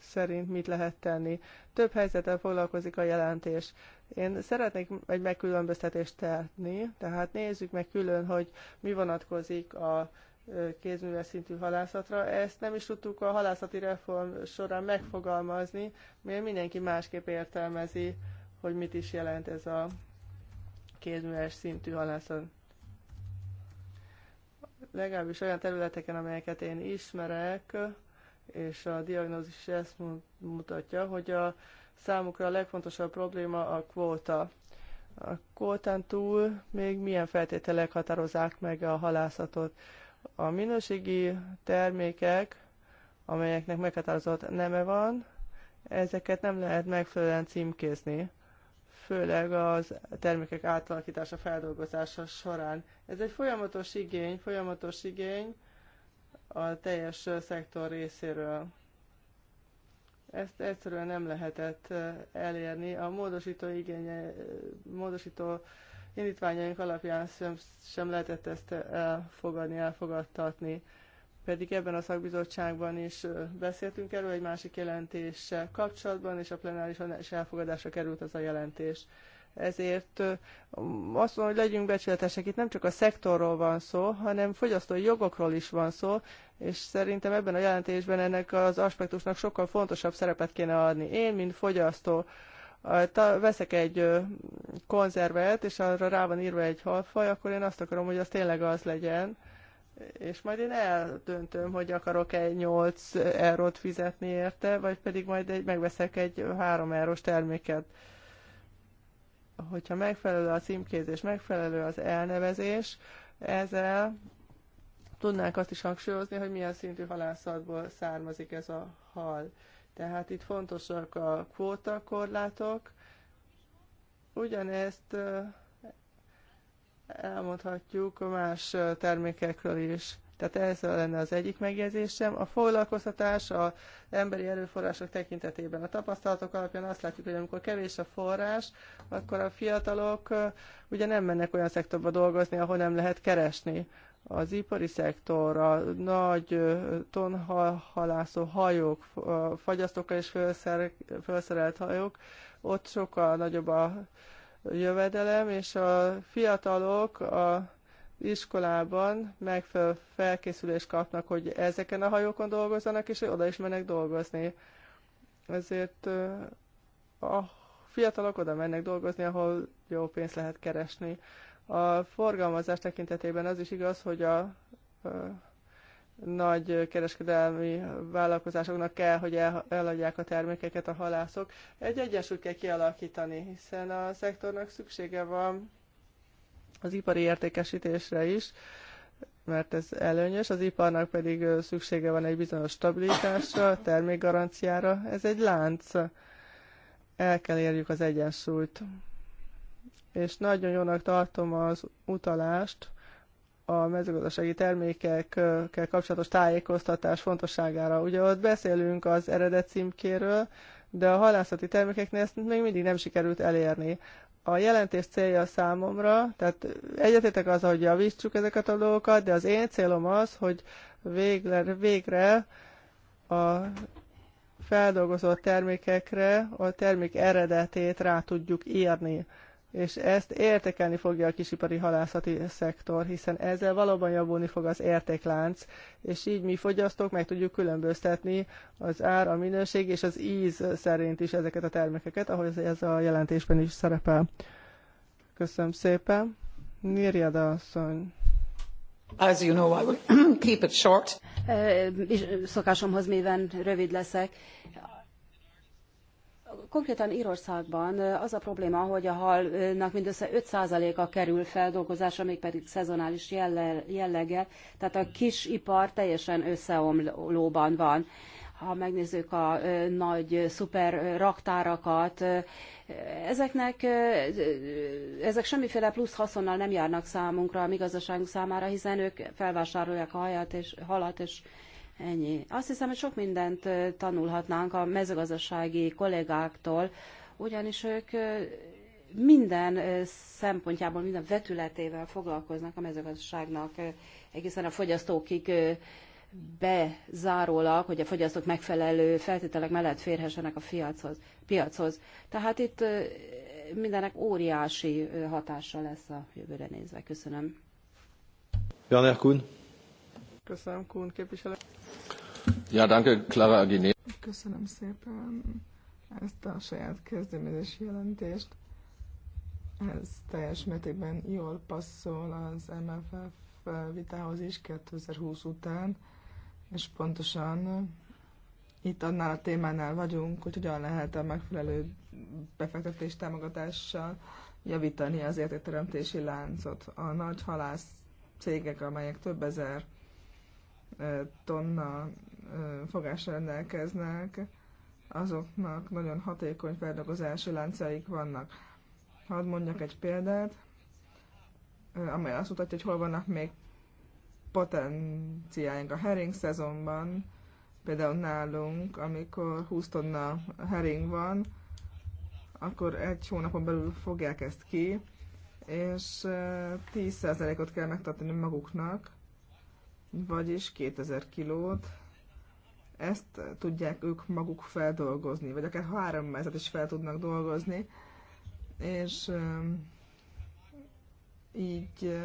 szerint mit lehet tenni. Több helyzetel foglalkozik a jelentés. Én szeretnék egy megkülönböztetést tenni, tehát nézzük meg külön, hogy mi vonatkozik a kézműves szintű halászatra. Ezt nem is tudtuk a halászati reform során megfogalmazni, mert mindenki másképp értelmezi, hogy mit is jelent ez a kézműves szintű halászat. Legalábbis olyan területeken, amelyeket én ismerek, és a diagnózis ezt mutatja, hogy a számukra a legfontosabb probléma a kvóta. A kvótán túl még milyen feltételek határozzák meg a halászatot? A minőségi termékek, amelyeknek meghatározott neme van, ezeket nem lehet megfelelően címkézni, főleg az termékek átalakítása, feldolgozása során. Ez egy folyamatos igény, folyamatos igény a teljes szektor részéről. Ezt egyszerűen nem lehetett elérni. A módosító igénye, módosító indítványaink alapján sem, sem lehetett ezt elfogadni, elfogadtatni. Pedig ebben a szakbizottságban is beszéltünk erről egy másik jelentéssel kapcsolatban, és a plenárison is elfogadásra került az a jelentés. Ezért azt mondom, hogy legyünk becsületesek, itt nem csak a szektorról van szó, hanem fogyasztói jogokról is van szó, és szerintem ebben a jelentésben ennek az aspektusnak sokkal fontosabb szerepet kéne adni. Én, mint fogyasztó, veszek egy konzervet, és arra rá van írva egy halfaj, akkor én azt akarom, hogy az tényleg az legyen, és majd én eldöntöm, hogy akarok egy 8 eurót fizetni érte, vagy pedig majd egy, megveszek egy 3 eurós terméket. Hogyha megfelelő a címkézés, megfelelő az elnevezés, ezzel tudnánk azt is hangsúlyozni, hogy milyen szintű halászatból származik ez a hal. Tehát itt fontosak a kvótakorlátok. Ugyanezt elmondhatjuk más termékekről is. Tehát ez lenne az egyik megjegyzésem. A foglalkoztatás a emberi erőforrások tekintetében. A tapasztalatok alapján azt látjuk, hogy amikor kevés a forrás, akkor a fiatalok ugye nem mennek olyan szektorba dolgozni, ahol nem lehet keresni az ipari szektor, a nagy tonhalászó hajók, fagyasztókkal és felszerelt hajók, ott sokkal nagyobb a jövedelem, és a fiatalok a iskolában megfelelő felkészülést kapnak, hogy ezeken a hajókon dolgozzanak, és oda is mennek dolgozni. Ezért a fiatalok oda mennek dolgozni, ahol jó pénzt lehet keresni. A forgalmazás tekintetében az is igaz, hogy a nagy kereskedelmi vállalkozásoknak kell, hogy el, eladják a termékeket a halászok. Egy egyensúlyt kell kialakítani, hiszen a szektornak szüksége van az ipari értékesítésre is, mert ez előnyös, az iparnak pedig szüksége van egy bizonyos stabilitásra, termékgaranciára. Ez egy lánc. El kell érjük az egyensúlyt és nagyon jónak tartom az utalást a mezőgazdasági termékekkel kapcsolatos tájékoztatás fontosságára. Ugye ott beszélünk az eredet címkéről, de a halászati termékeknél ezt még mindig nem sikerült elérni. A jelentés célja számomra, tehát egyetétek az, hogy javítsuk ezeket a dolgokat, de az én célom az, hogy végre, végre a feldolgozott termékekre a termék eredetét rá tudjuk írni és ezt értékelni fogja a kisipari halászati szektor, hiszen ezzel valóban javulni fog az értéklánc, és így mi fogyasztók meg tudjuk különböztetni az ár, a minőség és az íz szerint is ezeket a termékeket, ahogy ez a jelentésben is szerepel. Köszönöm szépen. Nirjada asszony. As you know, I will keep it short. Szokásomhoz mivel rövid leszek. Konkrétan Írországban az a probléma, hogy a halnak mindössze 5%-a kerül feldolgozásra, mégpedig szezonális jelleggel, tehát a kis ipar teljesen összeomlóban van. Ha megnézzük a nagy szuper raktárakat, ezeknek, ezek semmiféle plusz haszonnal nem járnak számunkra, a mi gazdaságunk számára, hiszen ők felvásárolják a haját és halat, és Ennyi. Azt hiszem, hogy sok mindent tanulhatnánk a mezőgazdasági kollégáktól, ugyanis ők minden szempontjából, minden vetületével foglalkoznak a mezőgazdaságnak, egészen a fogyasztókig bezárólag, hogy a fogyasztók megfelelő feltételek mellett férhessenek a piachoz. piachoz. Tehát itt mindenek óriási hatása lesz a jövőre nézve. Köszönöm. Kuhn Köszönöm, Kuhn képviselő. Ja, danke, Clara Aginé. Köszönöm szépen ezt a saját kezdeményezési jelentést. Ez teljes mértékben jól passzol az MFF vitához is 2020 után, és pontosan itt annál a témánál vagyunk, hogy hogyan lehet a megfelelő befektetés támogatással javítani az értékteremtési láncot. A nagy halász cégek, amelyek több ezer tonna fogásra rendelkeznek, azoknak nagyon hatékony feldolgozási láncaik vannak. Hadd mondjak egy példát, amely azt mutatja, hogy hol vannak még potenciáink a herring szezonban, például nálunk, amikor 20 tonna hering van, akkor egy hónapon belül fogják ezt ki, és 10%-ot kell megtartani maguknak, vagyis 2000 kilót, ezt tudják ők maguk feldolgozni, vagy akár három mezet is fel tudnak dolgozni, és így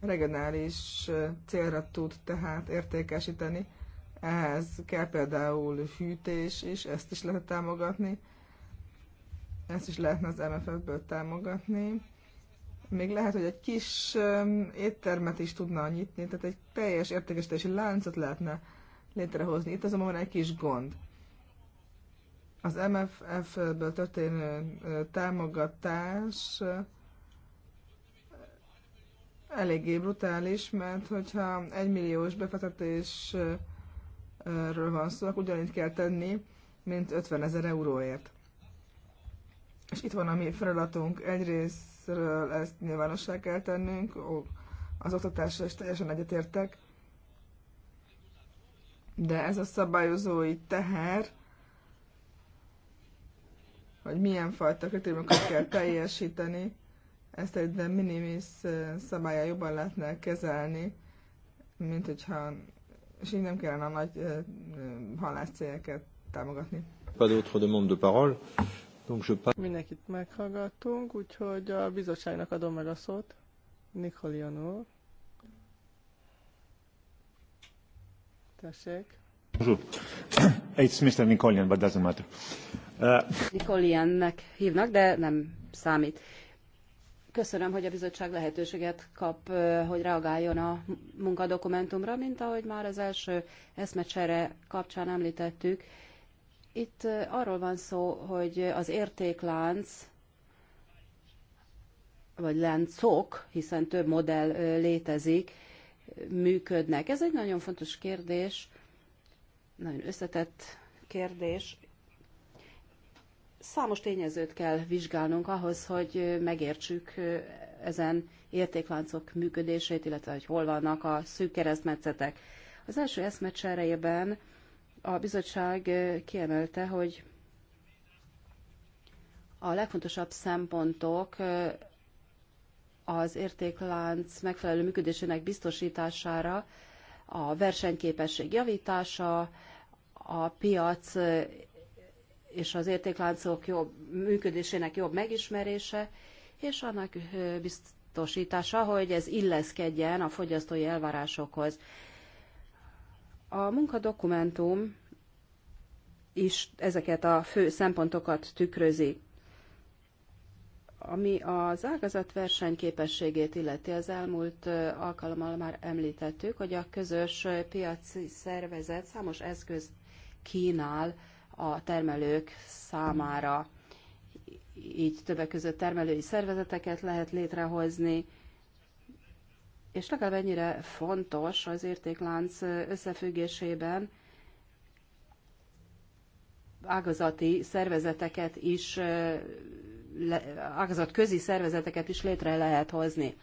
regionális célra tud tehát értékesíteni. Ehhez kell például hűtés is, ezt is lehet támogatni, ezt is lehetne az MFF-ből támogatni még lehet, hogy egy kis éttermet is tudna nyitni, tehát egy teljes értékesítési láncot lehetne létrehozni. Itt azonban van egy kis gond. Az MFF-ből történő támogatás eléggé brutális, mert hogyha egymilliós befektetésről van szó, akkor ugyanígy kell tenni, mint 50 ezer euróért. És itt van a mi feladatunk. Egyrésztről ezt nyilvánossá kell tennünk, az oktatásra is teljesen egyetértek, de ez a szabályozói teher, hogy milyen fajta kritériumokat kell teljesíteni, ezt egy de minimis szabálya jobban lehetne kezelni, mint hogyha, és így nem kellene a nagy halászcéljeket támogatni. Pas d'autres demandes de parole. Donc je Mindenkit meghallgattunk, úgyhogy a bizottságnak adom meg a szót. Nikolianó. Tessék. Bonjour. It's Mr. Nikolian, but doesn't matter. Uh... Nikoliannek hívnak, de nem számít. Köszönöm, hogy a bizottság lehetőséget kap, uh, hogy reagáljon a munkadokumentumra, mint ahogy már az első eszmecsere kapcsán említettük. Itt arról van szó, hogy az értéklánc, vagy láncok, hiszen több modell létezik, működnek. Ez egy nagyon fontos kérdés, nagyon összetett kérdés. Számos tényezőt kell vizsgálnunk ahhoz, hogy megértsük ezen értékláncok működését, illetve hogy hol vannak a szűk keresztmetszetek. Az első eszmecserejében a bizottság eh, kiemelte, hogy a legfontosabb szempontok eh, az értéklánc megfelelő működésének biztosítására a versenyképesség javítása, a piac eh, és az értékláncok jobb működésének jobb megismerése, és annak biztosítása, hogy ez illeszkedjen a fogyasztói elvárásokhoz. A munkadokumentum is ezeket a fő szempontokat tükrözi. Ami az ágazat versenyképességét illeti, az elmúlt alkalommal már említettük, hogy a közös piaci szervezet számos eszköz kínál a termelők számára. Így többek között termelői szervezeteket lehet létrehozni, és legalább ennyire fontos az értéklánc összefüggésében ágazati szervezeteket is, közi szervezeteket is létre lehet hozni.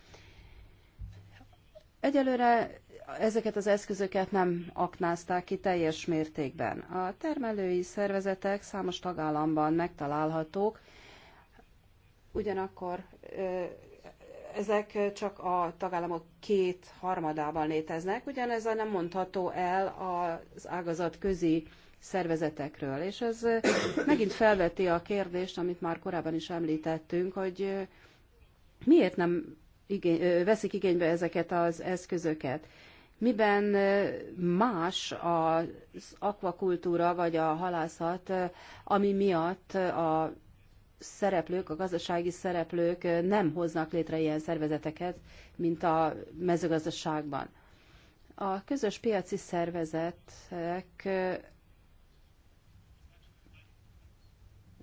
Egyelőre ezeket az eszközöket nem aknázták ki teljes mértékben. A termelői szervezetek számos tagállamban megtalálhatók, ugyanakkor ezek csak a tagállamok két harmadában léteznek, ugyanez nem mondható el az ágazat közi szervezetekről. És ez megint felveti a kérdést, amit már korábban is említettünk, hogy miért nem igény, veszik igénybe ezeket az eszközöket. Miben más az akvakultúra vagy a halászat, ami miatt a szereplők, a gazdasági szereplők nem hoznak létre ilyen szervezeteket, mint a mezőgazdaságban. A közös piaci szervezetek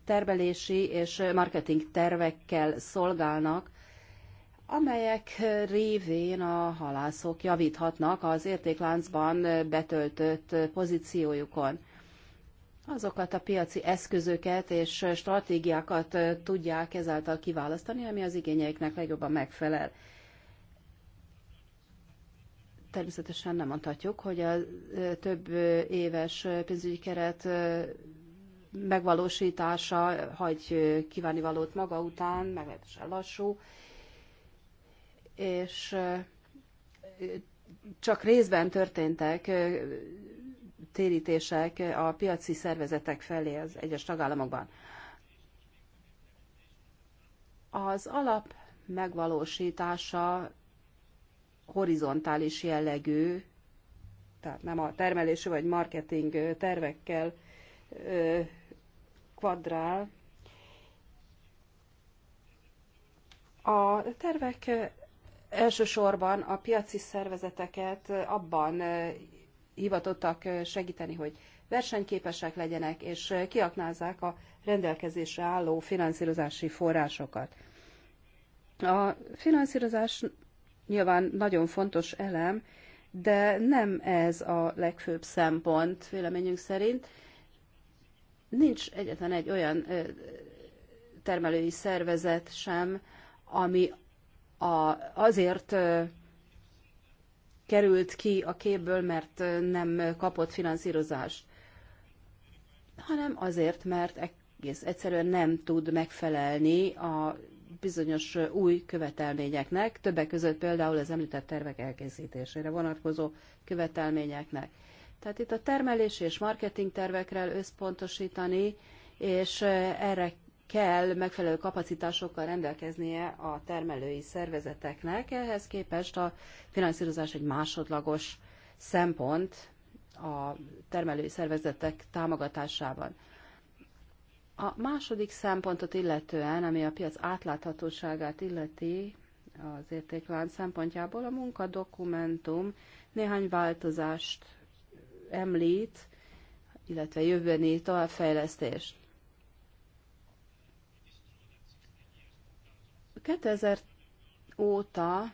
termelési és marketing tervekkel szolgálnak, amelyek révén a halászok javíthatnak az értékláncban betöltött pozíciójukon azokat a piaci eszközöket és stratégiákat tudják ezáltal kiválasztani, ami az igényeiknek legjobban megfelel. Természetesen nem mondhatjuk, hogy a több éves pénzügyi keret megvalósítása hagy kívánni valót maga után, meglehetősen lassú, és csak részben történtek térítések a piaci szervezetek felé az egyes tagállamokban. Az alap megvalósítása horizontális jellegű, tehát nem a termelési vagy marketing tervekkel kvadrál. A tervek elsősorban a piaci szervezeteket abban hivatottak segíteni, hogy versenyképesek legyenek, és kiaknázzák a rendelkezésre álló finanszírozási forrásokat. A finanszírozás nyilván nagyon fontos elem, de nem ez a legfőbb szempont véleményünk szerint. Nincs egyetlen egy olyan termelői szervezet sem, ami a, azért került ki a képből, mert nem kapott finanszírozást, hanem azért, mert egész egyszerűen nem tud megfelelni a bizonyos új követelményeknek, többek között például az említett tervek elkészítésére vonatkozó követelményeknek. Tehát itt a termelés és marketing tervekre összpontosítani, és erre kell megfelelő kapacitásokkal rendelkeznie a termelői szervezeteknek, ehhez képest a finanszírozás egy másodlagos szempont a termelői szervezetek támogatásában. A második szempontot illetően, ami a piac átláthatóságát illeti, az értéklán szempontjából a munkadokumentum néhány változást említ, illetve jövőbeni továbbfejlesztést. 2000 óta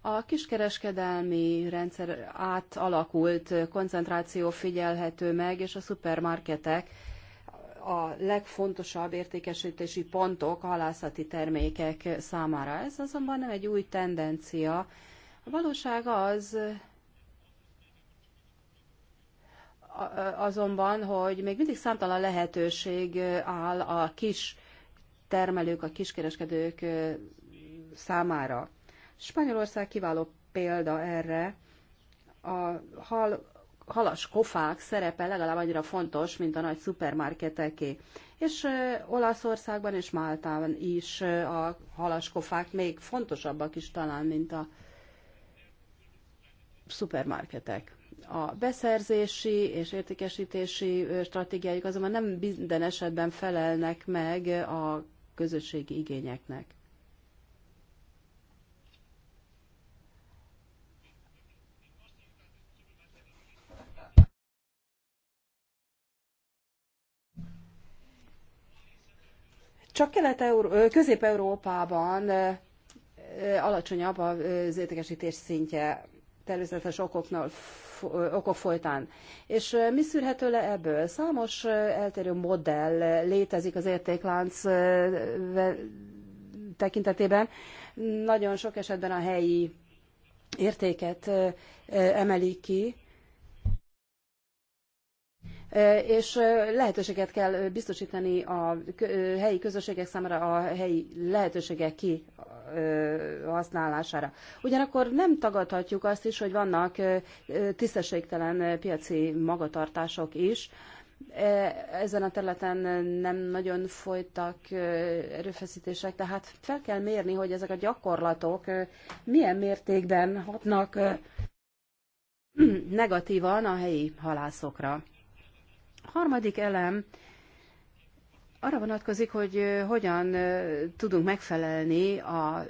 a kiskereskedelmi rendszer átalakult koncentráció figyelhető meg, és a szupermarketek a legfontosabb értékesítési pontok a halászati termékek számára. Ez azonban nem egy új tendencia. A valóság az azonban, hogy még mindig számtalan lehetőség áll a kis termelők, a kiskereskedők számára. Spanyolország kiváló példa erre. A hal, halas kofák szerepe legalább annyira fontos, mint a nagy szupermarketeké. És Olaszországban és Máltában is a halas kofák még fontosabbak is talán, mint a szupermarketek. A beszerzési és értékesítési stratégiáik azonban nem minden esetben felelnek meg a közösségi igényeknek. Csak Közép-Európában alacsonyabb az értékesítés szintje természetes okoknál okok folytán. És mi szűrhető le ebből? Számos eltérő modell létezik az értéklánc tekintetében. Nagyon sok esetben a helyi értéket emelik ki, és lehetőséget kell biztosítani a helyi közösségek számára a helyi lehetőségek kihasználására. Ugyanakkor nem tagadhatjuk azt is, hogy vannak tisztességtelen piaci magatartások is, ezen a területen nem nagyon folytak erőfeszítések, tehát fel kell mérni, hogy ezek a gyakorlatok milyen mértékben hatnak negatívan a helyi halászokra harmadik elem arra vonatkozik, hogy hogyan tudunk megfelelni a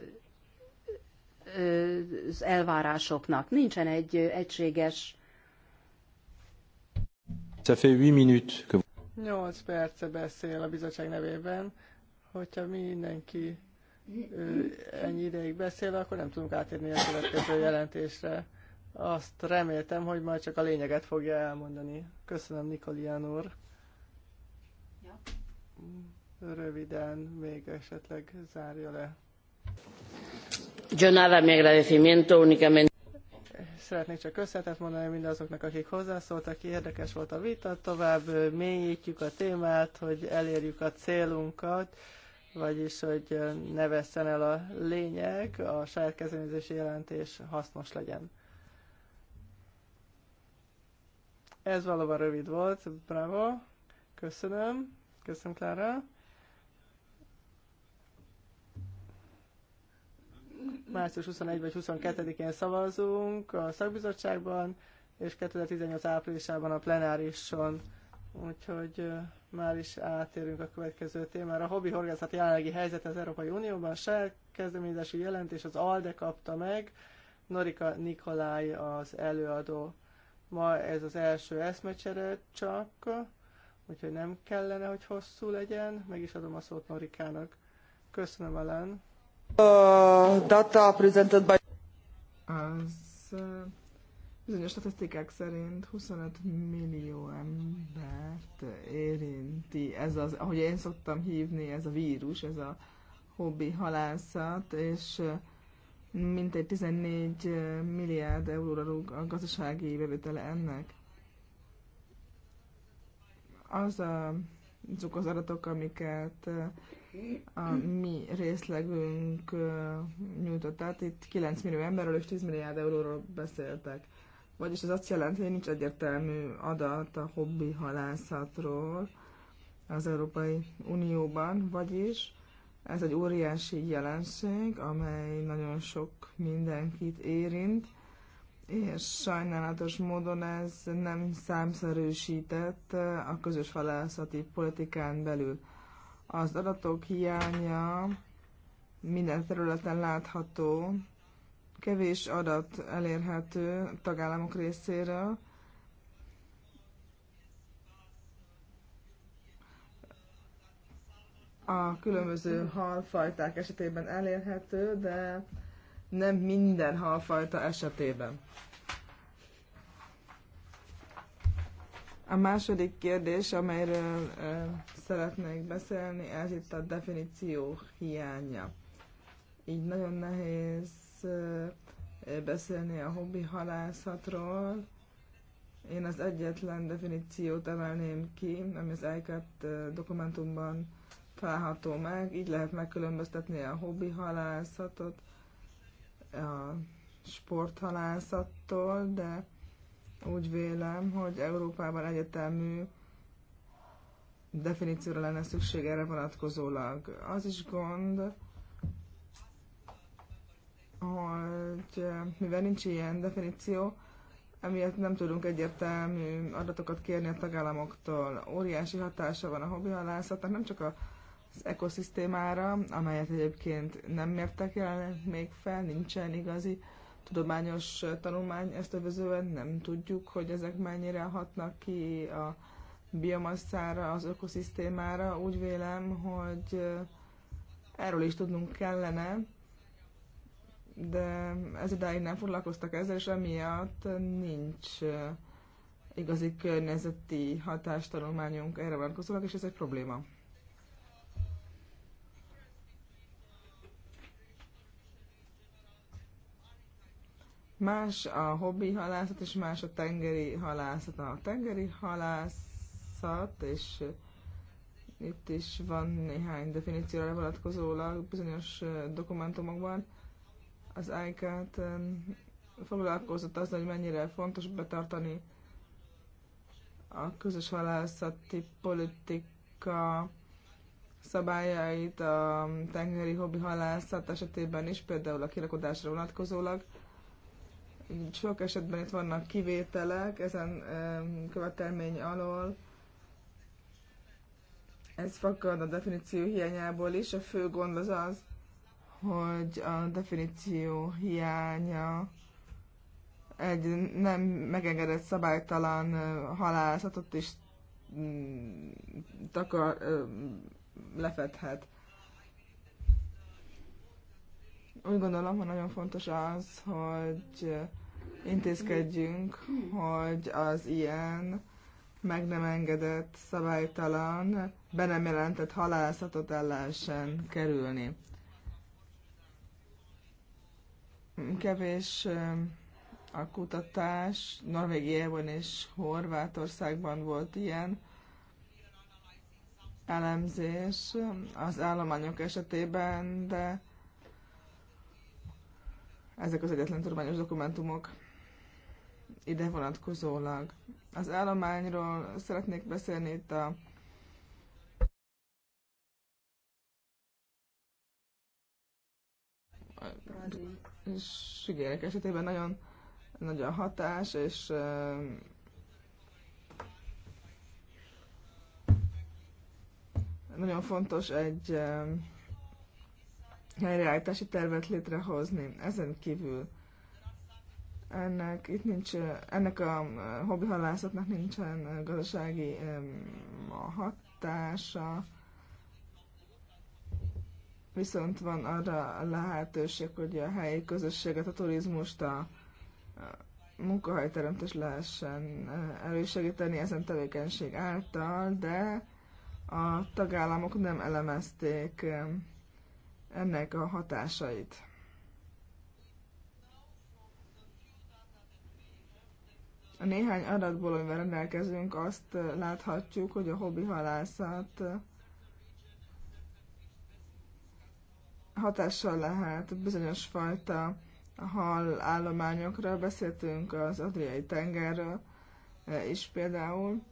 az elvárásoknak. Nincsen egy egységes. Ça fait 8 minutes que... 8 perce beszél a bizottság nevében, hogyha mindenki ennyi ideig beszél, akkor nem tudunk átérni a következő jelentésre. Azt reméltem, hogy majd csak a lényeget fogja elmondani. Köszönöm, Nikolián úr. Ja. Röviden még esetleg zárja le. nada, mi Szeretnék csak köszönetet mondani mindazoknak, akik hozzászóltak, érdekes volt a vita, tovább mélyítjük a témát, hogy elérjük a célunkat, vagyis, hogy ne el a lényeg, a saját kezdeményezési jelentés hasznos legyen. Ez valóban rövid volt, bravo, köszönöm, köszönöm Klára. Március 21 vagy 22-én szavazunk a szakbizottságban, és 2018 áprilisában a plenárison. Úgyhogy már is átérünk a következő témára. A hobbi horgászat jelenlegi helyzet az Európai Unióban. Se kezdeményezési jelentés az ALDE kapta meg. Norika Nikolaj az előadó. Ma ez az első eszmecsere csak, úgyhogy nem kellene, hogy hosszú legyen. Meg is adom a szót Norikának. Köszönöm, Ellen. Uh, data presented by... Az uh, bizonyos statisztikák szerint 25 millió embert érinti ez az, ahogy én szoktam hívni, ez a vírus, ez a hobbi halászat, és uh, mintegy 14 milliárd euróra rúg a gazdasági bevétele ennek. Az a, azok az adatok, amiket a mi részlegünk nyújtott át, itt 9 millió emberről és 10 milliárd euróról beszéltek. Vagyis ez azt jelenti, hogy nincs egyértelmű adat a hobbi halászatról az Európai Unióban, vagyis ez egy óriási jelenség, amely nagyon sok mindenkit érint, és sajnálatos módon ez nem számszerűsített a közös halászati politikán belül. Az adatok hiánya minden területen látható, kevés adat elérhető tagállamok részéről, a különböző halfajták esetében elérhető, de nem minden halfajta esetében. A második kérdés, amelyről szeretnék beszélni, ez itt a definíció hiánya. Így nagyon nehéz beszélni a hobbi halászatról. Én az egyetlen definíciót emelném ki, ami az ICAT dokumentumban található meg, így lehet megkülönböztetni a hobbi halászatot, a sporthalászattól, de úgy vélem, hogy Európában egyetemű definícióra lenne szükség erre vonatkozólag. Az is gond, hogy eh, mivel nincs ilyen definíció, emiatt nem tudunk egyértelmű adatokat kérni a tagállamoktól. Óriási hatása van a hobbihalászatnak, nem csak a az ekoszisztémára, amelyet egyébként nem mértek jelenleg még fel, nincsen igazi tudományos tanulmány ezt övezően, nem tudjuk, hogy ezek mennyire hatnak ki a biomasszára, az ökoszisztémára. Úgy vélem, hogy erről is tudnunk kellene, de ez idáig nem foglalkoztak ezzel, és emiatt nincs igazi környezeti hatástanulmányunk erre vonatkozólag, és ez egy probléma. Más a hobbi halászat, és más a tengeri halászat. A tengeri halászat, és itt is van néhány definícióra vonatkozólag bizonyos dokumentumokban. Az ICAT foglalkozott azzal, hogy mennyire fontos betartani a közös halászati politika szabályait a tengeri hobbi halászat esetében is, például a kirakodásra vonatkozólag. Sok esetben itt vannak kivételek ezen követelmény alól. Ez fakad a definíció hiányából is. A fő gond az az, hogy a definíció hiánya egy nem megengedett szabálytalan halászatot is mm, takar, lefedhet. úgy gondolom, hogy nagyon fontos az, hogy intézkedjünk, hogy az ilyen meg nem engedett, szabálytalan, be nem jelentett halászatot el lehessen kerülni. Kevés a kutatás, Norvégiában és Horvátországban volt ilyen elemzés az állományok esetében, de ezek az egyetlen tudományos dokumentumok ide vonatkozólag. Az állományról szeretnék beszélni itt a sügérek esetében nagyon nagy a hatás, és nagyon fontos egy helyreállítási tervet létrehozni. Ezen kívül ennek, itt nincs, ennek a hobbi halászatnak nincsen gazdasági hatása, viszont van arra a lehetőség, hogy a helyi közösséget, a turizmust, a munkahelyteremtés lehessen elősegíteni ezen tevékenység által, de a tagállamok nem elemezték ennek a hatásait. A néhány adatból, amivel rendelkezünk, azt láthatjuk, hogy a hobbi halászat hatással lehet bizonyos fajta hal állományokra. Beszéltünk az Adriai tengerről is például.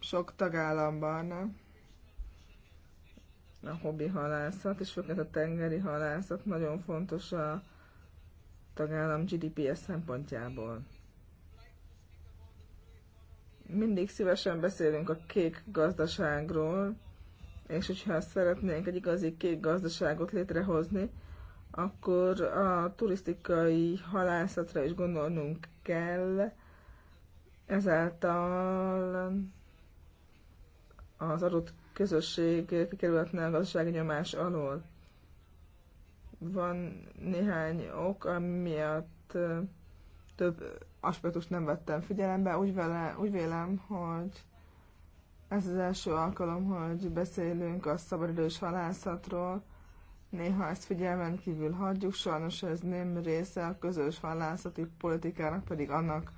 Sok tagállamban a hobbi halászat, és főként a tengeri halászat nagyon fontos a tagállam GDP-je szempontjából. Mindig szívesen beszélünk a kék gazdaságról, és hogyha szeretnénk egy igazi kék gazdaságot létrehozni, akkor a turisztikai halászatra is gondolnunk kell, ezáltal az adott közösség kikerülhetne a gazdasági nyomás alól. Van néhány ok, amiatt több aspektust nem vettem figyelembe. Úgy, vele, úgy vélem, hogy ez az első alkalom, hogy beszélünk a szabadidős halászatról. Néha ezt figyelmen kívül hagyjuk, sajnos ez nem része a közös halászati politikának, pedig annak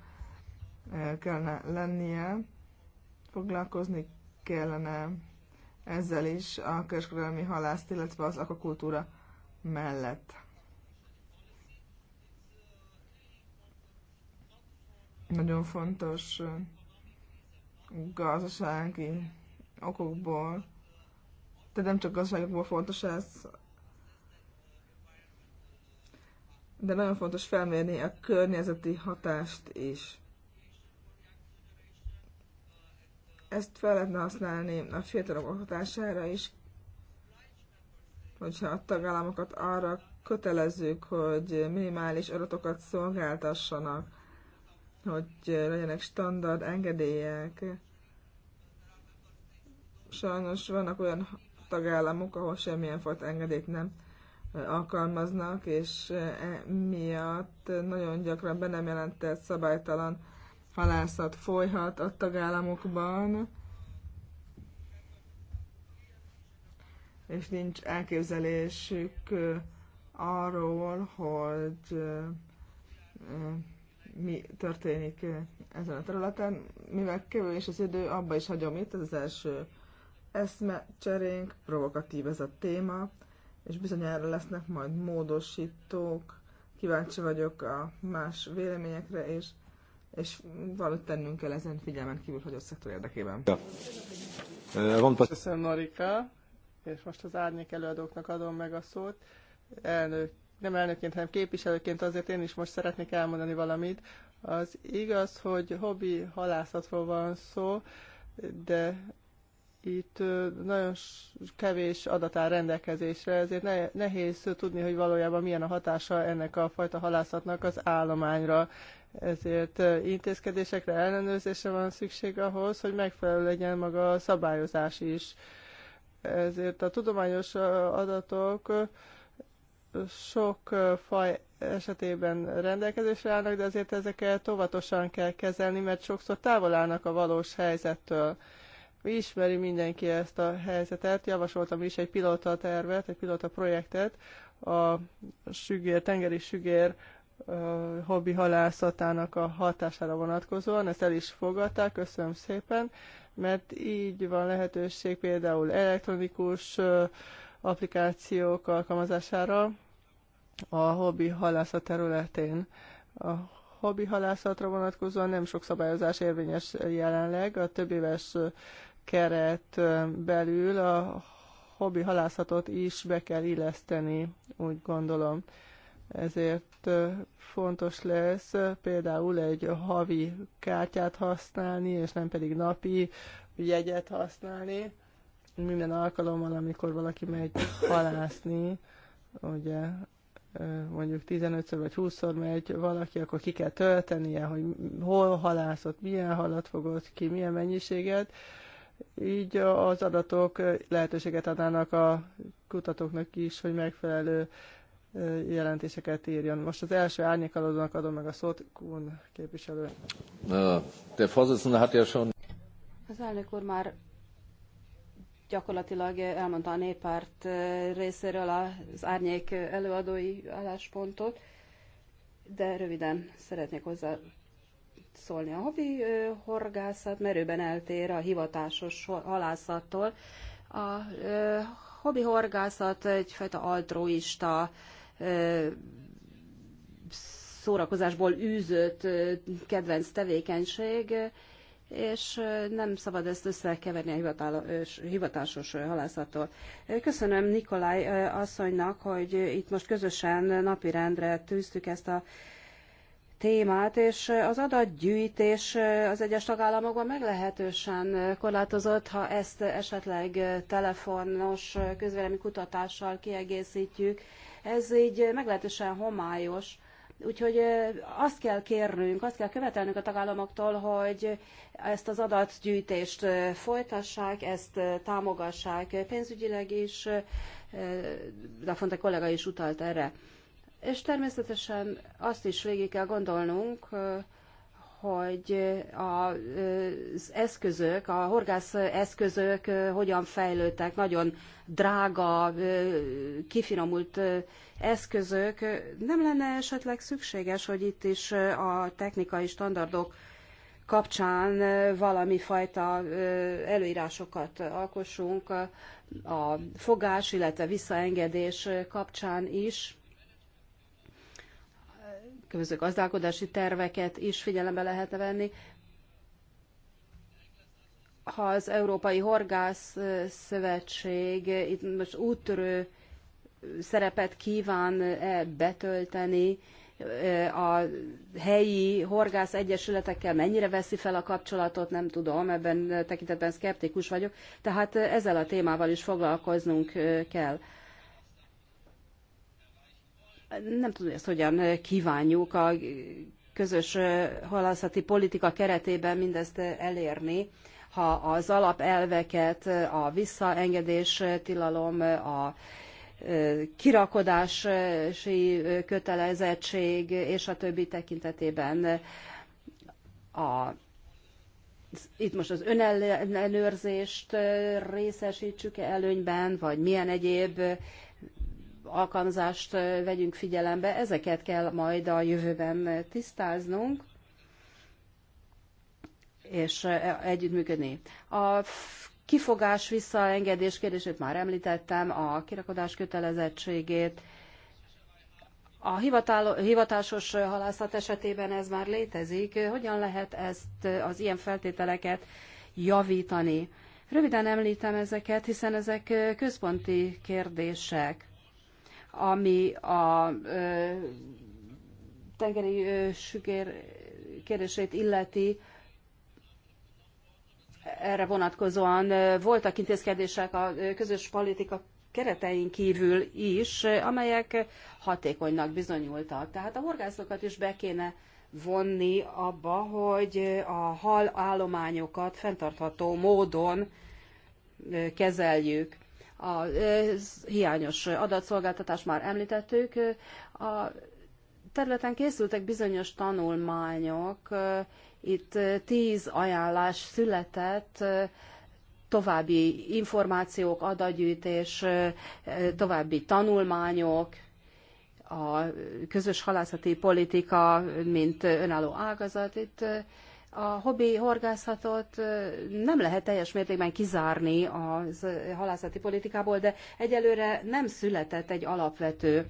kellene lennie. Foglalkozni kellene ezzel is a kereskedelmi halászt, illetve az akakultúra mellett. Nagyon fontos gazdasági okokból, de nem csak gazdaságokból fontos ez, de nagyon fontos felmérni a környezeti hatást is. Ezt fel lehetne használni a fiatalok oktatására is, hogyha a tagállamokat arra kötelezzük, hogy minimális adatokat szolgáltassanak, hogy legyenek standard engedélyek. Sajnos vannak olyan tagállamok, ahol semmilyen fajta engedélyt nem alkalmaznak, és miatt nagyon gyakran be nem jelentett szabálytalan halászat folyhat a tagállamokban, és nincs elképzelésük arról, hogy mi történik ezen a területen. Mivel kevés az idő, abba is hagyom itt, ez az első eszmecserénk, provokatív ez a téma, és bizonyára lesznek majd módosítók, kíváncsi vagyok a más véleményekre, és és valamit tennünk kell ezen figyelmen kívül, hogy a szektor érdekében. Köszönöm, Norika, és most az árnyék előadóknak adom meg a szót. Elnök, nem elnökként, hanem képviselőként azért én is most szeretnék elmondani valamit. Az igaz, hogy hobbi halászatról van szó, de itt nagyon kevés adat áll rendelkezésre, ezért nehéz tudni, hogy valójában milyen a hatása ennek a fajta halászatnak az állományra. Ezért intézkedésekre, ellenőrzése van szükség ahhoz, hogy megfelelő legyen maga a szabályozás is. Ezért a tudományos adatok sok faj esetében rendelkezésre állnak, de azért ezeket óvatosan kell kezelni, mert sokszor távol állnak a valós helyzettől. Ismeri mindenki ezt a helyzetet. Javasoltam is egy pilota tervet, egy pilota projektet a sügér, tengeri sügér hobbi halászatának a hatására vonatkozóan. Ezt el is fogadták, köszönöm szépen, mert így van lehetőség például elektronikus applikációk alkalmazására a hobbi halászat területén. A hobbi halászatra vonatkozóan nem sok szabályozás érvényes jelenleg. A több éves keret belül a hobbi halászatot is be kell illeszteni, úgy gondolom ezért fontos lesz például egy havi kártyát használni, és nem pedig napi jegyet használni. Minden alkalommal, amikor valaki megy halászni, ugye mondjuk 15-ször vagy 20-szor megy valaki, akkor ki kell töltenie, hogy hol halászott, milyen halat fogott ki, milyen mennyiséget. Így az adatok lehetőséget adnának a kutatóknak is, hogy megfelelő jelentéseket írjon. Most az első árnyékalódónak adom meg a szót, Kuhn képviselő. Der Vorsitzende hat ja Az elnök úr már gyakorlatilag elmondta a néppárt eh, részéről az árnyék előadói álláspontot, de röviden szeretnék hozzá szólni. A havi eh, horgászat merőben eltér a hivatásos halászattól. A hobbi eh, horgászat egyfajta altruista szórakozásból űzött kedvenc tevékenység, és nem szabad ezt összekeverni a hivatásos halászattól. Köszönöm Nikolaj asszonynak, hogy itt most közösen napirendre tűztük ezt a témát, és az adatgyűjtés az egyes tagállamokban meglehetősen korlátozott, ha ezt esetleg telefonos kutatással kiegészítjük, ez így meglehetősen homályos. Úgyhogy azt kell kérnünk, azt kell követelnünk a tagállamoktól, hogy ezt az adatgyűjtést folytassák, ezt támogassák pénzügyileg is, de a kollega is utalt erre. És természetesen azt is végig kell gondolnunk, hogy az eszközök, a horgász eszközök hogyan fejlődtek, nagyon drága, kifinomult eszközök. Nem lenne esetleg szükséges, hogy itt is a technikai standardok kapcsán valami fajta előírásokat alkossunk a fogás, illetve visszaengedés kapcsán is különböző gazdálkodási terveket is figyelembe lehetne venni. Ha az Európai Horgász Szövetség itt most úttörő szerepet kíván -e betölteni, e, a helyi horgász egyesületekkel mennyire veszi fel a kapcsolatot, nem tudom, ebben tekintetben szkeptikus vagyok. Tehát ezzel a témával is foglalkoznunk e, kell nem tudom, hogy ezt hogyan kívánjuk a közös halászati politika keretében mindezt elérni, ha az alapelveket, a visszaengedés tilalom, a kirakodási kötelezettség és a többi tekintetében a, itt most az önellenőrzést részesítsük -e előnyben, vagy milyen egyéb alkalmazást vegyünk figyelembe, ezeket kell majd a jövőben tisztáznunk és együttműködni. A kifogás visszaengedés kérdését már említettem, a kirakodás kötelezettségét. A hivatásos halászat esetében ez már létezik. Hogyan lehet ezt az ilyen feltételeket javítani? Röviden említem ezeket, hiszen ezek központi kérdések ami a tengeri sükér kérdését illeti, erre vonatkozóan voltak intézkedések a közös politika keretein kívül is, amelyek hatékonynak bizonyultak. Tehát a horgászokat is be kéne vonni abba, hogy a hal állományokat fenntartható módon kezeljük. A hiányos adatszolgáltatást már említettük. A területen készültek bizonyos tanulmányok, itt tíz ajánlás született, további információk, adatgyűjtés, további tanulmányok, a közös halászati politika, mint önálló ágazat. Itt a hobbi horgászatot nem lehet teljes mértékben kizárni a halászati politikából, de egyelőre nem született egy alapvető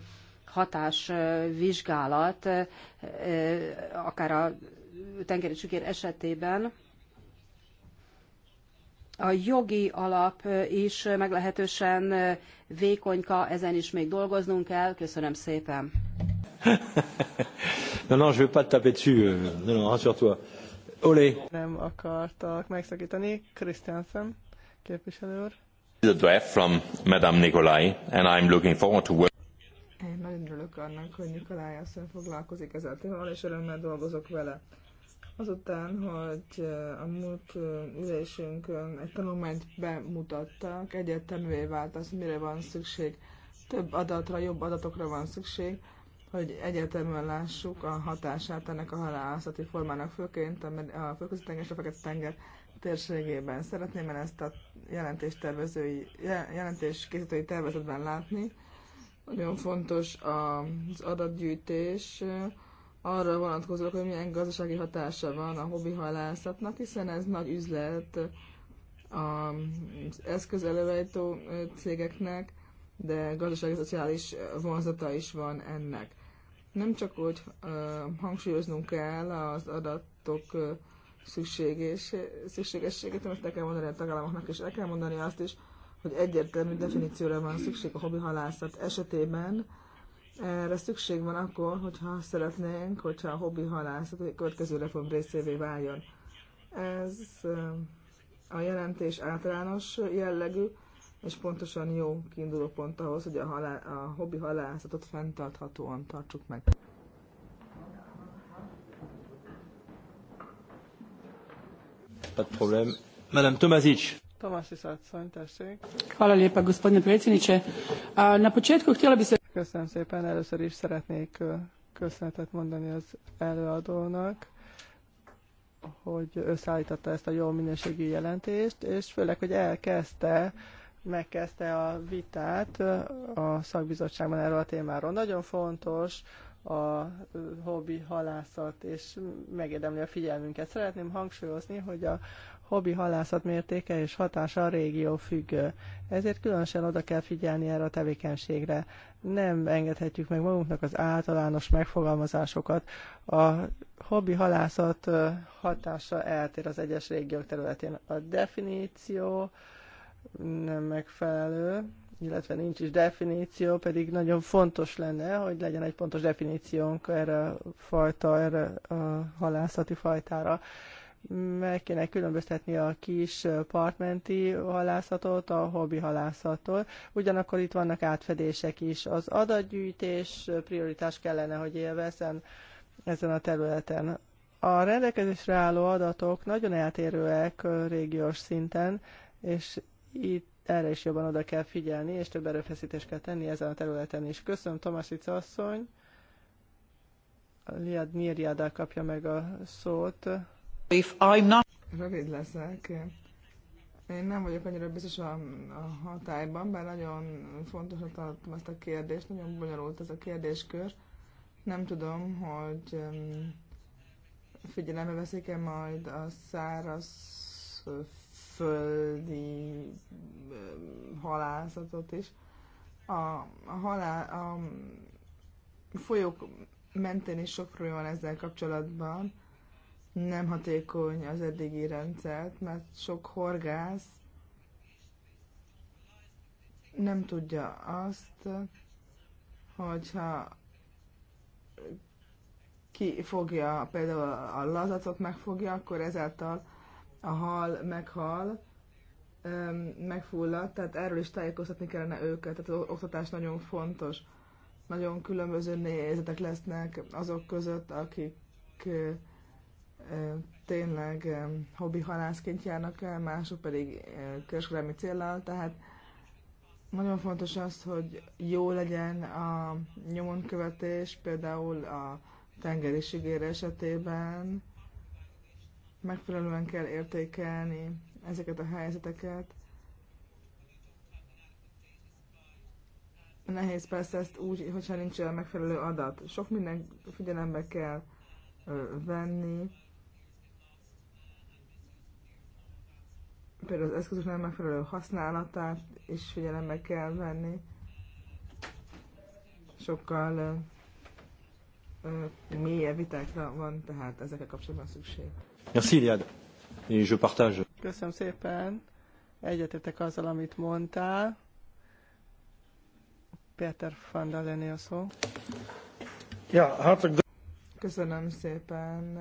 hatásvizsgálat, akár a tengeri csükér esetében. A jogi alap is meglehetősen vékonyka, ezen is még dolgoznunk kell. Köszönöm szépen. non, non, je veux pas te taper dessus. Euh, non, non, rassure-toi. Olé. Nem akartak megszakítani. Christiansen képviselő úr. The draft from Madame Nikolai, and I'm looking forward to work. Én nagyon örülök annak, hogy Nikolai asszony foglalkozik ezzel a témával, és örömmel dolgozok vele. Azután, hogy a múlt ülésünkön egy tanulmányt bemutattak, egyértelművé vált az, mire van szükség. Több adatra, jobb adatokra van szükség hogy egyértelműen lássuk a hatását ennek a halászati formának, főként a fölközi tenger és a fekete tenger térségében. Szeretném én ezt a jelentés, tervezői, jelentés készítői tervezetben látni. Nagyon fontos az adatgyűjtés eh, arra vonatkozóan, hogy milyen gazdasági hatása van a hobbi halászatnak, hiszen ez nagy üzlet eh, az eszközelőállító eh, cégeknek, de gazdasági-szociális vonzata is van ennek nem csak úgy uh, hangsúlyoznunk kell az adatok uh, szükséges, szükségességét, amit el kell mondani a tagállamoknak, és el kell mondani azt is, hogy egyértelmű definícióra van szükség a hobbi halászat esetében. Erre szükség van akkor, hogyha szeretnénk, hogyha a hobbi halászat a következő reform részévé váljon. Ez a jelentés általános jellegű, és pontosan jó kiinduló pont ahhoz, hogy a, halá- a hobbi halászatot fenntarthatóan tartsuk meg. Madame Tomazic. Tomasic asszony, tessék. Hvala lijepa, gospodine Na početku se... Köszönöm szépen, először is szeretnék köszönetet mondani az előadónak hogy összeállította ezt a jó minőségű jelentést, és főleg, hogy elkezdte megkezdte a vitát a szakbizottságban erről a témáról. Nagyon fontos a hobbi halászat, és megérdemli a figyelmünket. Szeretném hangsúlyozni, hogy a hobbi halászat mértéke és hatása a régió függő. Ezért különösen oda kell figyelni erre a tevékenységre. Nem engedhetjük meg magunknak az általános megfogalmazásokat. A hobbi halászat hatása eltér az egyes régiók területén. A definíció, nem megfelelő, illetve nincs is definíció, pedig nagyon fontos lenne, hogy legyen egy pontos definíciónk erre a fajta, erre a halászati fajtára. Meg kéne különböztetni a kis partmenti halászatot a hobbi halászattól. Ugyanakkor itt vannak átfedések is. Az adatgyűjtés prioritás kellene, hogy élvezzen ezen a területen. A rendelkezésre álló adatok nagyon eltérőek régiós szinten, és itt erre is jobban oda kell figyelni, és több erőfeszítést kell tenni ezen a területen is. Köszönöm, Tomasica asszony. Liad Mirjádá kapja meg a szót. If I'm not... Rövid leszek. Én nem vagyok annyira biztos a, a hatályban, bár nagyon fontosra tartom ezt a kérdést, nagyon bonyolult ez a kérdéskör. Nem tudom, hogy um, figyelembe veszik-e majd a száraz földi halászatot is. A, a, halá, a folyók mentén is sok probléma van ezzel kapcsolatban. Nem hatékony az eddigi rendszert, mert sok horgász nem tudja azt, hogyha ki fogja például a lazacot megfogja, akkor ezáltal a hal meghal, megfullad, tehát erről is tájékoztatni kellene őket, tehát az oktatás nagyon fontos. Nagyon különböző nézetek lesznek azok között, akik tényleg hobbi halászként járnak el, mások pedig kereskedelmi célnal, tehát nagyon fontos az, hogy jó legyen a nyomonkövetés, például a tengeri sigér esetében, megfelelően kell értékelni ezeket a helyzeteket. Nehéz persze ezt úgy, hogyha nincs olyan megfelelő adat. Sok minden figyelembe kell venni. Például az eszközök nem megfelelő használatát is figyelembe kell venni. Sokkal mélyebb vitákra van tehát ezekkel kapcsolatban szükség. Merci, Iliad. je partage. Köszönöm szépen. Egyetetek azzal, amit mondtál. Péter van Dalené a szó. Ja, hát... Köszönöm szépen,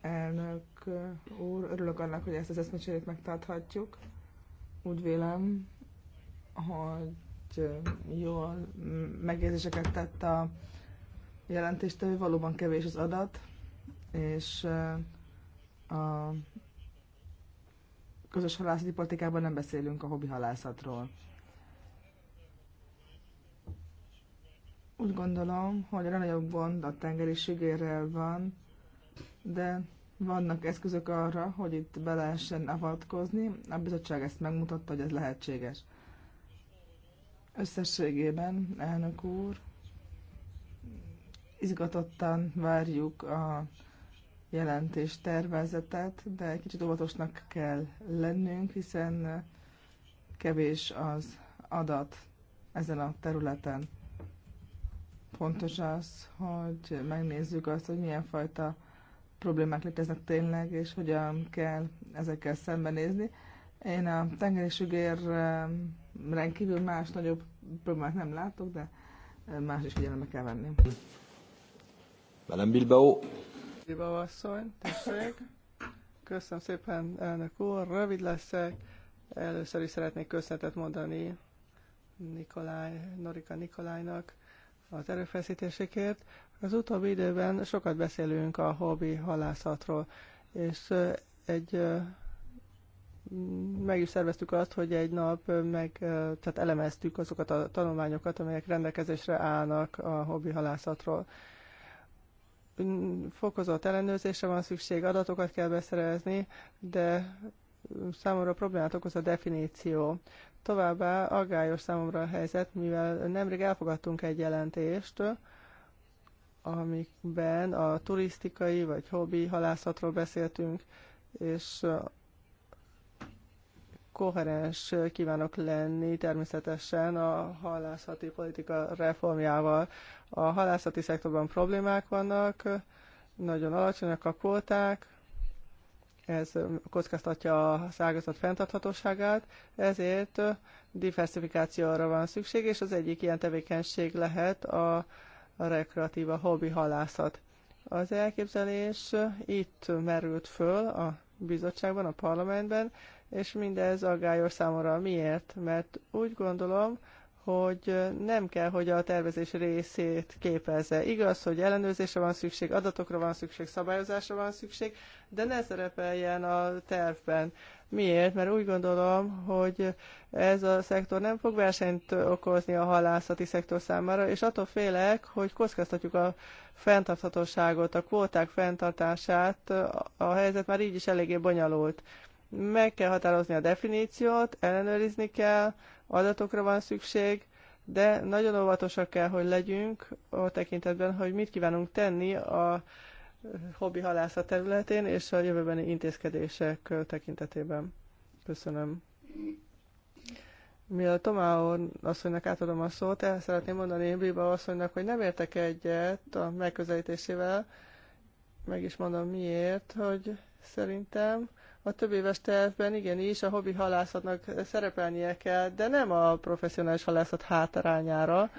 elnök úr. Örülök annak, hogy ezt az eszmecserét megtarthatjuk. Úgy vélem, hogy jól megérzéseket tett a jelentéstevő, valóban kevés az adat, és a közös halászati politikában nem beszélünk a hobbi halászatról. Úgy gondolom, hogy a nagyobb gond a tengeri van, de vannak eszközök arra, hogy itt be lehessen avatkozni. A bizottság ezt megmutatta, hogy ez lehetséges. Összességében, elnök úr, izgatottan várjuk a jelentés tervezetet, de egy kicsit óvatosnak kell lennünk, hiszen kevés az adat ezen a területen. Fontos az, hogy megnézzük azt, hogy milyen fajta problémák léteznek tényleg, és hogyan kell ezekkel szembenézni. Én a tengerésügérren rendkívül más nagyobb problémát nem látok, de más is figyelembe kell venni. Velem Bilbao. Tibau asszony, tessék. Köszönöm szépen, elnök úr, rövid leszek. Először is szeretnék köszönetet mondani Nikolaj, Norika Nikolajnak az erőfeszítésekért. Az utóbbi időben sokat beszélünk a hobbi halászatról, és egy meg is szerveztük azt, hogy egy nap meg, tehát elemeztük azokat a tanulmányokat, amelyek rendelkezésre állnak a hobbi halászatról fokozott ellenőrzésre van szükség, adatokat kell beszerezni, de számomra problémát okoz a definíció. Továbbá aggályos számomra a helyzet, mivel nemrég elfogadtunk egy jelentést, amikben a turisztikai vagy hobbi halászatról beszéltünk, és koherens kívánok lenni természetesen a halászati politika reformjával. A halászati szektorban problémák vannak, nagyon alacsonyak a kvóták, ez kockáztatja a szágazat fenntarthatóságát, ezért diversifikációra van szükség, és az egyik ilyen tevékenység lehet a rekreatív, a hobbi halászat. Az elképzelés itt merült föl a bizottságban, a parlamentben, és mindez aggályos számomra. Miért? Mert úgy gondolom, hogy nem kell, hogy a tervezés részét képezze. Igaz, hogy ellenőrzésre van szükség, adatokra van szükség, szabályozásra van szükség, de ne szerepeljen a tervben. Miért? Mert úgy gondolom, hogy ez a szektor nem fog versenyt okozni a halászati szektor számára, és attól félek, hogy kockáztatjuk a fenntarthatóságot, a kvóták fenntartását, a helyzet már így is eléggé bonyolult. Meg kell határozni a definíciót, ellenőrizni kell, adatokra van szükség, de nagyon óvatosak kell, hogy legyünk a tekintetben, hogy mit kívánunk tenni a hobbi halászat területén és a jövőbeni intézkedések tekintetében. Köszönöm. Mivel Tomá asszonynak átadom a szót, el szeretném mondani Bíba asszonynak, hogy nem értek egyet a megközelítésével. Meg is mondom miért, hogy szerintem a több éves tervben igenis a hobbi halászatnak szerepelnie kell, de nem a professzionális halászat hátrányára,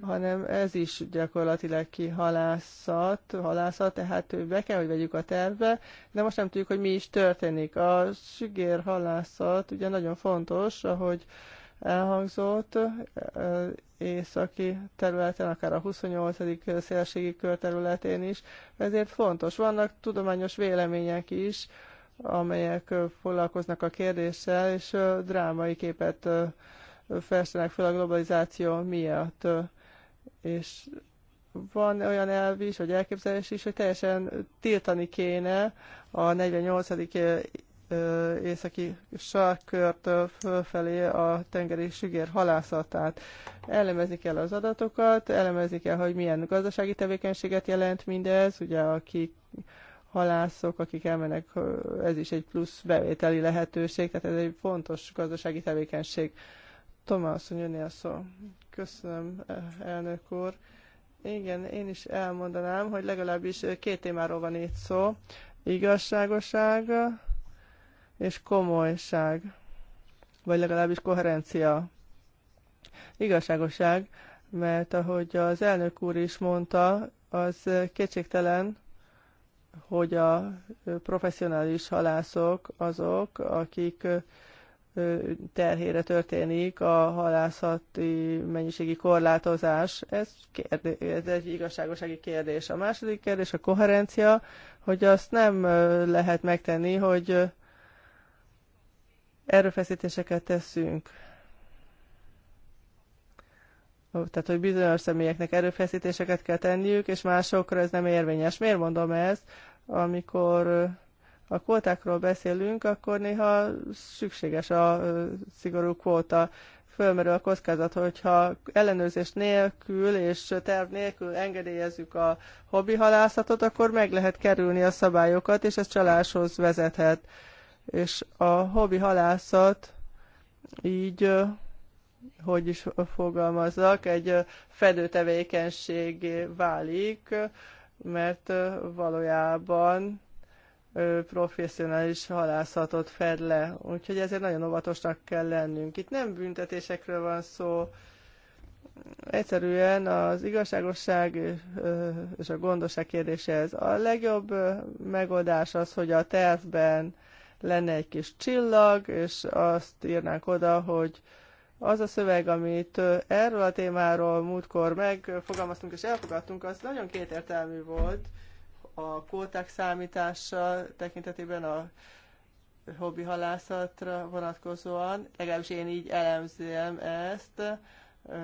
hanem ez is gyakorlatilag ki halászat, halászat, tehát be kell, hogy vegyük a tervbe, de most nem tudjuk, hogy mi is történik. A sügér halászat ugye nagyon fontos, ahogy elhangzott északi területen, akár a 28. szélségi kör területén is, ezért fontos. Vannak tudományos vélemények is, amelyek foglalkoznak a kérdéssel, és drámai képet festenek fel a globalizáció miatt. És van olyan elv is, vagy elképzelés is, hogy teljesen tiltani kéne a 48. északi sarkkört fölfelé a tengeri sügér halászatát. Elemezni kell az adatokat, elemezni kell, hogy milyen gazdasági tevékenységet jelent mindez, ugye akik halászok, akik elmennek, ez is egy plusz bevételi lehetőség, tehát ez egy fontos gazdasági tevékenység. Tomás, jönni a szó. Köszönöm, e, elnök úr. Igen, én is elmondanám, hogy legalábbis két témáról van itt szó. Igazságoság és komolyság, vagy legalábbis koherencia. Igazságoság, mert ahogy az elnök úr is mondta, az kétségtelen, hogy a professzionális halászok azok, akik terhére történik a halászati mennyiségi korlátozás. Ez, kérdés, ez egy igazságosági kérdés. A második kérdés a koherencia, hogy azt nem lehet megtenni, hogy erőfeszítéseket teszünk tehát, hogy bizonyos személyeknek erőfeszítéseket kell tenniük, és másokra ez nem érvényes. Miért mondom ezt? Amikor a kvótákról beszélünk, akkor néha szükséges a szigorú kvóta. Fölmerül a kockázat, hogyha ellenőrzés nélkül és terv nélkül engedélyezzük a hobbi halászatot, akkor meg lehet kerülni a szabályokat, és ez csaláshoz vezethet. És a hobbi halászat így hogy is fogalmazzak, egy fedő tevékenységé válik, mert valójában professzionális halászatot fed le. Úgyhogy ezért nagyon óvatosnak kell lennünk. Itt nem büntetésekről van szó, egyszerűen az igazságosság és a gondosság kérdése ez. A legjobb megoldás az, hogy a tervben lenne egy kis csillag, és azt írnánk oda, hogy az a szöveg, amit erről a témáról múltkor megfogalmaztunk és elfogadtunk, az nagyon kétértelmű volt a kóták számítása tekintetében a hobbi halászatra vonatkozóan. Legalábbis én így elemzem ezt.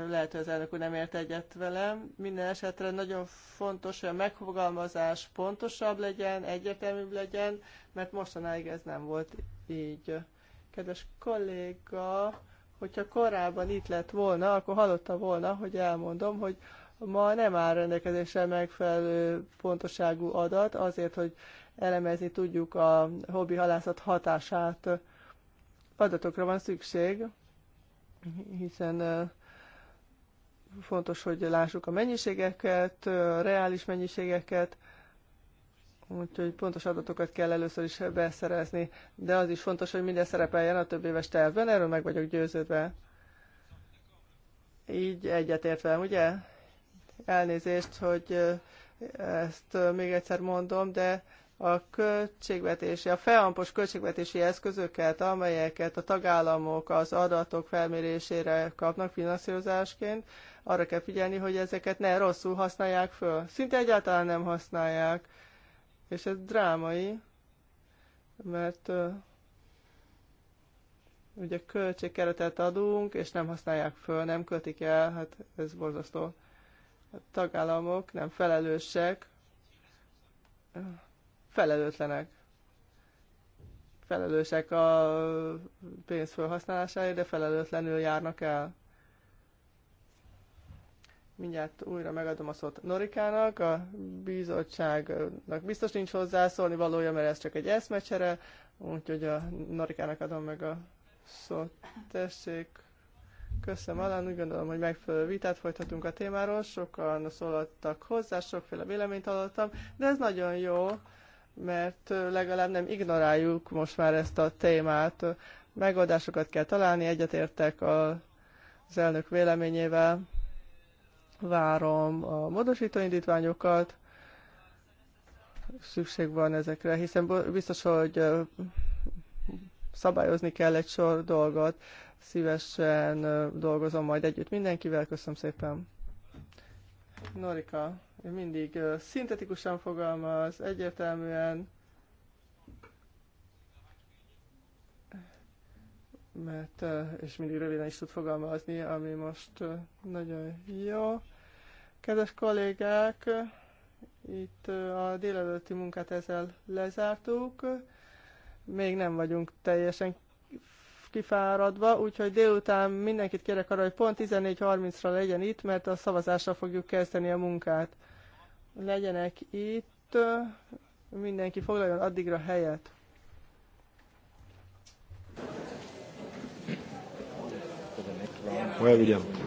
Lehet, hogy az elnök úr nem ért egyet velem. Minden esetre nagyon fontos, hogy a megfogalmazás pontosabb legyen, egyértelműbb legyen, mert mostanáig ez nem volt így. Kedves kolléga, Hogyha korábban itt lett volna, akkor hallotta volna, hogy elmondom, hogy ma nem áll rendelkezésre megfelelő pontoságú adat azért, hogy elemezni tudjuk a hobbi halászat hatását. Adatokra van szükség, hiszen fontos, hogy lássuk a mennyiségeket, a reális mennyiségeket, Úgyhogy pontos adatokat kell először is beszerezni, de az is fontos, hogy minden szerepeljen a több éves tervben, erről meg vagyok győződve. Így velem, ugye? Elnézést, hogy ezt még egyszer mondom, de a költségvetési, a felhampos költségvetési eszközöket, amelyeket a tagállamok az adatok felmérésére kapnak finanszírozásként, arra kell figyelni, hogy ezeket ne rosszul használják föl. Szinte egyáltalán nem használják és ez drámai, mert uh, ugye költségkeretet adunk, és nem használják föl, nem kötik el, hát ez borzasztó. A tagállamok nem felelősek, felelőtlenek. Felelősek a pénz felhasználásáért, de felelőtlenül járnak el. Mindjárt újra megadom a szót Norikának, a bizottságnak biztos nincs hozzászólni valója, mert ez csak egy eszmecsere, úgyhogy a Norikának adom meg a szót. Tessék, köszönöm Alán, úgy gondolom, hogy megfelelő vitát folytatunk a témáról, sokan szólaltak hozzá, sokféle véleményt hallottam, de ez nagyon jó, mert legalább nem ignoráljuk most már ezt a témát. Megoldásokat kell találni, egyetértek az elnök véleményével, várom a módosító indítványokat, szükség van ezekre, hiszen biztos, hogy szabályozni kell egy sor dolgot. Szívesen dolgozom majd együtt mindenkivel. Köszönöm szépen. Norika, mindig szintetikusan fogalmaz, egyértelműen, mert, és mindig röviden is tud fogalmazni, ami most nagyon jó. Kedves kollégák, itt a délelőtti munkát ezzel lezártuk. Még nem vagyunk teljesen kifáradva, úgyhogy délután mindenkit kérek arra, hogy pont 14.30-ra legyen itt, mert a szavazásra fogjuk kezdeni a munkát. Legyenek itt, mindenki foglaljon addigra helyet. Where we